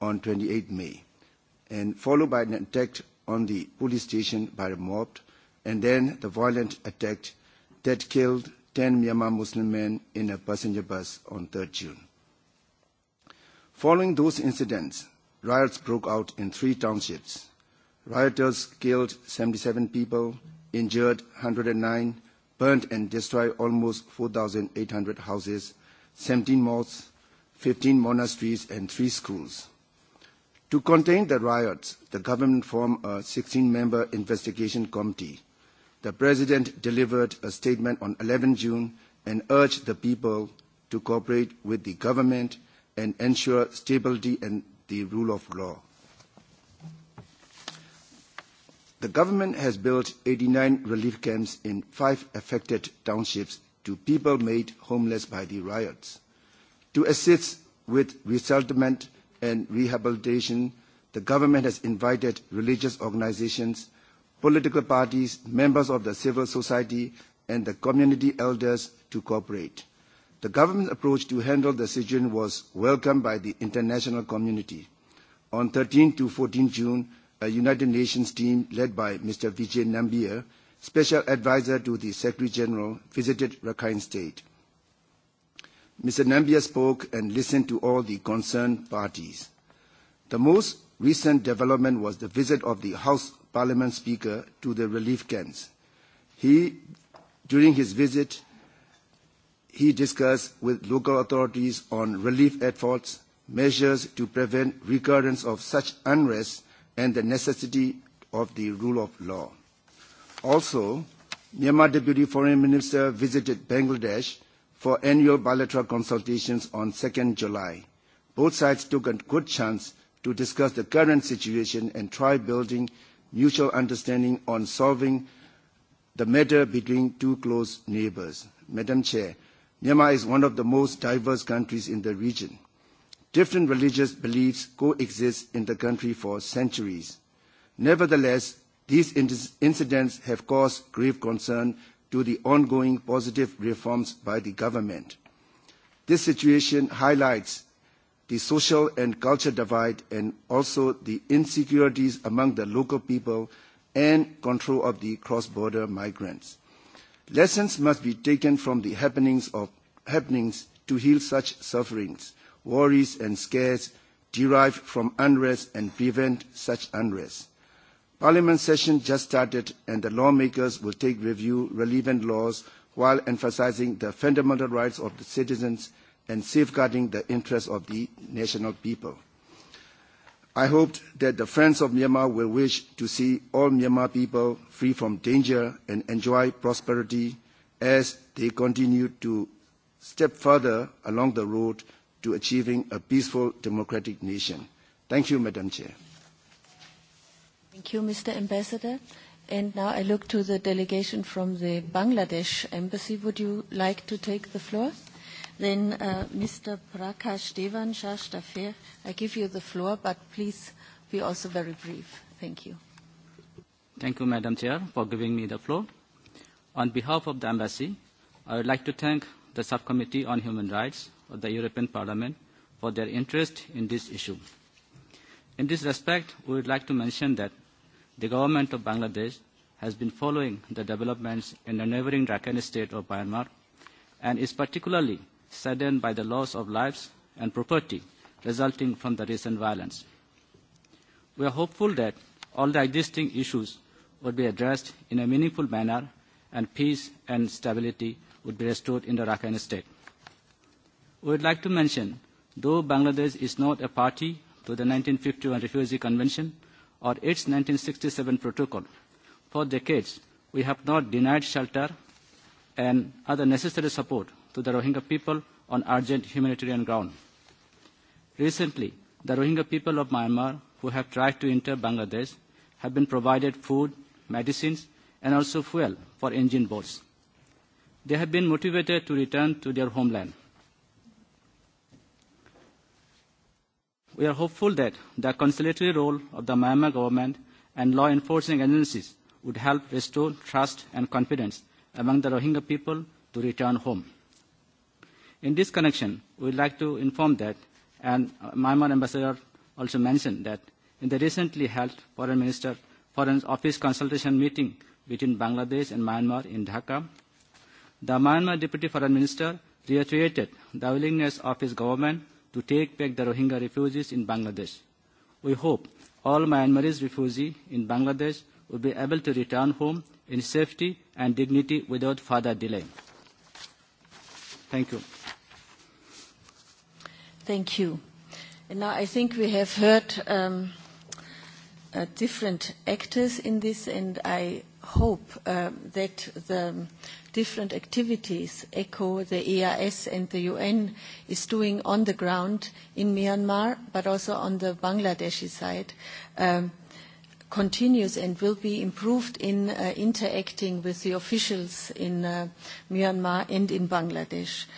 S13: on 28 May, and followed by an attack on the police station by a mob, and then the violent attack that killed 10 Myanmar Muslim men in a passenger bus on 3 June. Following those incidents, riots broke out in three townships. Rioters killed 77 people, injured 109, burned and destroyed almost 4,800 houses, 17 mosques, 15 monasteries, and three schools. To contain the riots, the government formed a 16-member investigation committee. The president delivered a statement on 11 June and urged the people to cooperate with the government and ensure stability and the rule of law. The government has built 89 relief camps in five affected townships to people made homeless by the riots. To assist with resettlement and rehabilitation, the government has invited religious organizations, political parties, members of the civil society, and the community elders to cooperate. The government's approach to handle the situation was welcomed by the international community. On 13 to 14 June, a United Nations team led by Mr. Vijay Nambia, Special Advisor to the Secretary General, visited Rakhine State. Mr. Nambia spoke and listened to all the concerned parties. The most recent development was the visit of the House Parliament Speaker to the relief camps. He, during his visit, he discussed with local authorities on relief efforts, measures to prevent recurrence of such unrest and the necessity of the rule of law. Also, Myanmar Deputy Foreign Minister visited Bangladesh for annual bilateral consultations on 2nd July. Both sides took a good chance to discuss the current situation and try building mutual understanding on solving the matter between two close neighbors. Madam Chair, Myanmar is one of the most diverse countries in the region. Different religious beliefs coexist in the country for centuries. Nevertheless, these incidents have caused grave concern to the ongoing positive reforms by the government. This situation highlights the social and culture divide and also the insecurities among the local people and control of the cross-border migrants. Lessons must be taken from the happenings, of, happenings to heal such sufferings worries and scares derived from unrest and prevent such unrest. Parliament session just started and the lawmakers will take review relevant laws while emphasizing the fundamental rights of the citizens and safeguarding the interests of the national people. I hope that the friends of Myanmar will wish to see all Myanmar people free from danger and enjoy prosperity as they continue to step further along the road to achieving a peaceful democratic nation. Thank you, Madam Chair.
S1: Thank you, Mr. Ambassador. And now I look to the delegation from the Bangladesh Embassy. Would you like to take the floor? Then uh, Mr. Prakash Devan Shashtafir, I give you the floor, but please be also very brief. Thank you.
S16: Thank you, Madam Chair, for giving me the floor. On behalf of the Embassy, I would like to thank the Subcommittee on Human Rights of the European Parliament for their interest in this issue. In this respect, we would like to mention that the government of Bangladesh has been following the developments in the neighboring Rakhine state of Myanmar and is particularly saddened by the loss of lives and property resulting from the recent violence. We are hopeful that all the existing issues would be addressed in a meaningful manner and peace and stability would be restored in the Rakhine state. We would like to mention, though Bangladesh is not a party to the 1951 Refugee Convention or its 1967 Protocol, for decades we have not denied shelter and other necessary support to the Rohingya people on urgent humanitarian ground. Recently, the Rohingya people of Myanmar who have tried to enter Bangladesh have been provided food, medicines, and also fuel for engine boats. They have been motivated to return to their homeland. We are hopeful that the conciliatory role of the Myanmar government and law enforcing agencies would help restore trust and confidence among the Rohingya people to return home. In this connection, we would like to inform that, and Myanmar ambassador also mentioned that in the recently held Foreign Minister Foreign Office consultation meeting between Bangladesh and Myanmar in Dhaka, the Myanmar Deputy Foreign Minister reiterated the willingness of his government to take back the Rohingya refugees in Bangladesh. We hope all Myanmarese refugees in Bangladesh will be able to return home in safety and dignity without further delay. Thank you.
S1: Thank you. And now I think we have heard um, uh, different actors in this, and I hope uh, that the different activities ECHO, the EIS and the UN is doing on the ground in Myanmar, but also on the Bangladeshi side, um, continues and will be improved in uh, interacting with the officials in uh, Myanmar and in Bangladesh. Uh,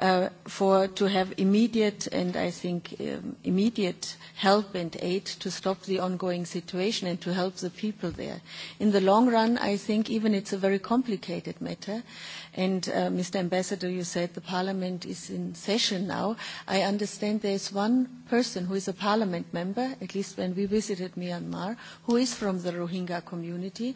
S1: uh, for to have immediate and I think um, immediate help and aid to stop the ongoing situation and to help the people there. In the long run, I think even it's a very complicated matter. And uh, Mr. Ambassador, you said the Parliament is in session now. I understand there is one person who is a Parliament member, at least when we visited Myanmar, who is from the Rohingya community,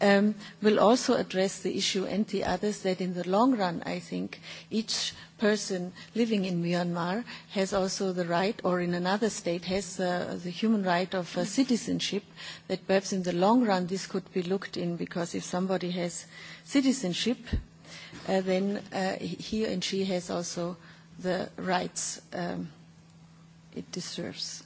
S1: um, will also address the issue and the others that in the long run, I think, each person living in Myanmar has also the right, or in another state has uh, the human right of uh, citizenship, that perhaps in the long run this could be looked in, because if somebody has citizenship, uh, then uh, he and she has also the rights um, it deserves.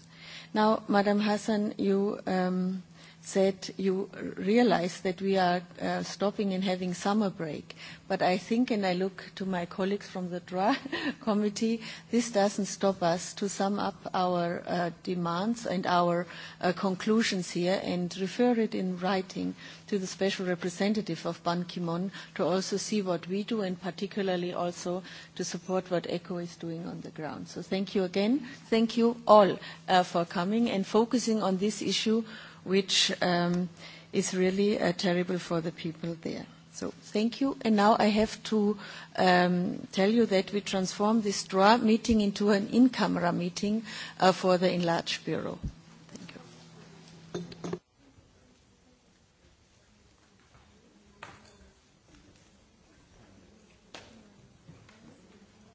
S1: Now, Madam Hassan, you... Um, said you realize that we are uh, stopping and having summer break. But I think, and I look to my colleagues from the DRA committee, this doesn't stop us to sum up our uh, demands and our uh, conclusions here and refer it in writing to the special representative of Ban Ki-moon to also see what we do and particularly also to support what ECHO is doing on the ground. So thank you again. Thank you all uh, for coming and focusing on this issue which um, is really uh, terrible for the people there. So thank you. And now I have to um, tell you that we transform this draw meeting into an in-camera meeting uh, for the enlarged bureau.